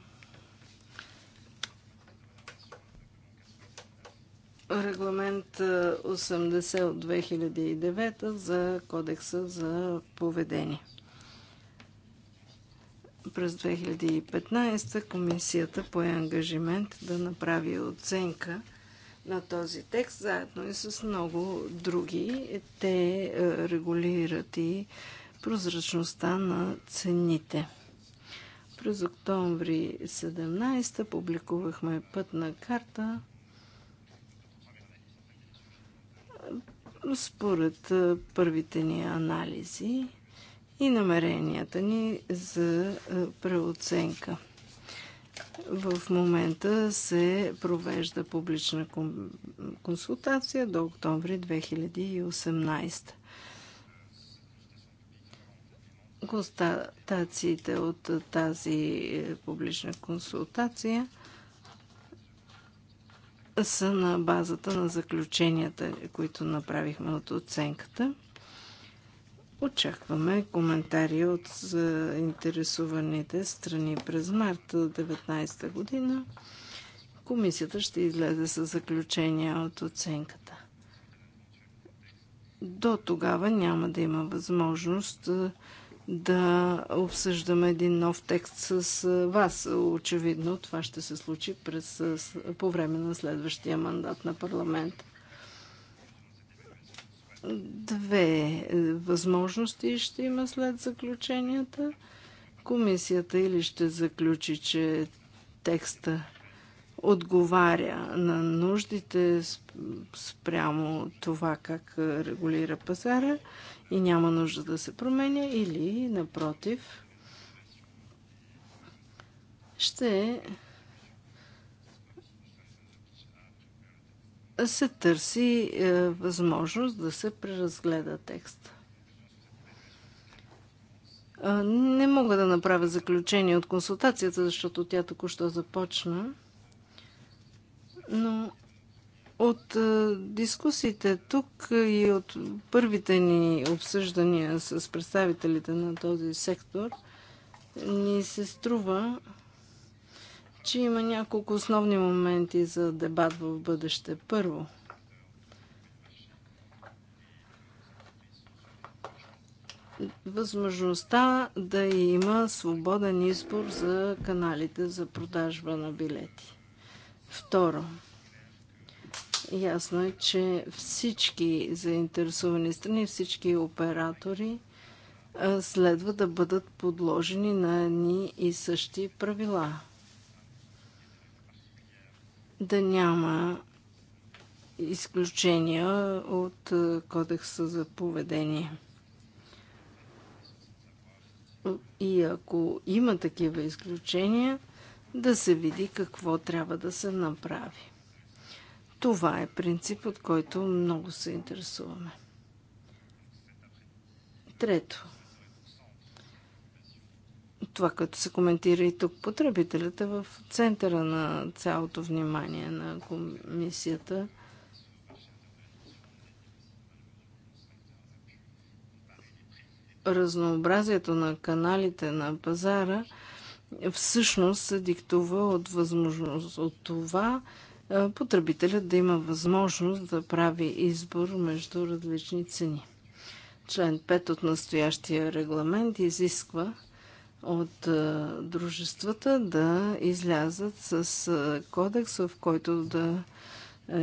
регламент 80 от 2009 за кодекса за поведение. През 2015 комисията пое ангажимент да направи оценка на този текст, заедно и с много други. Те е, регулират и прозрачността на цените. През октомври 17 публикувахме пътна карта според е, първите ни анализи и намеренията ни за е, преоценка. В момента се провежда публична консултация до октомври 2018. Констатациите от тази е, публична консултация са на базата на заключенията, които направихме от оценката. Очакваме коментари от заинтересуваните страни през март 2019 година. Комисията ще излезе с заключение от оценката. До тогава няма да има възможност да обсъждаме един нов текст с вас. Очевидно това ще се случи през, по време на следващия мандат на парламента. Две е, възможности ще има след заключенията. Комисията или ще заключи, че текста отговаря на нуждите спрямо това как е, регулира пазара и няма нужда да се променя или напротив ще се търси е, възможност да се преразгледа текст. Не мога да направя заключение от консултацията, защото тя току-що започна. Но от е, дискусиите тук и от първите ни обсъждания с представителите на този сектор ни се струва, че има няколко основни моменти за дебат в бъдеще. Първо, възможността да има свободен избор за каналите за продажба на билети. Второ, ясно е, че всички заинтересовани страни, всички оператори следва да бъдат подложени на едни и същи правила – да няма изключения от е, кодекса за поведение. И ако има такива изключения, да се види какво трябва да се направи. Това е принцип, от който много се интересуваме. Трето – това, като се коментира и тук, потребителят е в центъра на цялото внимание на комисията. Разнообразието на каналите на пазара всъщност се диктува от възможност от това потребителят да има възможност да прави избор между различни цени. Член 5 от настоящия регламент изисква от дружествата да излязат с кодекс, в който да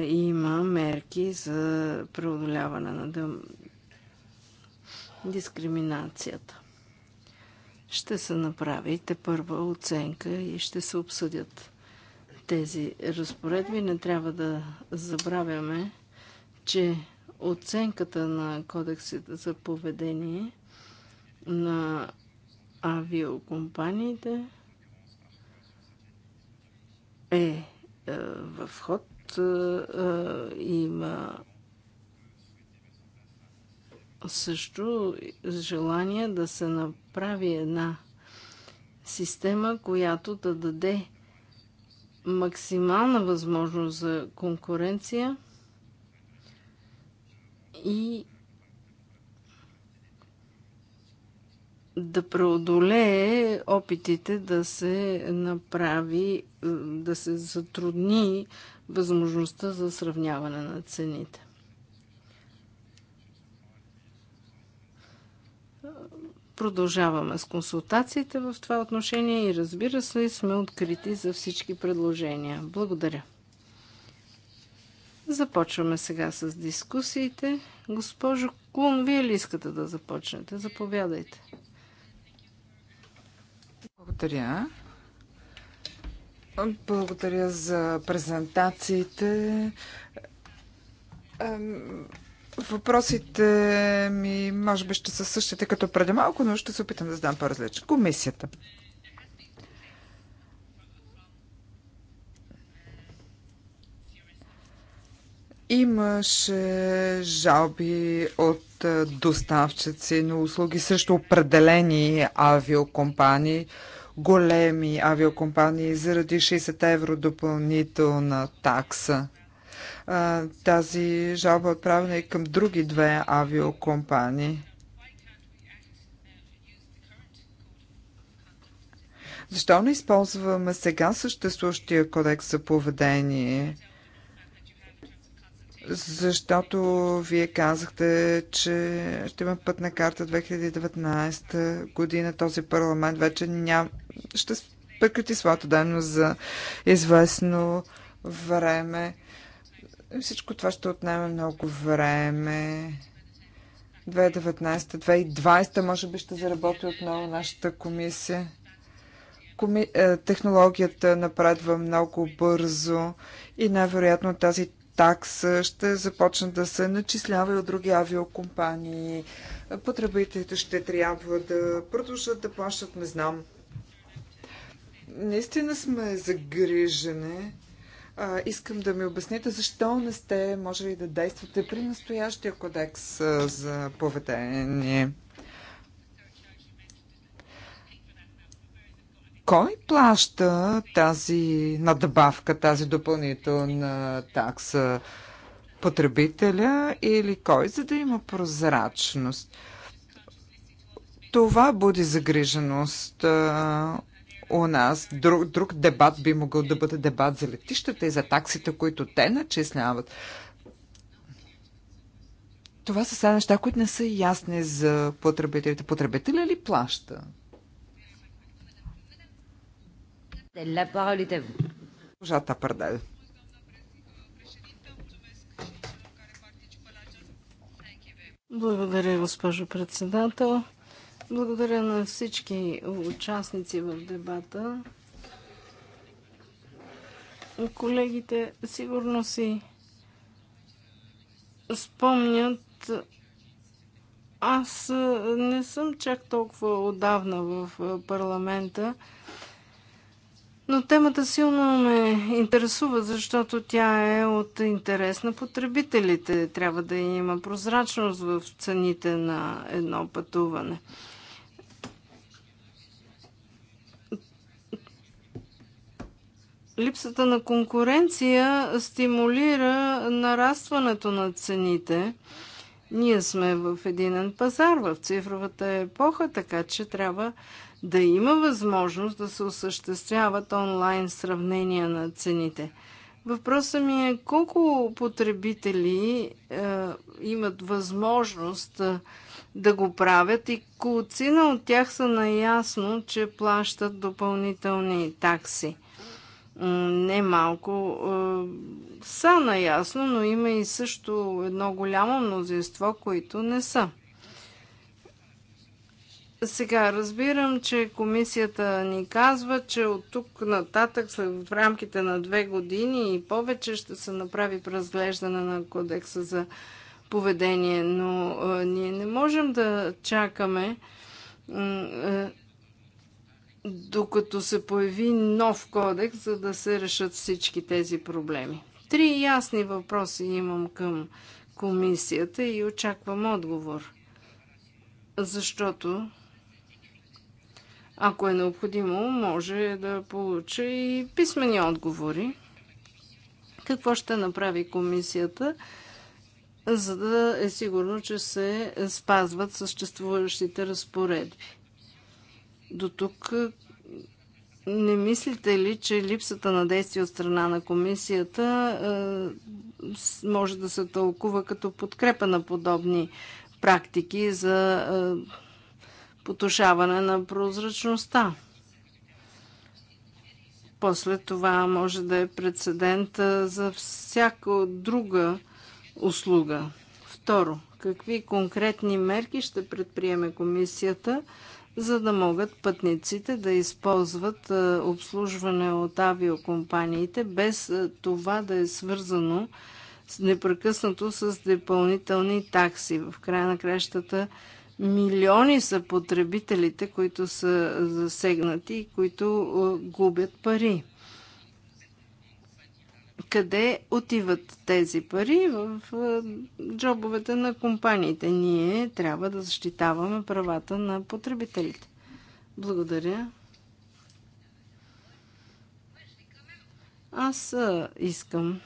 има мерки за преодоляване на дискриминацията. Ще се направи те първа оценка и ще се обсъдят тези разпоредби. Не трябва да забравяме, че оценката на кодексите за поведение на авиокомпаниите е, е в ход. Е, е, има също желание да се направи една система, която да даде максимална възможност за конкуренция и да преодолее опитите да се направи, да се затрудни възможността за сравняване на цените. Продължаваме с консултациите в това отношение и разбира се, сме открити за всички предложения. Благодаря. Започваме сега с дискусиите. Госпожо Клун, вие ли искате да започнете? Заповядайте. Благодаря. Благодаря за презентациите. Въпросите ми може би ще са същите като преди малко, но ще се опитам да задам по-различно. Комисията. Имаше жалби от доставчици на услуги срещу определени авиокомпании големи авиокомпании заради 60 евро допълнителна такса. Тази жалба е отправена и към други две авиокомпании. Защо не използваме сега съществуващия кодекс за поведение? защото вие казахте, че ще има път на карта 2019 година. Този парламент вече няма... ще прекрати своята дейност за известно време. Всичко това ще отнеме много време. 2019-2020 може би ще заработи отново нашата комисия. Коми... Е, технологията напредва много бързо и най-вероятно тази такса ще започне да се начислява и от други авиокомпании. Потребителите ще трябва да продължат да плащат, не знам. Наистина сме загрижени. А, искам да ми обясните защо не сте можели да действате при настоящия кодекс за поведение. Кой плаща тази надбавка, тази допълнителна такса? Потребителя или кой, за да има прозрачност? Това буди загриженост а, у нас. Друг, друг дебат би могъл да бъде дебат за летищата и за таксите, които те начисляват. Това са сега неща, които не са ясни за потребителите. Потребителя ли плаща La parole est à vous. Благодаря, госпожо председател. Благодаря на всички участници в дебата. Колегите сигурно си спомнят. Аз не съм чак толкова отдавна в парламента. Но темата силно ме интересува, защото тя е от интерес на потребителите. Трябва да има прозрачност в цените на едно пътуване. Липсата на конкуренция стимулира нарастването на цените. Ние сме в единен пазар, в цифровата епоха, така че трябва да има възможност да се осъществяват онлайн сравнения на цените. Въпросът ми е колко потребители е, имат възможност е, да го правят и колцина от тях са наясно, че плащат допълнителни такси. малко е, са наясно, но има и също едно голямо мнозинство, които не са. Сега разбирам, че комисията ни казва, че от тук нататък в рамките на две години и повече ще се направи разглеждане на кодекса за поведение, но а, ние не можем да чакаме докато се появи нов кодекс, за да се решат всички тези проблеми. Три ясни въпроси имам към комисията и очаквам отговор. Защото ако е необходимо, може да получи и писмени отговори. Какво ще направи комисията, за да е сигурно, че се спазват съществуващите разпоредби? До тук не мислите ли, че липсата на действие от страна на комисията може да се тълкува като подкрепа на подобни практики за потушаване на прозрачността. После това може да е прецедент за всяка друга услуга. Второ, какви конкретни мерки ще предприеме комисията, за да могат пътниците да използват обслужване от авиокомпаниите, без това да е свързано непрекъснато с допълнителни такси. В края на кращата Милиони са потребителите, които са засегнати и които губят пари. Къде отиват тези пари? В джобовете на компаниите. Ние трябва да защитаваме правата на потребителите. Благодаря. Аз искам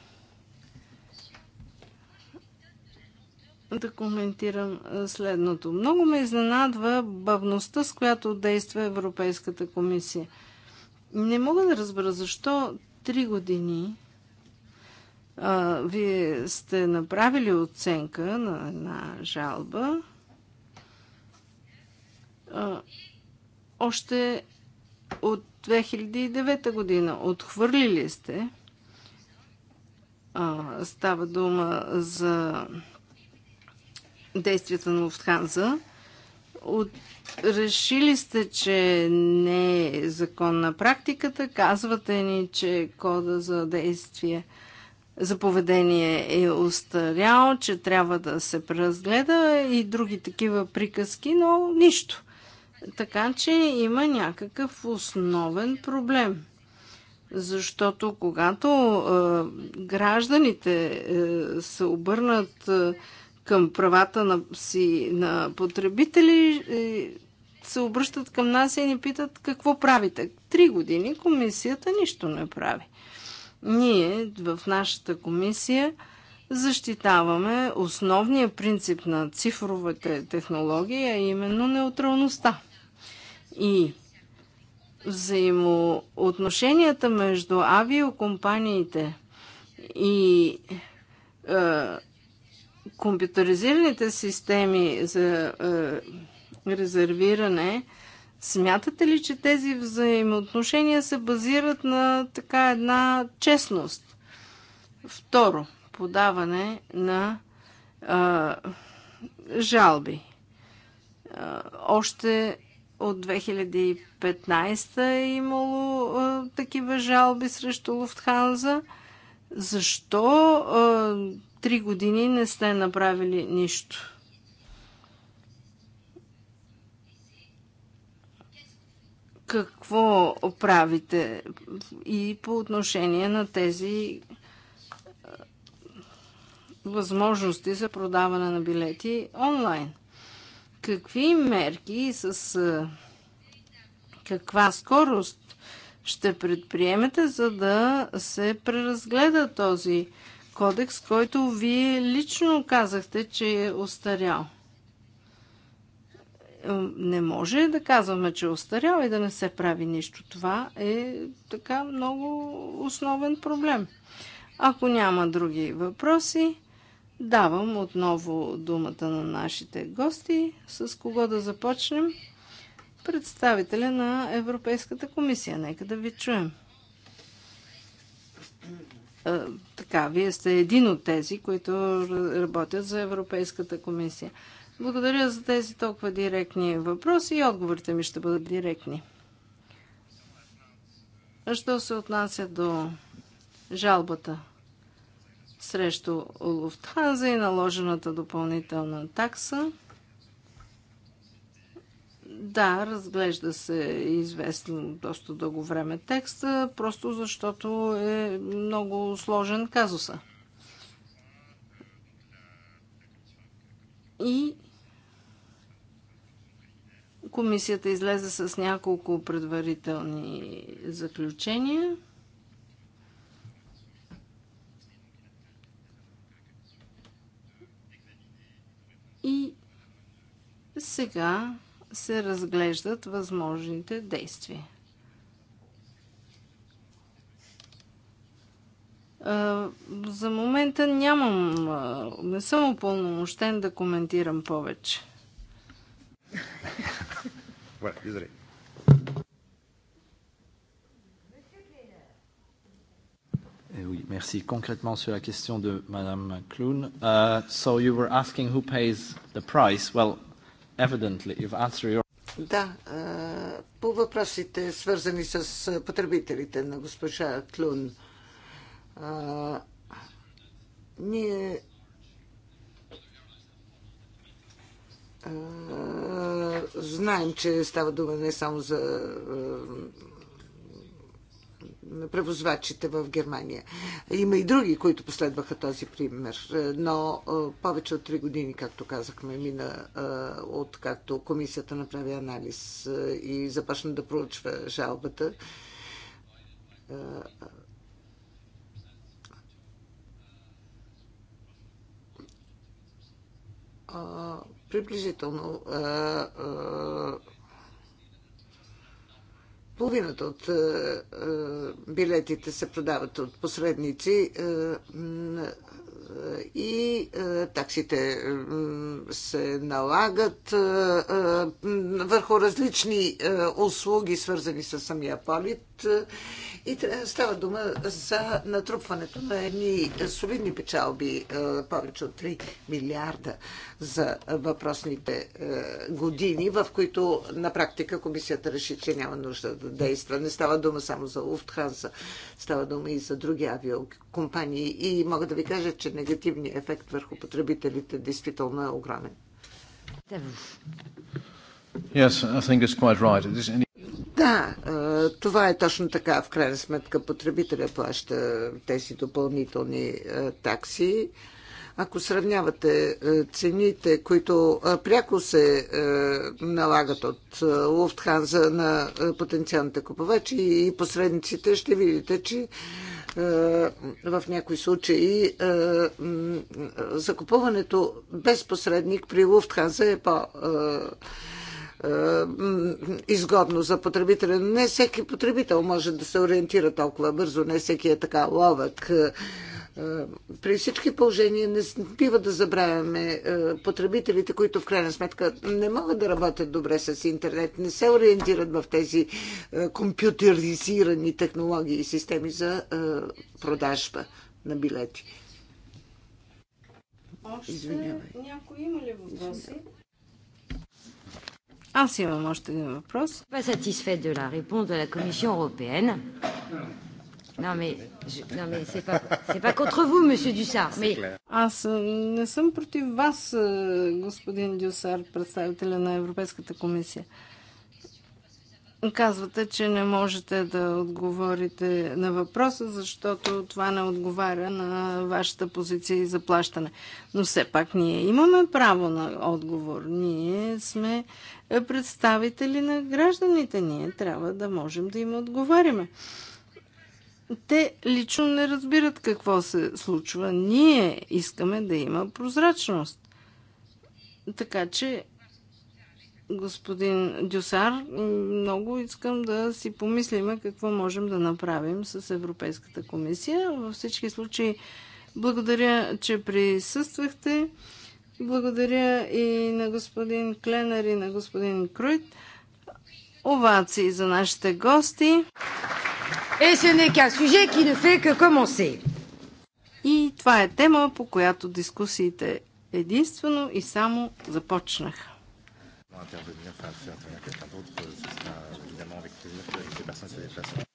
да коментирам следното. Много ме изненадва бавността, с която действа Европейската комисия. Не мога да разбера защо три години а, вие сте направили оценка на една жалба. А, още от 2009 година отхвърлили сте. А, става дума за действията на Люфтханза. От... Решили сте, че не е законна практиката. Казвате ни, че кода за действие за поведение е устарял, че трябва да се преразгледа и други такива приказки, но нищо. Така че има някакъв основен проблем. Защото когато е, гражданите е, се обърнат е, към правата на, си на потребители, се обръщат към нас и ни питат какво правите. Три години комисията нищо не прави. Ние в нашата комисия защитаваме основния принцип на цифровата технология, а именно неутралността. И взаимоотношенията между авиокомпаниите и е, компютъризираните системи за е, резервиране, смятате ли, че тези взаимоотношения се базират на така една честност? Второ, подаване на е, жалби. Е, още от 2015 е имало е, такива жалби срещу Луфтханза. Защо е, три години не сте направили нищо. Какво правите и по отношение на тези възможности за продаване на билети онлайн? Какви мерки и с каква скорост ще предприемете, за да се преразгледа този кодекс, който вие лично казахте, че е остарял. Е, не може да казваме, че е остарял и да не се прави нищо. Това е така много основен проблем. Ако няма други въпроси, давам отново думата на нашите гости. С кого да започнем? Представителя на Европейската комисия. Нека да ви чуем. Е, така, вие сте един от тези, които работят за Европейската комисия. Благодаря за тези толкова директни въпроси и отговорите ми ще бъдат директни. Що се отнася до жалбата срещу Луфтханза и наложената допълнителна такса, да, разглежда се известен доста дълго време текст, просто защото е много сложен казуса. И комисията излезе с няколко предварителни заключения. И сега се разглеждат възможните действия. За момента нямам, не съм упълномощен да коментирам повече. Oui, merci. Concrètement, sur la question de Madame Clune, uh, so you were asking who pays the price. Well, Evidently, you've answered your... Да, по въпросите свързани с потребителите на госпожа Клун. Ние знаем, че става дума не само за превозвачите в Германия. Има и други, които последваха този пример, но повече от 3 години, както казахме, мина от както комисията направи анализ и започна да проучва жалбата. приблизително половината от е, е, билетите се продават от посредници. Е, и е, таксите е, се налагат е, върху различни услуги, свързани с самия полит. И става дума за натрупването на едни солидни печалби, повече от 3 милиарда за въпросните години, в които на практика комисията реши, че няма нужда да действа. Не става дума само за Уфтханса, става дума и за други авиокомпании компании. И мога да ви кажа, че негативният ефект върху потребителите действително е огромен. Yes, I think it's quite right. Is... Да, е, това е точно така. В крайна сметка потребителя плаща тези допълнителни е, такси. Ако сравнявате е, цените, които пряко се налагат от Луфтханза на потенциалните купувачи и посредниците, ще видите, че в някои случаи е, закупуването без посредник при Луфтханза е по- е, е, изгодно за потребителя. Не всеки потребител може да се ориентира толкова бързо, не всеки е така ловък. Е, при всички положения не бива да забравяме е, потребителите, които в крайна сметка не могат да работят добре с интернет, не се ориентират в тези е, компютеризирани технологии и системи за продажба на билети. Още Извинявай. някой има ли въпроси? Аз имам още един въпрос. Pas satisfait de la réponse de la Commission Non, mais, je, mais c'est pas, pas contre vous, monsieur Дюсар. Mais... Аз не съм против вас, е, господин Дюсар, представителя на Европейската комисия. Казвате, че не можете да отговорите на въпроса, защото това не отговаря на вашата позиция и заплащане. Но все пак ние имаме право на отговор. Ние сме представители на гражданите. Ние трябва да можем да им отговаряме те лично не разбират какво се случва. Ние искаме да има прозрачност. Така че, господин Дюсар, много искам да си помислиме какво можем да направим с Европейската комисия. Във всички случаи, благодаря, че присъствахте. Благодаря и на господин Кленер и на господин Круйт. Овации за нашите гости. Et ce n'est qu'un sujet qui ne fait que commencer. И това е тема, по която дискусиите единствено и само започнаха. Intervenir, enfin faire intervenir quelqu'un d'autre, ce sera évidemment avec plaisir que ces personnes se déplacent.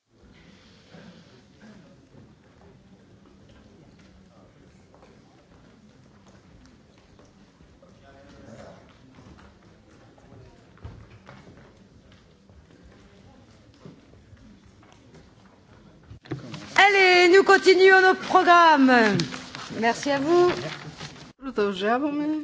Allez, nous continuons notre programme. Merci à vous. Продължаваме.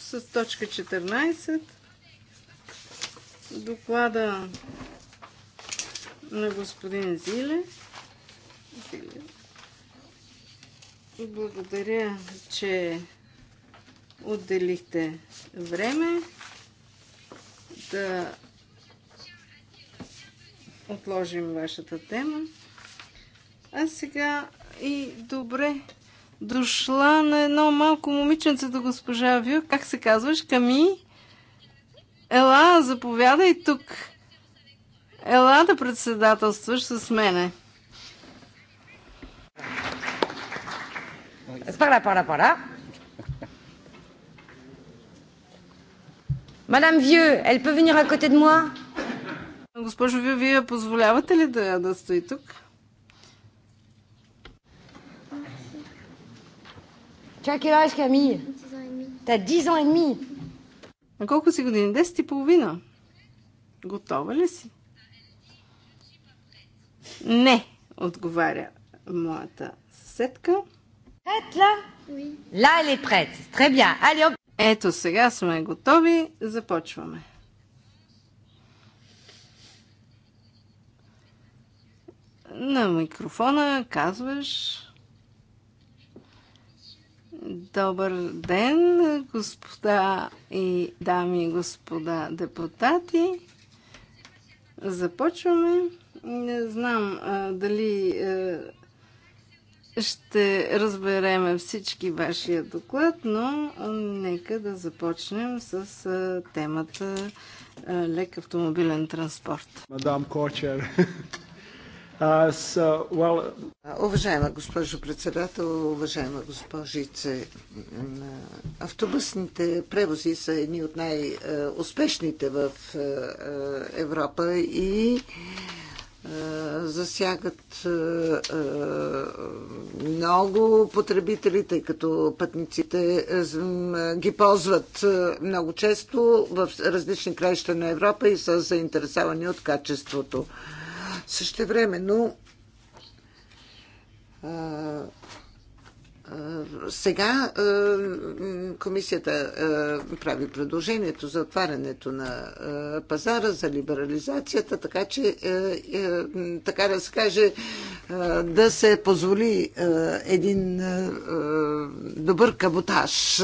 С точка 14 доклада на господин Зиле. Благодаря, че отделихте време да отложим вашата тема. А сега и добре дошла на едно малко момиченце до госпожа Вил. Как се казваш? Ками? Ела, заповядай тук. Ела да председателстваш с мене. Пара, пара, пара. Мадам Vieux, ел peut venir à côté de moi? Госпожо Вю, вие позволявате ли да, да стои тук? Tu as quel âge, Camille? 10 ans et demi. 10 ans et demi. На колко си години? 10 и половина. Готова ли си? Не, отговаря моята съседка. Prête ли? Oui. Là, elle est prête. Très bien. Allez, hop. Ето сега сме готови, започваме. На микрофона казваш Добър ден, господа и дами и господа депутати. Започваме. Не знам а, дали а, е, ще разберем всички вашия доклад, но нека да започнем с темата лек автомобилен транспорт. Мадам Кочер. Уважаема госпожо председател, уважаема госпожице, автобусните превози са едни от най-успешните в Европа и засягат е, е, много потребители, тъй като пътниците е, ги ползват много често в различни краища на Европа и са заинтересовани от качеството. времено. Сега е, комисията е, прави предложението за отварянето на е, пазара, за либерализацията, така че, така да се каже, да се позволи един добър каботаж,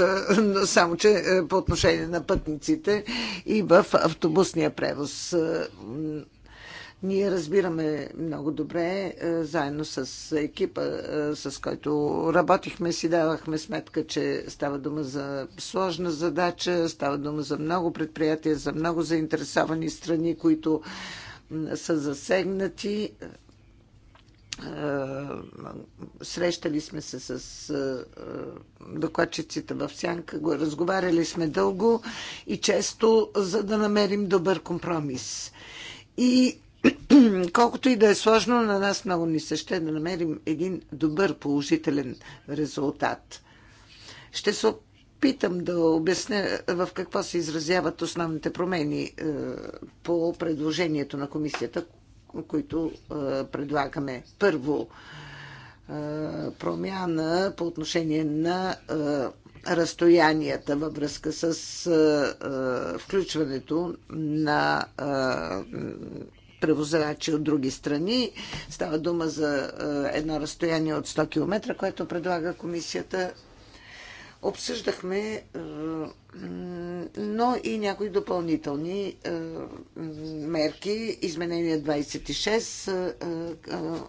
само че по отношение на пътниците и в автобусния превоз. Ние разбираме много добре, е, заедно с екипа, е, с който работихме, си давахме сметка, че става дума за сложна задача, става дума за много предприятия, за много заинтересовани страни, които са засегнати. Е, срещали сме се с докладчиците в Сянка, го разговаряли сме дълго и често, за да намерим добър компромис. И Колкото и да е сложно, на нас много ни се ще да намерим един добър положителен резултат. Ще се опитам да обясня в какво се изразяват основните промени е, по предложението на комисията, които е, предлагаме. Първо, е, промяна по отношение на разстоянията във връзка с включването на превозрачи от други страни. Става дума за е, едно разстояние от 100 км, което предлага комисията. Обсъждахме, е, но и някои допълнителни е, мерки. Изменение 26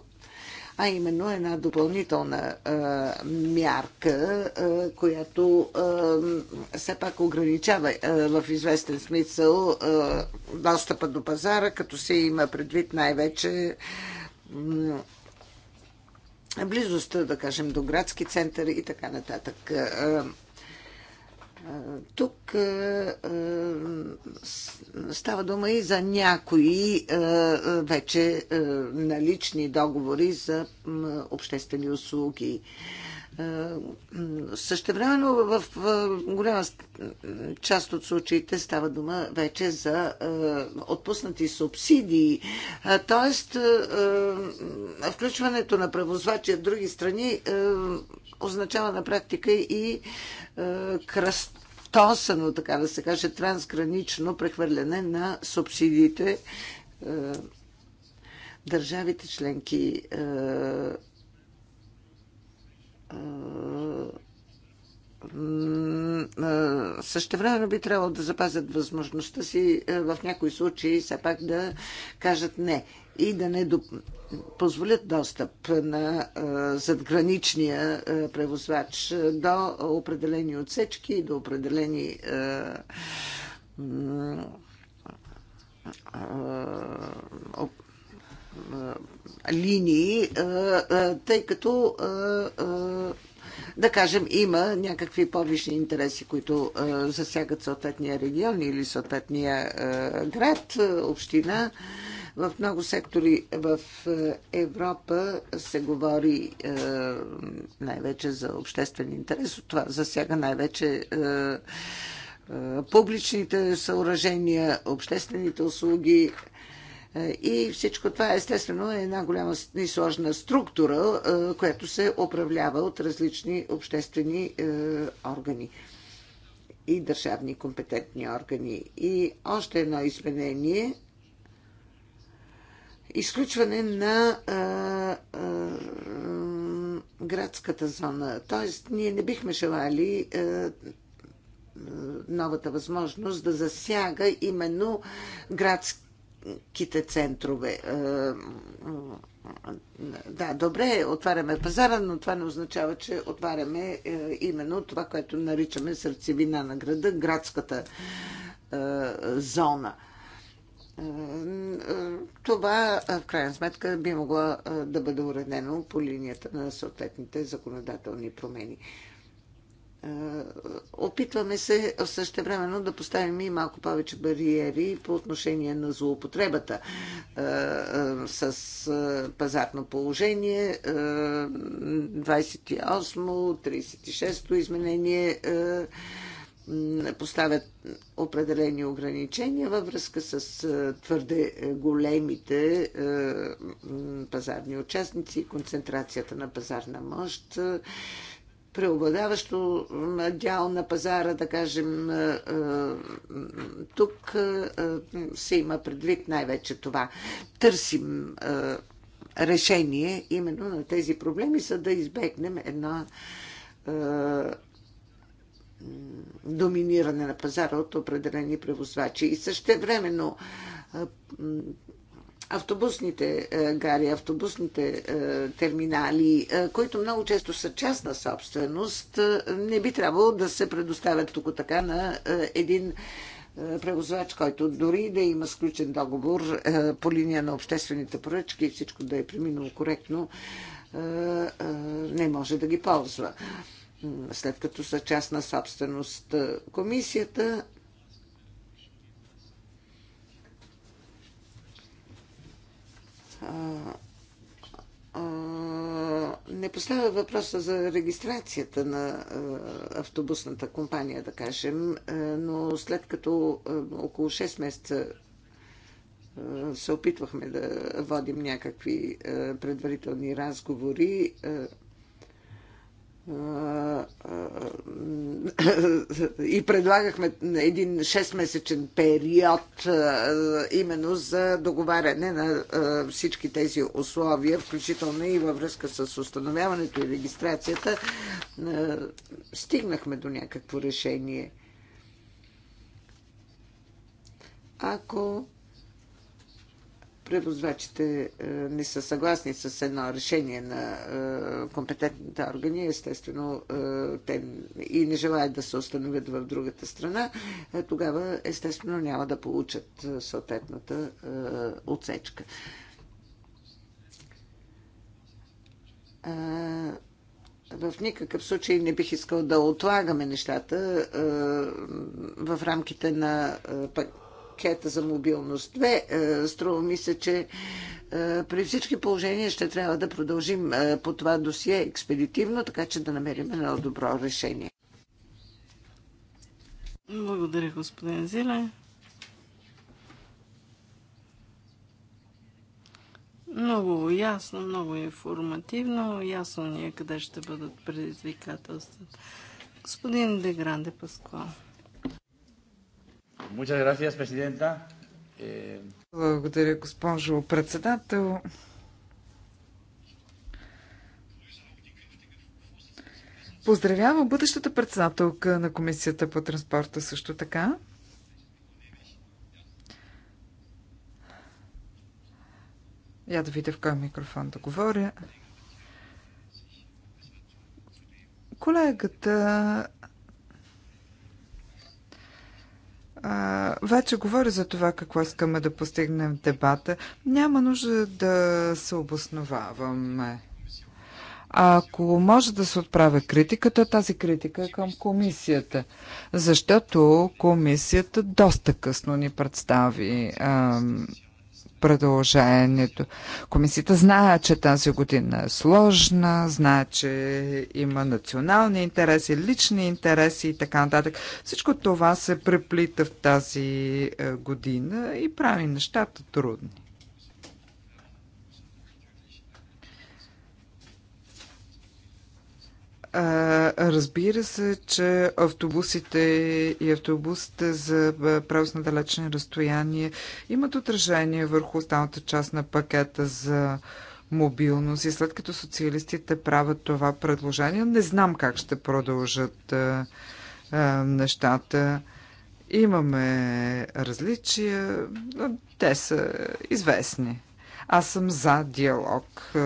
а именно една допълнителна мярка, която все пак ограничава в известен смисъл достъпа до пазара, като се има предвид най-вече близостта, да кажем, до градски център и така нататък. Тук е, е, става дума и за някои е, вече налични договори за обществени услуги. Е, същевременно в голяма част от случаите става дума вече за е, отпуснати субсидии. Е, тоест, включването на превозвачи в други страни означава на практика и кръстосано, така да се каже, трансгранично прехвърляне на субсидиите. Държавите членки време би трябвало да запазят възможността си в някои случаи все пак да кажат не и да не доп... позволят достъп на задграничния превозвач до определени отсечки и до определени е, линии, е, е, тъй като да кажем, има някакви повишни интереси, които засягат съответния регион или съответния град, община. В много сектори в Европа се говори най-вече за обществен интерес. От това засяга най-вече публичните съоръжения, обществените услуги. И всичко това естествено е една голяма и сложна структура, е, която се управлява от различни обществени е, органи и държавни компетентни органи. И още едно изменение изключване на а, е, а, градската зона. Тоест, ние не бихме желали а, новата възможност да засяга именно градски ките центрове. Е, да, добре, отваряме пазара, но това не означава, че отваряме е, именно това, което наричаме сърцевина на града, градската е, зона. Това, в крайна сметка, би могло да бъде уредено по линията на съответните законодателни промени. Е, опитваме се същевременно да поставим и малко повече бариери по отношение на злоупотребата е, е, с пазарно положение. 28-36 изменение поставят определени ограничения във връзка с твърде големите пазарни участници и концентрацията на пазарна мощ преобладаващо дял на пазара, да кажем, е, е, тук е, се има предвид най-вече това. Търсим решение именно на тези проблеми, за да избегнем една доминиране на пазара от определени превозвачи. И също времено автобусните е, гари, автобусните е, терминали, е, които много често са частна собственост, не би трябвало да се предоставят тук така на един превозвач, който дори да има сключен договор по линия на обществените поръчки и всичко да е преминало коректно, не може да ги ползва след като са частна собственост. Комисията не поставя въпроса за регистрацията на автобусната компания, да кажем, но след като около 6 месеца се опитвахме да водим някакви предварителни разговори и предлагахме един 6-месечен период именно за договаряне на всички тези условия, включително и във връзка с установяването и регистрацията, стигнахме до някакво решение. Ако превозвачите е, не са съгласни с едно решение на е, компетентните органи, естествено е, те и не желаят да се установят в другата страна, тогава естествено няма да получат съответната отсечка. В никакъв случай не бих искал да отлагаме нещата в рамките на пакета за мобилност 2. Е, струва ми се, че е, при всички положения ще трябва да продължим е, по това досие експедитивно, така че да намерим едно добро решение. Благодаря, господин Зиле. Много ясно, много информативно. Ясно ни е къде ще бъдат предизвикателствата. Господин Дегранде Паскуал. Eh, Благодаря, госпожо председател. Поздравява бъдещата председателка на Комисията по транспорта също така. Я да видя в кой микрофон да говоря. Колегата вече говоря за това какво искаме да постигнем в дебата. Няма нужда да се обосноваваме. Ако може да се отправя критиката, тази критика е към комисията, защото комисията доста късно ни представи А, предложението. Комисията знае, че тази година е сложна, знае, че има национални интереси, лични интереси и така нататък. Всичко това се преплита в тази е, година и прави нещата трудни. разбира се, че автобусите и автобусите за превоз на далечни разстояния имат отражение върху останалата част на пакета за мобилност. И след като социалистите правят това предложение, не знам как ще продължат а, а, нещата. Имаме различия, но те са известни. Аз съм за диалог е,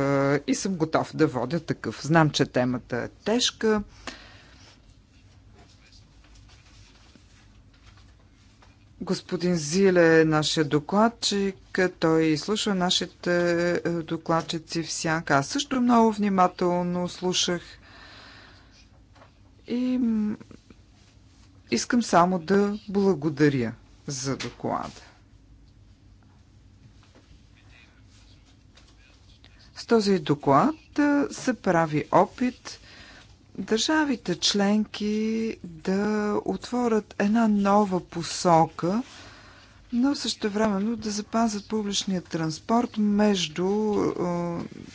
и съм готов да водя такъв. Знам, че темата е тежка. Господин Зиле е нашия докладчик. Той слуша нашите е, докладчици всяка. Аз също много внимателно слушах. И искам само да благодаря за доклада. този доклад се прави опит държавите членки да отворят една нова посока но също времено да запазят публичния транспорт между е,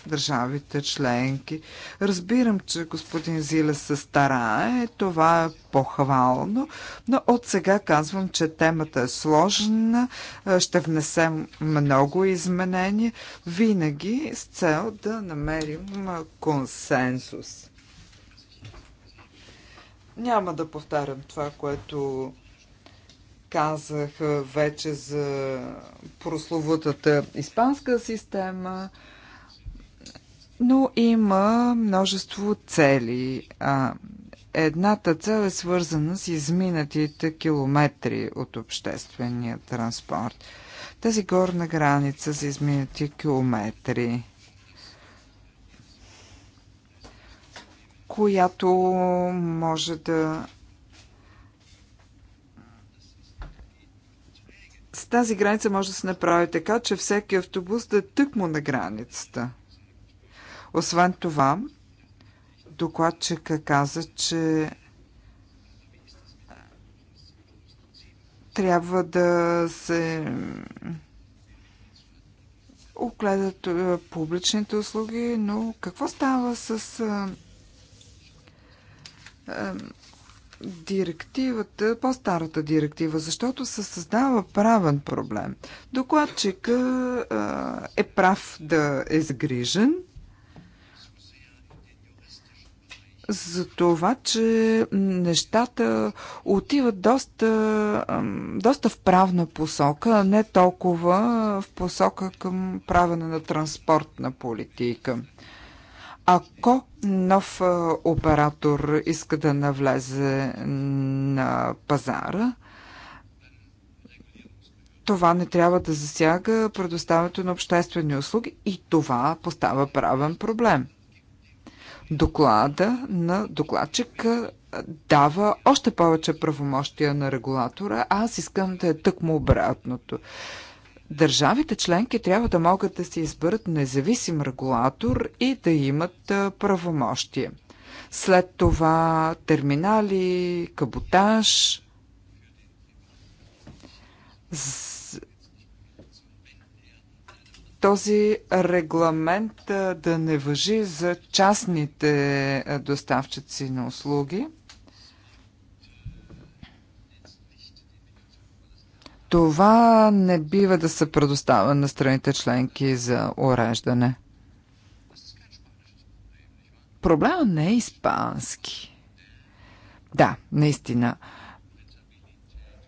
държавите членки. Разбирам, че господин Зиле се старае, това е похвално, но от сега казвам, че темата е сложна, ще внесем много изменения, винаги с цел да намерим консенсус. Няма да повтарям това, което Казах вече за прословутата испанска система, но има множество цели. Едната цел е свързана с изминатите километри от обществения транспорт. Тази горна граница с изминати километри, която може да с тази граница може да се направи така, че всеки автобус да е тъкмо на границата. Освен това, докладчика каза, че трябва да се огледат е, публичните услуги, но какво става с е, е, директивата, по-старата директива, защото се създава правен проблем. Докладчика е прав да е загрижен за това, че нещата отиват доста, доста в правна посока, а не толкова в посока към правене на транспортна политика. Ако нов оператор иска да навлезе на пазара, това не трябва да засяга предоставянето на обществени услуги и това поставя правен проблем. Доклада на докладчик дава още повече правомощия на регулатора, а аз искам да е тъкмо обратното. Държавите членки трябва да могат да си изберат независим регулатор и да имат правомощие. След това терминали, каботаж, този регламент да не въжи за частните доставчици на услуги – Това не бива да се предоставя на страните членки за уреждане. Проблема не е испански. Да, наистина.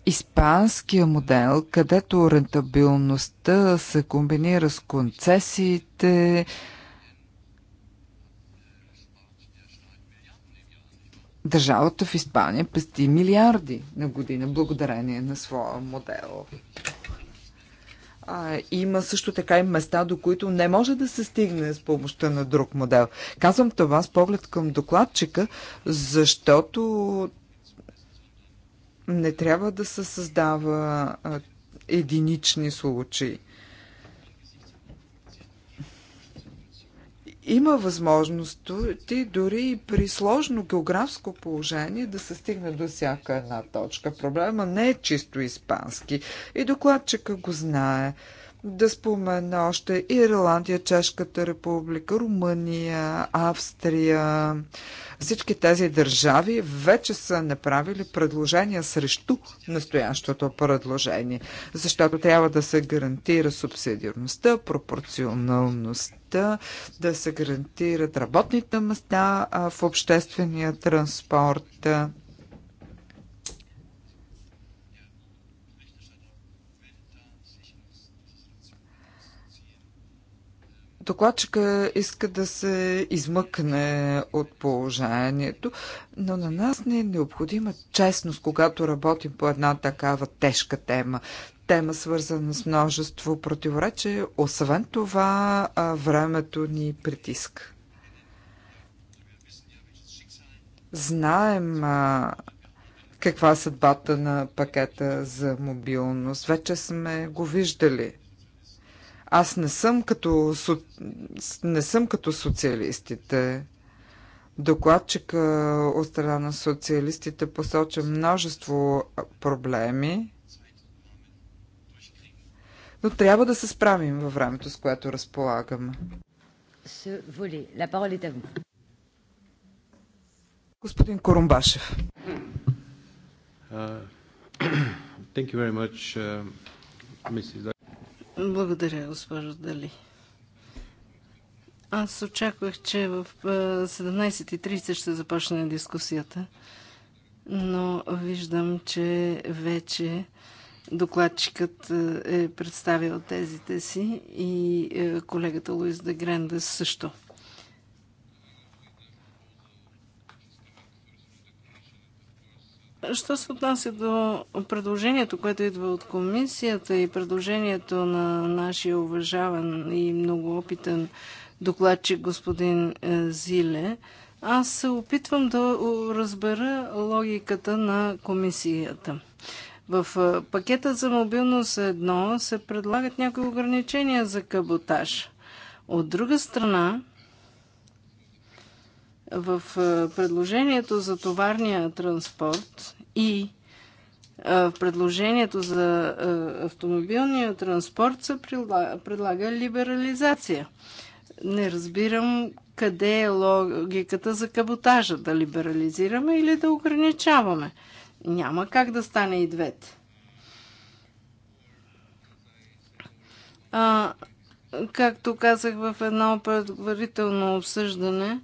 Испанския модел, където рентабилността се комбинира с концесиите, Държавата в Испания пести милиарди на година благодарение на своя модел. А, има също така и места, до които не може да се стигне с помощта на друг модел. Казвам това с поглед към докладчика, защото не трябва да се създава а, единични случаи. има възможности дори и при сложно географско положение да се стигне до всяка една точка. Проблема не е чисто испански и докладчика го знае. Да спомена още Ирландия, Чешката република, Румъния, Австрия. Всички тези държави вече са направили предложения срещу настоящото предложение, защото трябва да се гарантира субсидиарността, пропорционалността, да се гарантират работните места в обществения транспорт. Докладчика иска да се измъкне от положението, но на нас не е необходима честност, когато работим по една такава тежка тема. Тема свързана с множество противоречия. Освен това, времето ни притиска. Знаем каква е съдбата на пакета за мобилност. Вече сме го виждали – аз не съм като, не съм като социалистите. Докладчика от страна на социалистите посоча множество проблеми, но трябва да се справим във времето, с което разполагаме. Господин Корумбашев. Uh, uh благодаря, госпожо Дали. Аз очаквах, че в 17.30 ще започне дискусията, но виждам, че вече докладчикът е представил тезите си и колегата Луис де също. Що се отнася до предложението, което идва от комисията и предложението на нашия уважаван и много опитен докладчик господин е, Зиле, аз се опитвам да разбера логиката на комисията. В е, пакета за мобилност едно се предлагат някои ограничения за каботаж. От друга страна, в е, предложението за товарния транспорт и е, в предложението за е, автомобилния транспорт се предлага либерализация. Не разбирам къде е логиката за каботажа да либерализираме или да ограничаваме. Няма как да стане и двете. А, както казах в едно предварително обсъждане,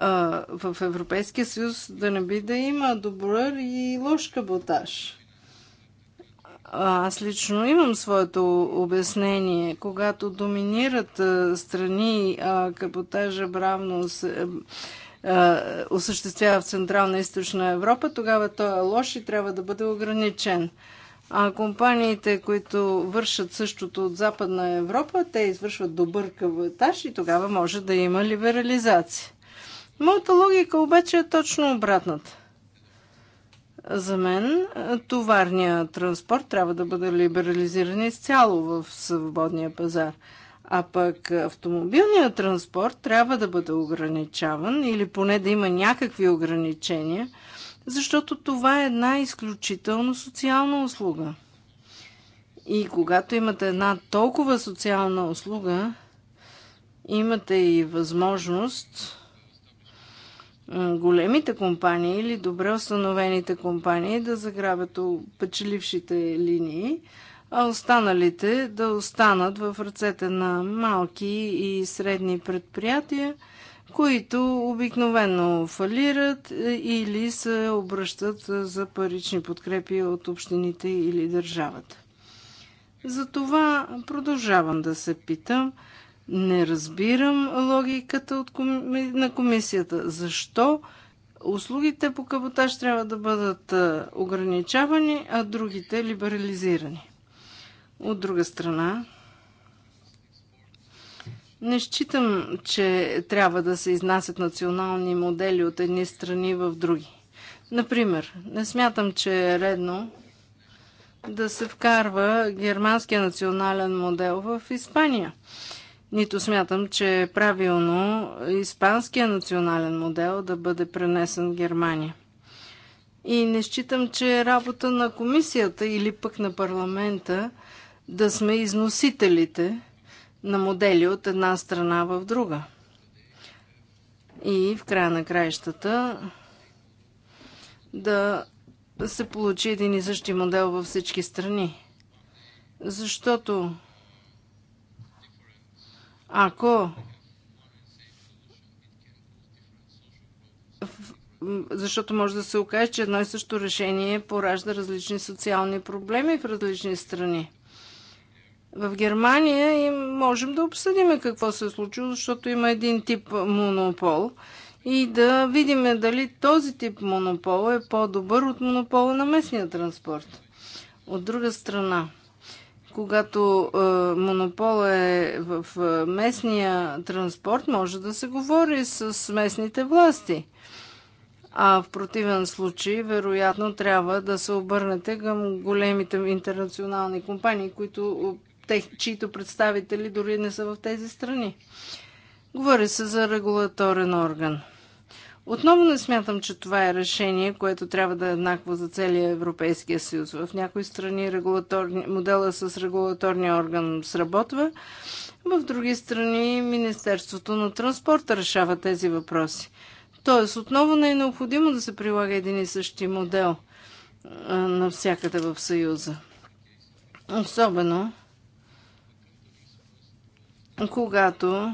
а, в Европейския съюз да не би да има добър и лош каботаж. Аз лично имам своето обяснение. Когато доминират а, страни а, каботажа бравно се, осъществява в Централна и Източна Европа, тогава той е лош и трябва да бъде ограничен. А компаниите, които вършат същото от Западна Европа, те извършват добър каботаж и тогава може да има либерализация. Моята логика обаче е точно обратната. За мен товарният транспорт трябва да бъде либерализиран изцяло в свободния пазар. А пък автомобилният транспорт трябва да бъде ограничаван или поне да има някакви ограничения, защото това е една изключително социална услуга. И когато имате една толкова социална услуга, имате и възможност големите компании или добре установените компании да заграбят печелившите линии, а останалите да останат в ръцете на малки и средни предприятия, които обикновено фалират или се обръщат за парични подкрепи от общините или държавата. Затова продължавам да се питам – не разбирам логиката от коми... на комисията. Защо услугите по каботаж трябва да бъдат ограничавани, а другите либерализирани? От друга страна, не считам, че трябва да се изнасят национални модели от едни страни в други. Например, не смятам, че е редно да се вкарва германския национален модел в Испания нито смятам, че е правилно испанския национален модел да бъде пренесен в Германия. И не считам, че е работа на комисията или пък на парламента да сме износителите на модели от една страна в друга. И в края на краищата да се получи един и същи модел във всички страни. Защото ако защото може да се окаже, че едно и също решение поражда различни социални проблеми в различни страни. В Германия им можем да обсъдим какво се е случило, защото има един тип монопол и да видим дали този тип монопол е по-добър от монопола на местния транспорт. От друга страна, когато е, монопол е в е, местния транспорт, може да се говори с местните власти. А в противен случай, вероятно, трябва да се обърнете към големите интернационални компании, които, е, тех, чието представители дори не са в тези страни. Говори се за регулаторен орган. Отново не смятам, че това е решение, което трябва да е еднакво за целия Европейския съюз. В някои страни регулаторни, модела с регулаторния орган сработва, в други страни Министерството на транспорта решава тези въпроси. Тоест, отново не е необходимо да се прилага един и същи модел навсякъде в Съюза. Особено когато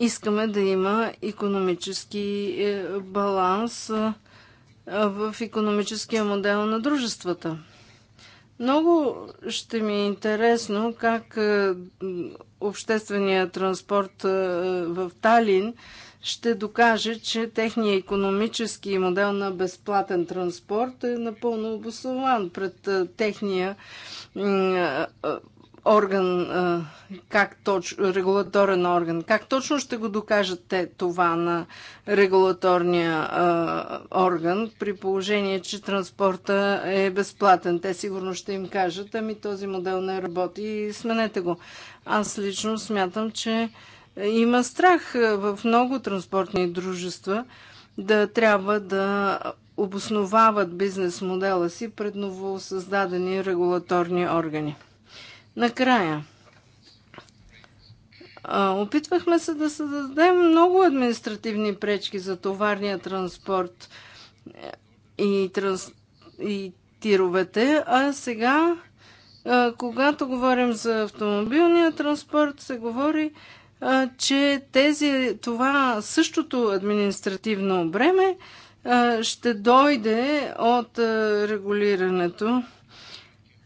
Искаме да има економически е, баланс е, в економическия модел на дружествата. Много ще ми е интересно как е, общественият транспорт в Талин ще докаже, че техният економически модел на безплатен транспорт е напълно обоснован пред техния орган, как точно, регулаторен орган. Как точно ще го докажат те това на регулаторния орган, при положение, че транспорта е безплатен? Те сигурно ще им кажат, ами този модел не работи и сменете го. Аз лично смятам, че има страх в много транспортни дружества да трябва да обосновават бизнес модела си пред новосъздадени регулаторни органи. Накрая. Опитвахме се да създадем много административни пречки за товарния транспорт е, и, транс... и тировете, а сега, когато говорим за автомобилния транспорт, се говори, че тези, това същото административно бреме ще дойде от регулирането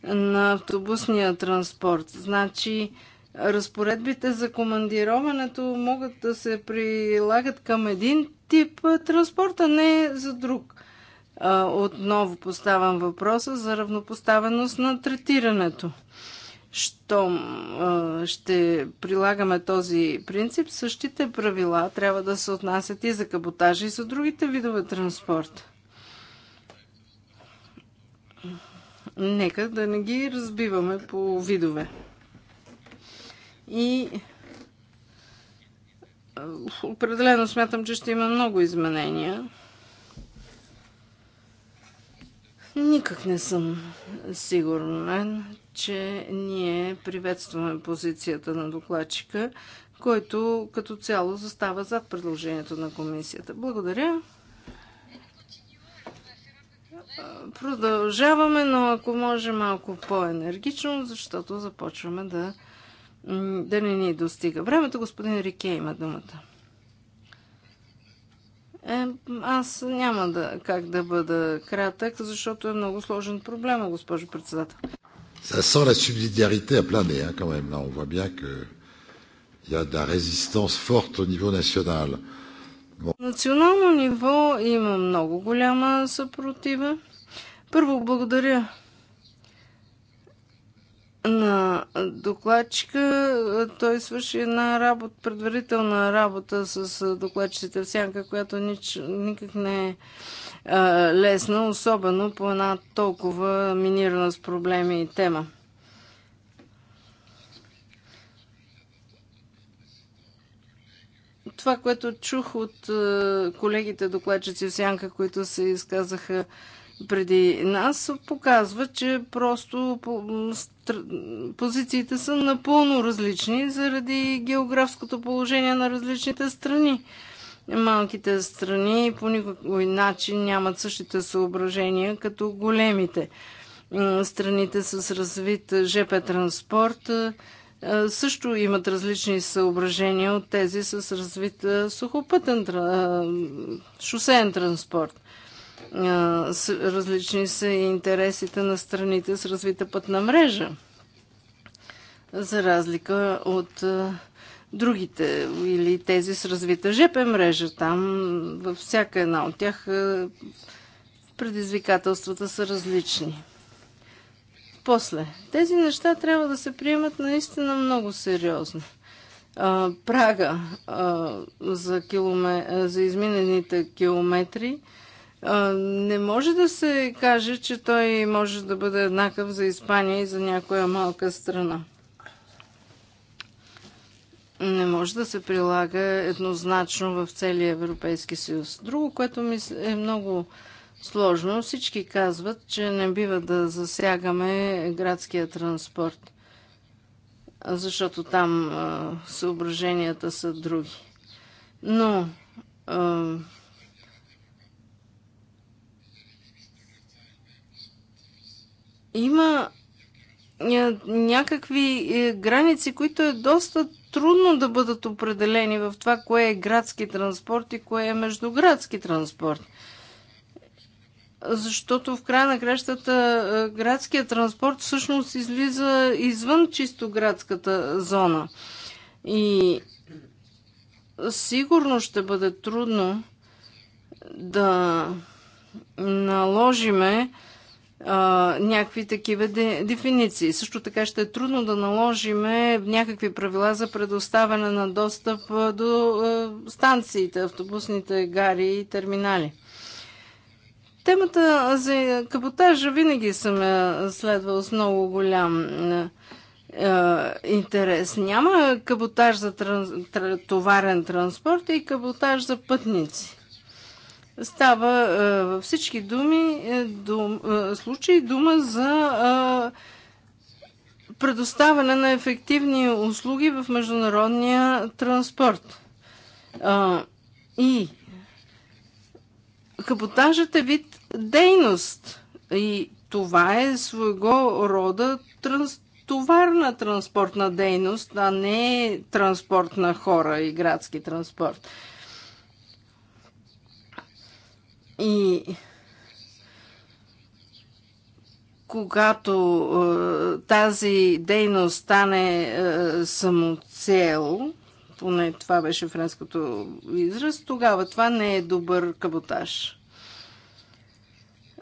на автобусния транспорт. Значи, разпоредбите за командироването могат да се прилагат към един тип транспорт, а не за друг. Отново поставям въпроса за равнопоставеност на третирането. Щом ще прилагаме този принцип, същите правила трябва да се отнасят и за каботажа, и за другите видове транспорт. Нека да не ги разбиваме по видове. И определено смятам, че ще има много изменения. Никак не съм сигурен, че ние приветстваме позицията на докладчика, който като цяло застава зад предложението на комисията. Благодаря. Продължаваме, но ако може малко по-енергично, защото започваме да, да не ни достига. Времето господин Рике има думата. Е, аз няма да, как да бъда кратък, защото е много сложен проблем, госпожо председател. Ça sent la subsidiarité à plein nez, hein, quand même. Là, on voit bien qu'il y a de la résistance forte au niveau national. Euh, Национално ниво има много голяма съпротива. Първо благодаря на докладчика. Той свърши една работа, предварителна работа с докладчиците в сянка, която нич, никак не е лесна, особено по една толкова минирана с проблеми и тема. това, което чух от е, колегите докладчици в Сянка, които се изказаха преди нас, показва, че просто позициите са напълно различни заради географското положение на различните страни. Малките страни по никакой начин нямат същите съображения като големите. Страните с развит ЖП транспорт е, е, също имат различни съображения от тези с развит е, сухопътен е, шосеен транспорт. Различни са и интересите на страните с развита пътна мрежа, за разлика от другите или тези с развита ЖП мрежа. Там във всяка една от тях предизвикателствата са различни. После, тези неща трябва да се приемат наистина много сериозно. А, прага а, за, километ... за изминените километри а, не може да се каже, че той може да бъде еднакъв за Испания и за някоя малка страна. Не може да се прилага еднозначно в целия Европейски съюз. Друго, което ми е много сложно. Всички казват, че не бива да засягаме градския транспорт, защото там а, съображенията са други. Но а, има някакви е, граници, които е доста трудно да бъдат определени в това, кое е градски транспорт и кое е междуградски транспорт защото в края на кращата градският транспорт всъщност излиза извън чисто градската зона. И сигурно ще бъде трудно да наложиме а, някакви такива де, дефиниции. Също така ще е трудно да наложиме някакви правила за предоставяне на достъп до а, станциите, автобусните гари и терминали. Темата за каботажа винаги съм е следвал с много голям е, е интерес. Няма каботаж за транс, товарен транспорт и каботаж за пътници. Става е, във всички думи, е, дум, е, случаи дума за е, предоставяне на ефективни услуги в международния транспорт. Е, и Каботажът е вид дейност. И това е своего рода транс, товарна транспортна дейност, а не транспорт на хора и градски транспорт. И когато е, тази дейност стане е, самоцел, поне това беше френското израз, тогава това не е добър каботаж.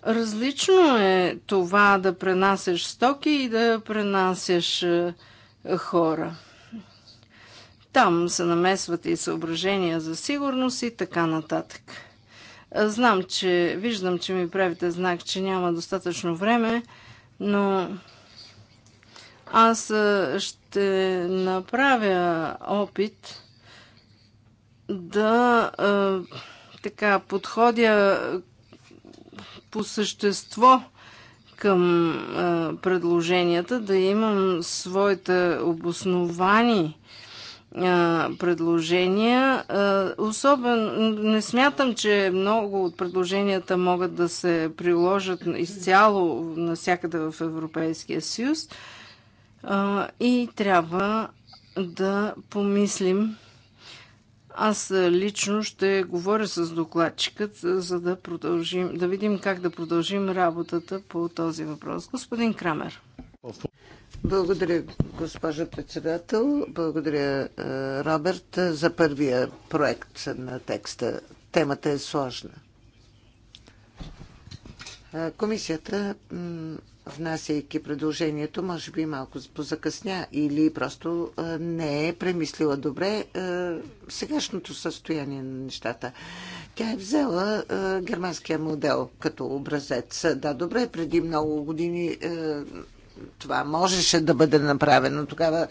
Различно е това да пренасяш стоки и да пренасяш е, хора. Там се намесват и съображения за сигурност и така нататък. Е, знам, че виждам, че ми правите знак, че няма достатъчно време, но аз е, ще направя опит да така подходя по същество към а, предложенията, да имам своите обосновани а, предложения. А, особено не смятам, че много от предложенията могат да се приложат изцяло навсякъде в Европейския съюз и трябва да помислим аз е, лично ще говоря с докладчикът, е, за да продължим, да видим как да продължим работата по този въпрос. Господин Крамер. Благодаря, госпожа председател. Благодаря, е, Роберт, за първия проект на текста. Темата е сложна. Комисията внасяйки предложението, може би малко позакъсня или просто не е премислила добре сегашното състояние на нещата. Тя е взела германския модел като образец. Да, добре, преди много години това можеше да бъде направено. Тогава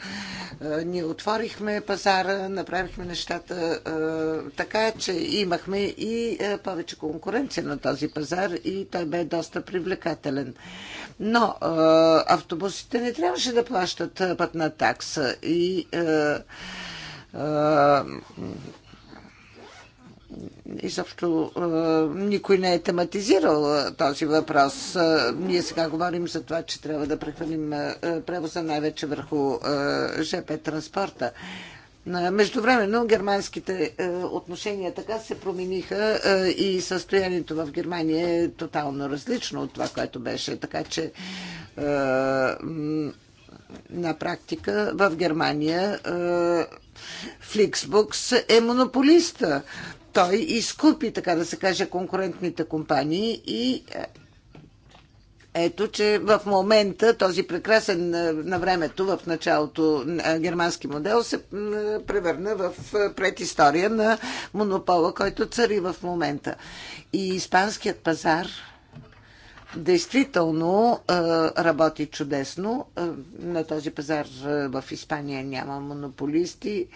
е, ние отворихме пазара, направихме нещата е, така, че имахме и е, повече конкуренция на този пазар и той бе доста привлекателен. Но автобусите не трябваше да плащат пътна такса и изобщо никой не е тематизирал този въпрос. Ние сега говорим за това, че трябва да прехвърлим превоза най-вече върху ЖП транспорта. Междувременно германските отношения така се промениха и състоянието в Германия е тотално различно от това, което беше. Така че на практика в Германия Фликсбукс е монополиста той изкупи, така да се каже, конкурентните компании и е, ето, че в момента този прекрасен е, на времето, в началото е, германски модел се превърна в предистория на монопола, който цари в момента. И испанският пазар действително работи чудесно. На този пазар в Испания няма монополисти.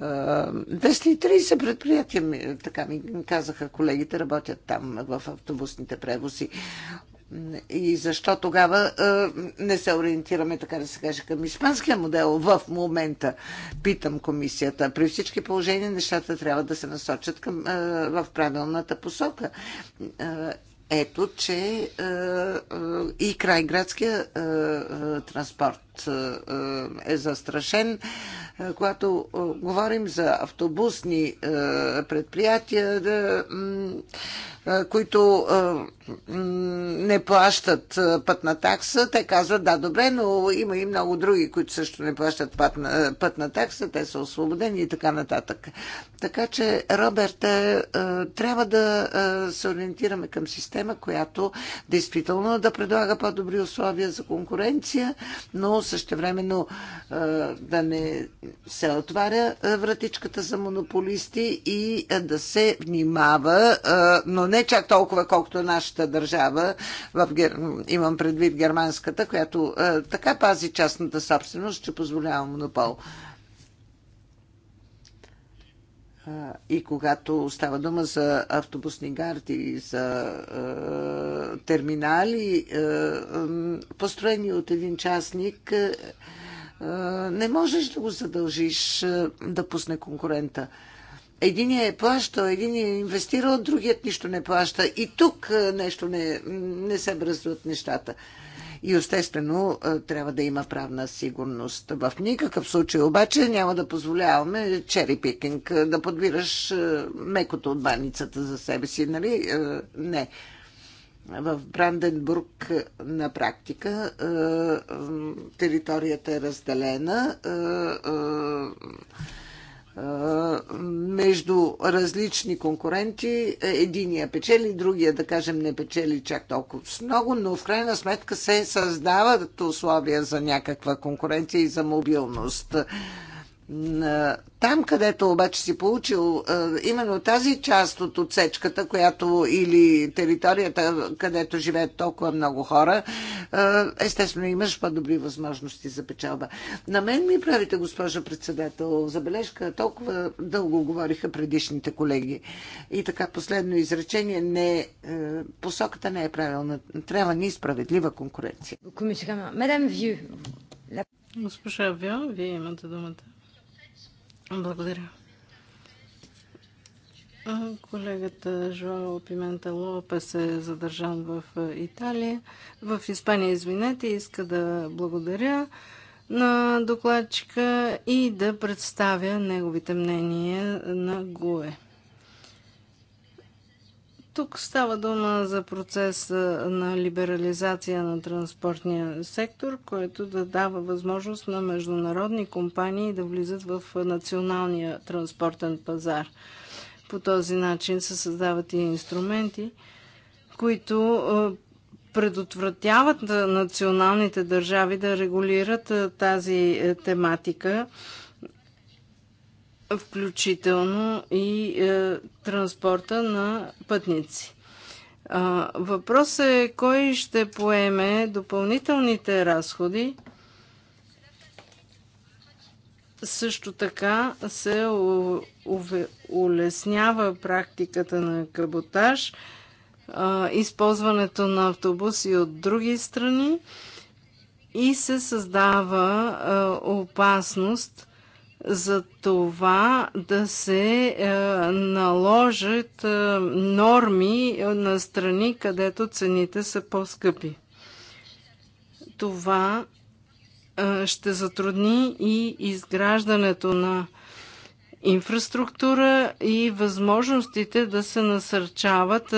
230 предприятия, така ми казаха колегите, работят там в автобусните превози. И защо тогава не се ориентираме, така да се каже, към испанския модел в момента, питам комисията. При всички положения нещата трябва да се насочат към, в правилната посока. Ето, че е, е, и крайградския е, транспорт е застрашен. Е, когато е, говорим за автобусни е, предприятия, да, които не плащат пътна такса, те казват да, добре, но има и много други, които също не плащат пътна, пътна такса, те са освободени и така нататък. Така че, Роберт, трябва да се ориентираме към система, която действително да предлага по-добри условия за конкуренция, но същевременно да не се отваря вратичката за монополисти и да се внимава, но не чак толкова, колкото нашата държава, в, имам предвид германската, която така пази частната собственост, че позволява монопол. И когато става дума за автобусни гарди, за е, терминали, е, построени от един частник, е, не можеш да го задължиш да пусне конкурента. Единият е плащал, единият е инвестирал, другият нищо не плаща. И тук нещо не, не се бръзват нещата. И естествено трябва да има правна сигурност. В никакъв случай обаче няма да позволяваме чери пикинг, да подбираш мекото от баницата за себе си, нали? Не в Бранденбург е, на практика е, е, територията е разделена между различни конкуренти. Единия печели, другия, да кажем, не печели чак толкова много, но в крайна сметка се създават условия за някаква конкуренция и за мобилност. Там, където обаче си получил именно тази част от отсечката, която или територията, където живеят толкова много хора, естествено имаш по-добри възможности за печалба. На мен ми правите, госпожа председател, забележка. Толкова дълго говориха предишните колеги. И така, последно изречение. Не, е, посоката не е правилна. Трябва ни справедлива конкуренция. Госпожа Вио, вие имате думата. Благодаря. Колегата Жоао Пимента Лопес е задържан в Италия, в Испания, извинете, иска да благодаря на докладчика и да представя неговите мнения на ГУЕ. Тук става дума за процес на либерализация на транспортния сектор, който да дава възможност на международни компании да влизат в националния транспортен пазар. По този начин се създават и инструменти, които предотвратяват националните държави да регулират тази тематика включително и е, транспорта на пътници. А, въпросът е кой ще поеме допълнителните разходи. Също така се улеснява практиката на каботаж, а, използването на автобуси от други страни и се създава а, опасност – за това да се е, наложат е, норми е, на страни, където цените са по-скъпи. Това ще затрудни и изграждането на инфраструктура и възможностите да се насърчават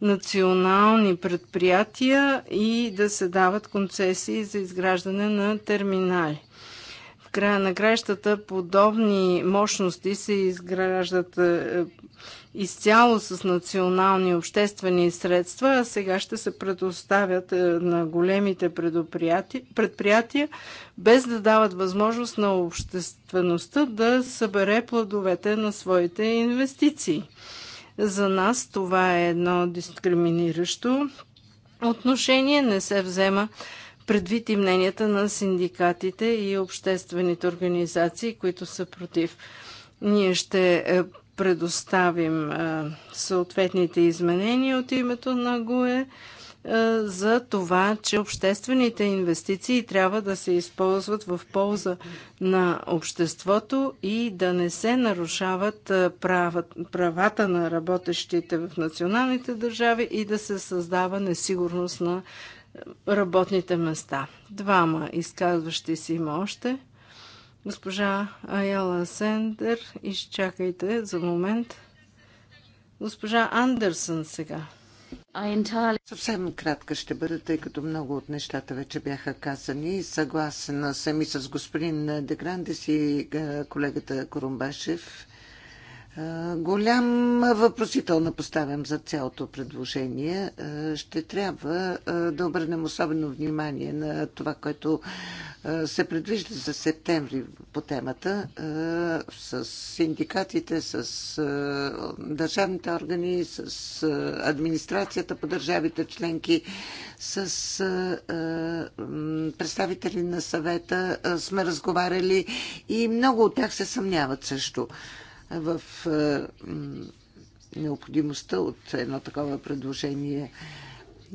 национални предприятия и да се дават концесии за изграждане на терминали края на краищата подобни мощности се изграждат е, изцяло с национални обществени средства, а сега ще се предоставят е, на големите предприятия, без да дават възможност на обществеността да събере плодовете на своите инвестиции. За нас това е едно дискриминиращо отношение, не се взема предвид и мненията на синдикатите и обществените организации, които са против. Ние ще е, предоставим е, съответните изменения от името на ГУЕ е, за това, че обществените инвестиции трябва да се използват в полза на обществото и да не се нарушават правата на работещите в националните държави и да се създава несигурност на работните места. Двама изказващи си има още. Госпожа Аяла Сендер, изчакайте за момент. Госпожа Андерсън сега. Съвсем кратка ще бъде, тъй като много от нещата вече бяха казани. Съгласен съм и с господин Деграндес и е, колегата Корумбашев. Голям въпросително поставям за цялото предложение. Ще трябва да обърнем особено внимание на това, което се предвижда за септември по темата с синдикатите, с държавните органи, с администрацията по държавите членки, с представители на съвета сме разговаряли и много от тях се съмняват също в е, необходимостта от едно такова предложение.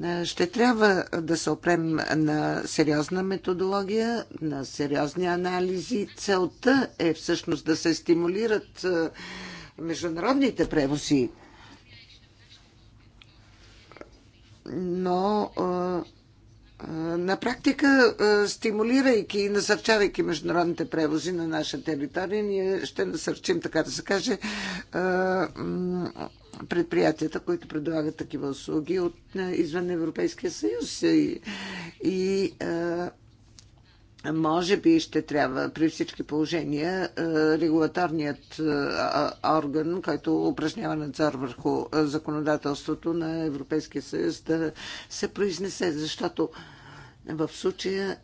Е, ще трябва да се опрем на сериозна методология, на сериозни анализи. Целта е всъщност да се стимулират е, международните превози. Но на практика, стимулирайки и насърчавайки международните превози на наша територия, ние ще насърчим, така да се каже, предприятията, които предлагат такива услуги от извън Европейския съюз. И, и може би ще трябва при всички положения е, регулаторният е, орган, който упражнява надзор върху е, законодателството на Европейския съюз, да се произнесе, защото в случая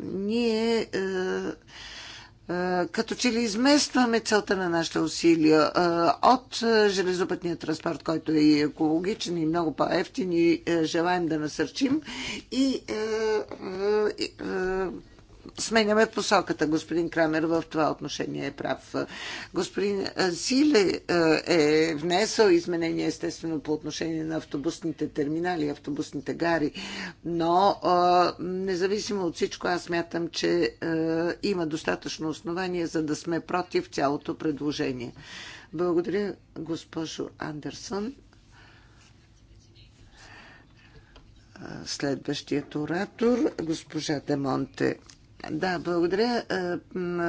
ние като че ли изместваме целта на нашите усилия от железопътния транспорт, който е и екологичен и много по-ефтин и желаем да насърчим и сменяме посоката. Господин Крамер в това отношение е прав. Господин Зиле е, е внесъл изменения, естествено, по отношение на автобусните терминали, автобусните гари, но е, независимо от всичко, аз мятам, че е, има достатъчно основания, за да сме против цялото предложение. Благодаря, госпожо Андерсон. Следващият оратор, госпожа Демонте. Да, благодаря, е,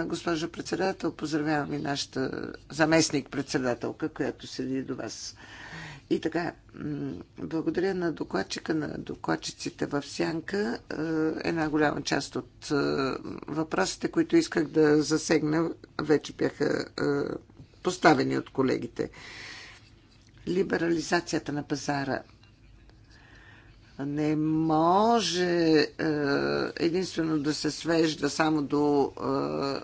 госпожо председател. Поздравявам и нашата заместник-председателка, която седи до вас. И така, благодаря на докладчика, на докладчиците в Сянка. Е, една голяма част от е, въпросите, които исках да засегна, вече бяха поставени от колегите. Либерализацията на пазара – не може е, единствено да се свежда само до е, е,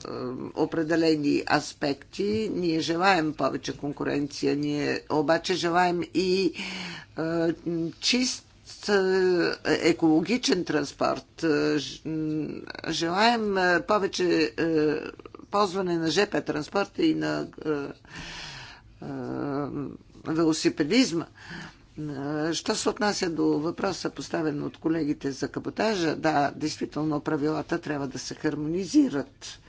определени аспекти. Ние желаем повече конкуренция, ние обаче желаем и чист екологичен транспорт. Желаем повече ползване на ЖП транспорта и на велосипедизма. Е, що се отнася до въпроса, поставен от колегите за каботажа, да, действително правилата трябва да се хармонизират.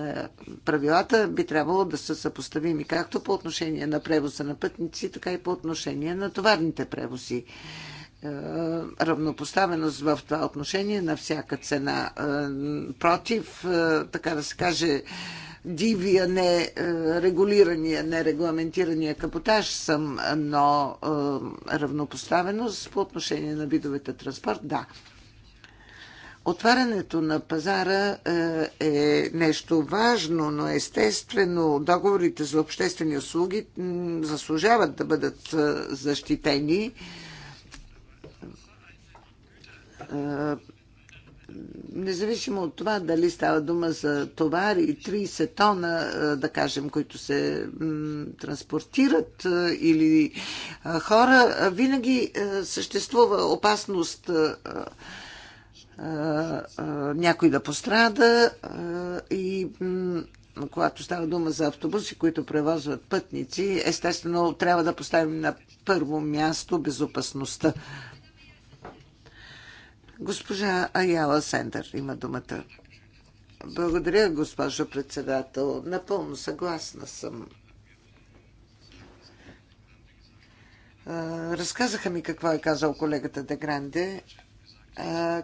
Е, правилата би трябвало да са съпоставими както по отношение на превоза на пътници, така и по отношение на товарните превози. Е, равнопоставеност в това отношение на всяка цена. Против, така да се каже, дивия, не не нерегламентирания капотаж съм, но е, равнопоставеност по отношение на видовете транспорт, да. Отварянето на пазара е, е нещо важно, но естествено договорите за обществени услуги заслужават да бъдат е, защитени независимо от това дали става дума за товари, 30 тона, да кажем, които се транспортират или хора, винаги съществува опасност някой да пострада и когато става дума за автобуси, които превозват пътници, естествено трябва да поставим на първо място безопасността Госпожа Аяла Сендър има думата. Благодаря, госпожо председател. Напълно съгласна съм. Разказаха ми какво е казал колегата Дегранде,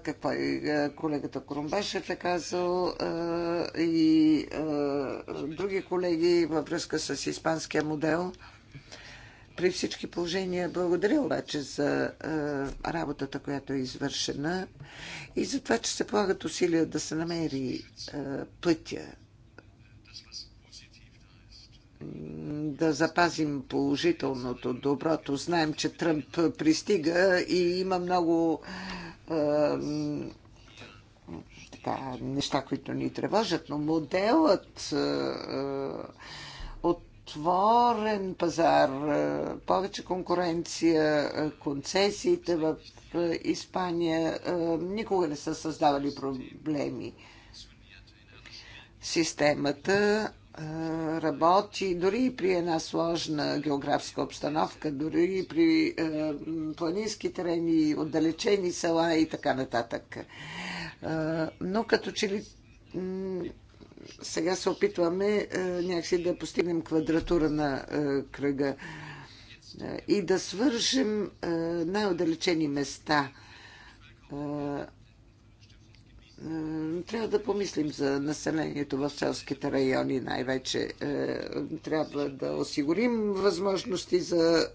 какво е колегата Корумбашев е казал и други колеги във връзка с испанския модел – при всички положения благодаря обаче за е, работата, която е извършена и за това, че се полагат усилия да се намери е, пътя да запазим положителното, доброто. Знаем, че Тръмп пристига и има много е, така, неща, които ни тревожат, но моделът е, от отворен пазар, е, повече конкуренция, е, концесиите в е, Испания никога не са създавали проблеми. Системата работи дори и при една сложна географска обстановка, дори и при планински терени, отдалечени села и така нататък. Но като че ли сега се опитваме е, някакси да постигнем квадратура на е, кръга е, и да свържем най-отдалечени места. Трябва да помислим за населението в селските райони най-вече. Трябва да осигурим възможности за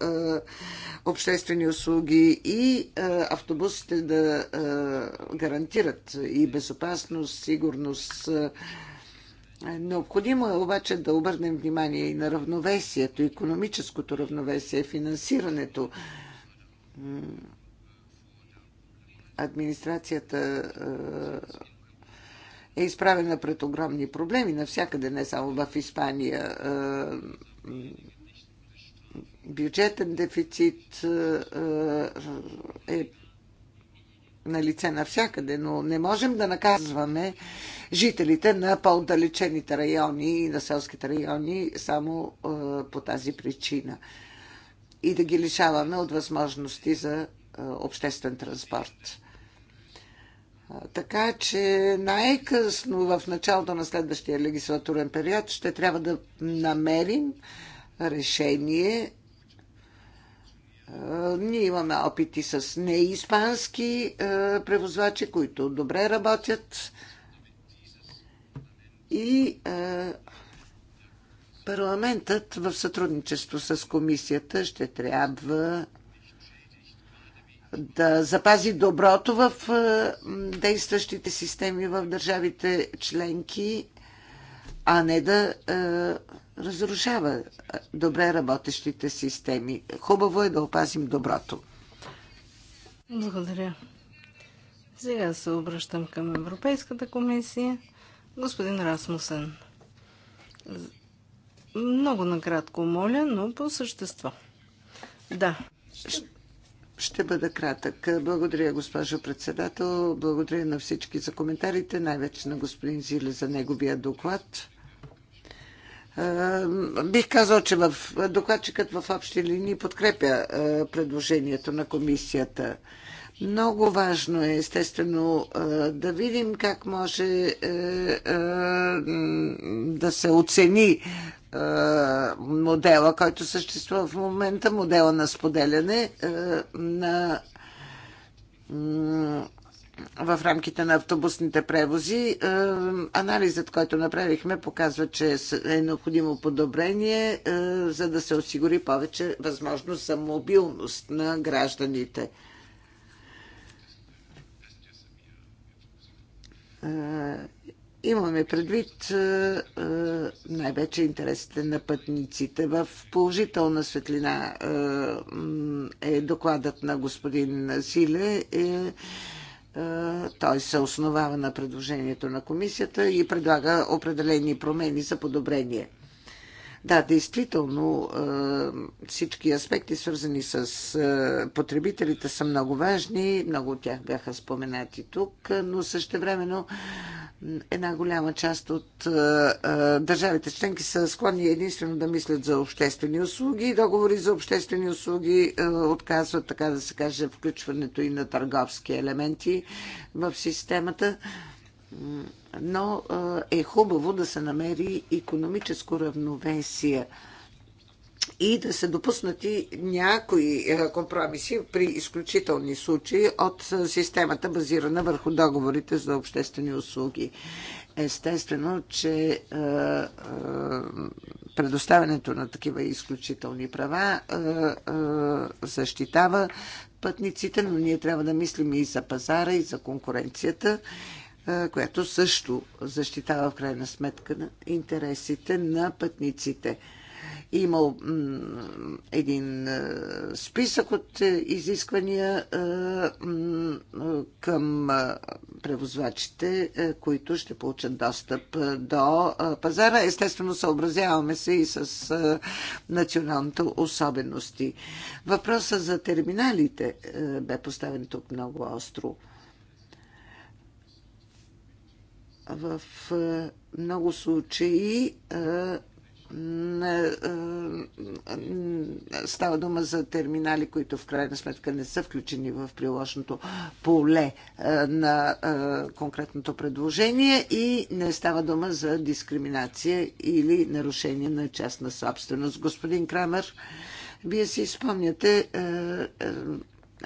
обществени услуги и автобусите да гарантират и безопасност, сигурност, е, необходимо е обаче да обърнем внимание и на равновесието, економическото равновесие, финансирането. Администрацията е, е изправена пред огромни проблеми навсякъде, не само в Испания. Е, бюджетен дефицит е на лице навсякъде, но не можем да наказваме жителите на по-отдалечените райони и на селските райони само е, по тази причина и да ги лишаваме от възможности за е, обществен транспорт. Така че най-късно в началото на следващия легислатурен период ще трябва да намерим решение е, ние имаме опити с неиспански е, превозвачи, които добре работят. И е, парламентът в сътрудничество с комисията ще трябва да запази доброто в действащите системи в държавите членки а не да е, разрушава е, добре работещите системи. Хубаво е да опазим доброто. Благодаря. Сега се обръщам към Европейската комисия. Господин Расмусен, много накратко моля, но по същество. Да. Ще бъда кратък. Благодаря, госпожо председател. Благодаря на всички за коментарите, най-вече на господин Зиле за неговия доклад. Е, бих казал, че в докладчикът в общи линии подкрепя е, предложението на комисията. Много важно е, естествено, е, да видим как може да се оцени модела, който съществува в момента, модела на споделяне на в рамките на автобусните превози. Е, анализът, който направихме, показва, че е необходимо подобрение, е, за да се осигури повече възможност за мобилност на гражданите. Е, имаме предвид най-вече интересите на пътниците. В положителна светлина е докладът на господин Силе. Е, е, той се основава на предложението на комисията и предлага определени промени за подобрение. Да, действително всички аспекти, свързани с потребителите, са много важни. Много от тях бяха споменати тук, но същевременно една голяма част от държавите членки са склонни единствено да мислят за обществени услуги. Договори за обществени услуги отказват, така да се каже, включването и на търговски елементи в системата но е хубаво да се намери економическо равновесие и да се допуснати някои компромиси при изключителни случаи от системата базирана върху договорите за обществени услуги. Естествено, че предоставянето на такива изключителни права защитава пътниците, но ние трябва да мислим и за пазара, и за конкуренцията която също защитава в крайна сметка на интересите на пътниците. Има един списък от изисквания към превозвачите, които ще получат достъп до пазара. Естествено, съобразяваме се и с националните особености. Въпросът за терминалите бе поставен тук много остро. в е, много случаи е, е, става дума за терминали, които в крайна сметка не са включени в приложното поле на конкретното предложение и не става дума за дискриминация или нарушение на частна собственост. Господин Крамер, вие си спомняте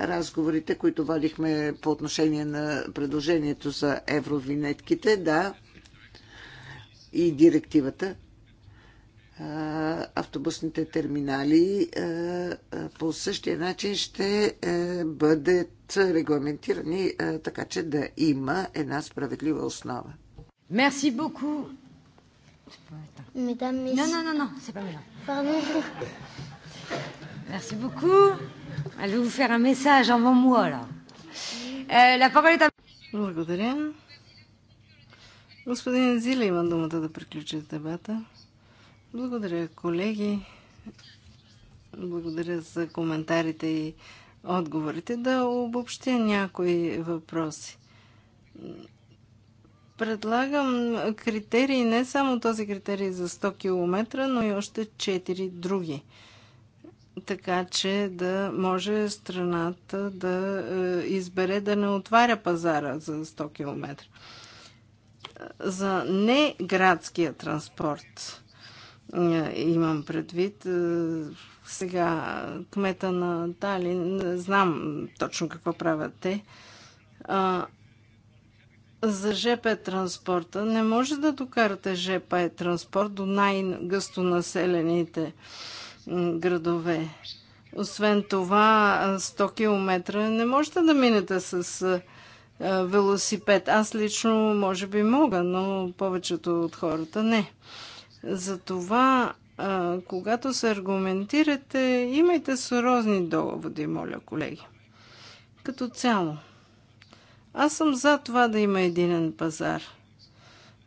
разговорите, които водихме по отношение на предложението за евровинетките, да, и директивата. Автобусните терминали по същия начин ще е, бъдат регламентирани, така че да има една справедлива основа. не, не, не, не, не, не, не, не, не, не, не, не, не, не Али, vais vous faire un message avant moi, là. Euh, la parole est à... Благодаря. Господин Зиле има думата да приключи дебата. Благодаря, колеги. Благодаря за коментарите и отговорите. Да обобщя някои въпроси. Предлагам критерии, не само този критерий за 100 км, но и още 4 други така че да може страната да е, избере да не отваря пазара за 100 км. За неградския транспорт е, имам предвид. Е, сега кмета на Талин, знам точно какво правят те. За ЖП транспорта не може да докарате ЖП транспорт до най-гъсто населените градове. Освен това, 100 км не можете да минете с велосипед. Аз лично може би мога, но повечето от хората не. Затова, когато се аргументирате, имайте сурозни доводи, моля, колеги. Като цяло, аз съм за това да има единен пазар.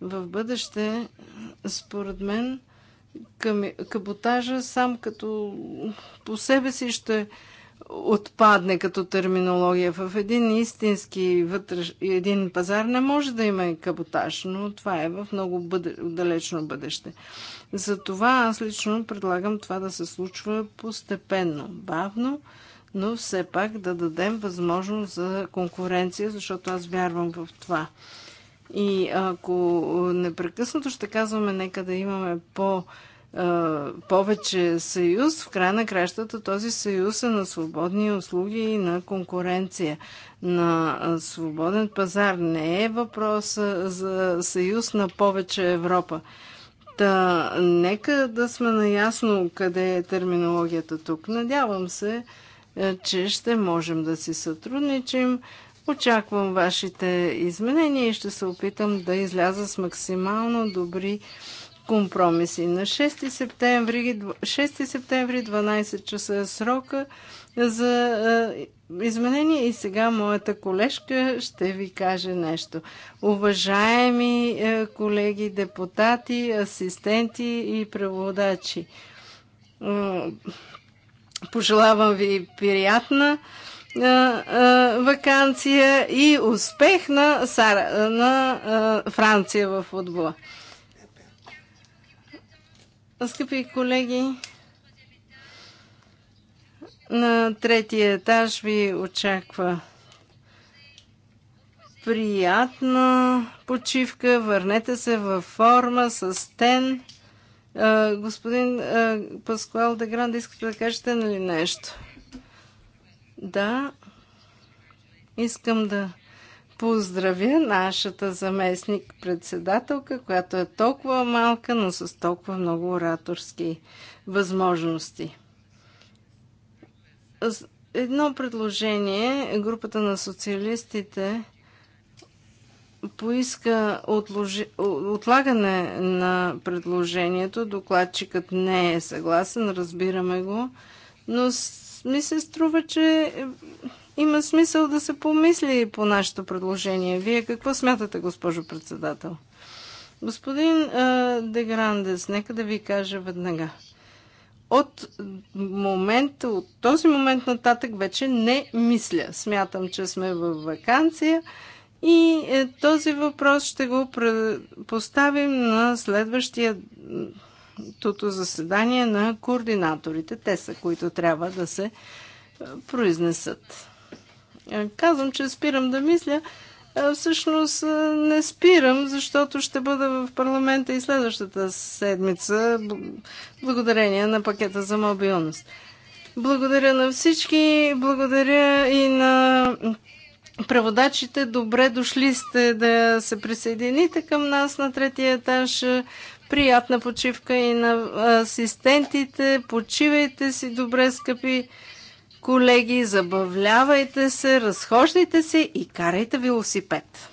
В бъдеще, според мен, към каботажа сам като по себе си ще отпадне като терминология. В един истински вътреш, един пазар не може да има и каботаж, но това е в много бъде, далечно бъдеще. Затова аз лично предлагам това да се случва постепенно, бавно, но все пак да дадем възможност за конкуренция, защото аз вярвам в това. И ако непрекъснато ще казваме, нека да имаме по- повече съюз, в края на кращата този съюз е на свободни услуги и на конкуренция, на свободен пазар. Не е въпрос за съюз на повече Европа. Та, нека да сме наясно къде е терминологията тук. Надявам се, е, че ще можем да си сътрудничим, Очаквам вашите изменения и ще се опитам да изляза с максимално добри компромиси. На 6 септември, 6 септември 12 часа е срока за е, изменение и сега моята колежка ще ви каже нещо. Уважаеми е, колеги, депутати, асистенти и преводачи, е, пожелавам ви приятна вакансия и успех на, Сара, на Франция в футбола. Скъпи колеги, на третия етаж ви очаква приятна почивка. Върнете се във форма с тен. Господин Паскуал Дегран, да искате да кажете нали нещо? Да, искам да поздравя нашата заместник председателка, която е толкова малка, но с толкова много ораторски възможности. Едно предложение. Групата на социалистите поиска отложи... отлагане на предложението. Докладчикът не е съгласен, разбираме го, но ми се струва, че има смисъл да се помисли по нашето предложение. Вие какво смятате, госпожо председател? Господин Деграндес, нека да ви кажа веднага. От момента, от този момент нататък вече не мисля. Смятам, че сме в вакансия и е, този въпрос ще го поставим на следващия тото заседание на координаторите. Те са, които трябва да се е, произнесат. Е, казвам, че спирам да мисля. Е, всъщност не спирам, защото ще бъда в парламента и следващата седмица, благодарение на пакета за мобилност. Благодаря на всички, благодаря и на преводачите. Добре дошли сте да се присъедините към нас на третия етаж. Приятна почивка и на асистентите. Почивайте си добре, скъпи колеги. Забавлявайте се, разхождайте се и карайте велосипед.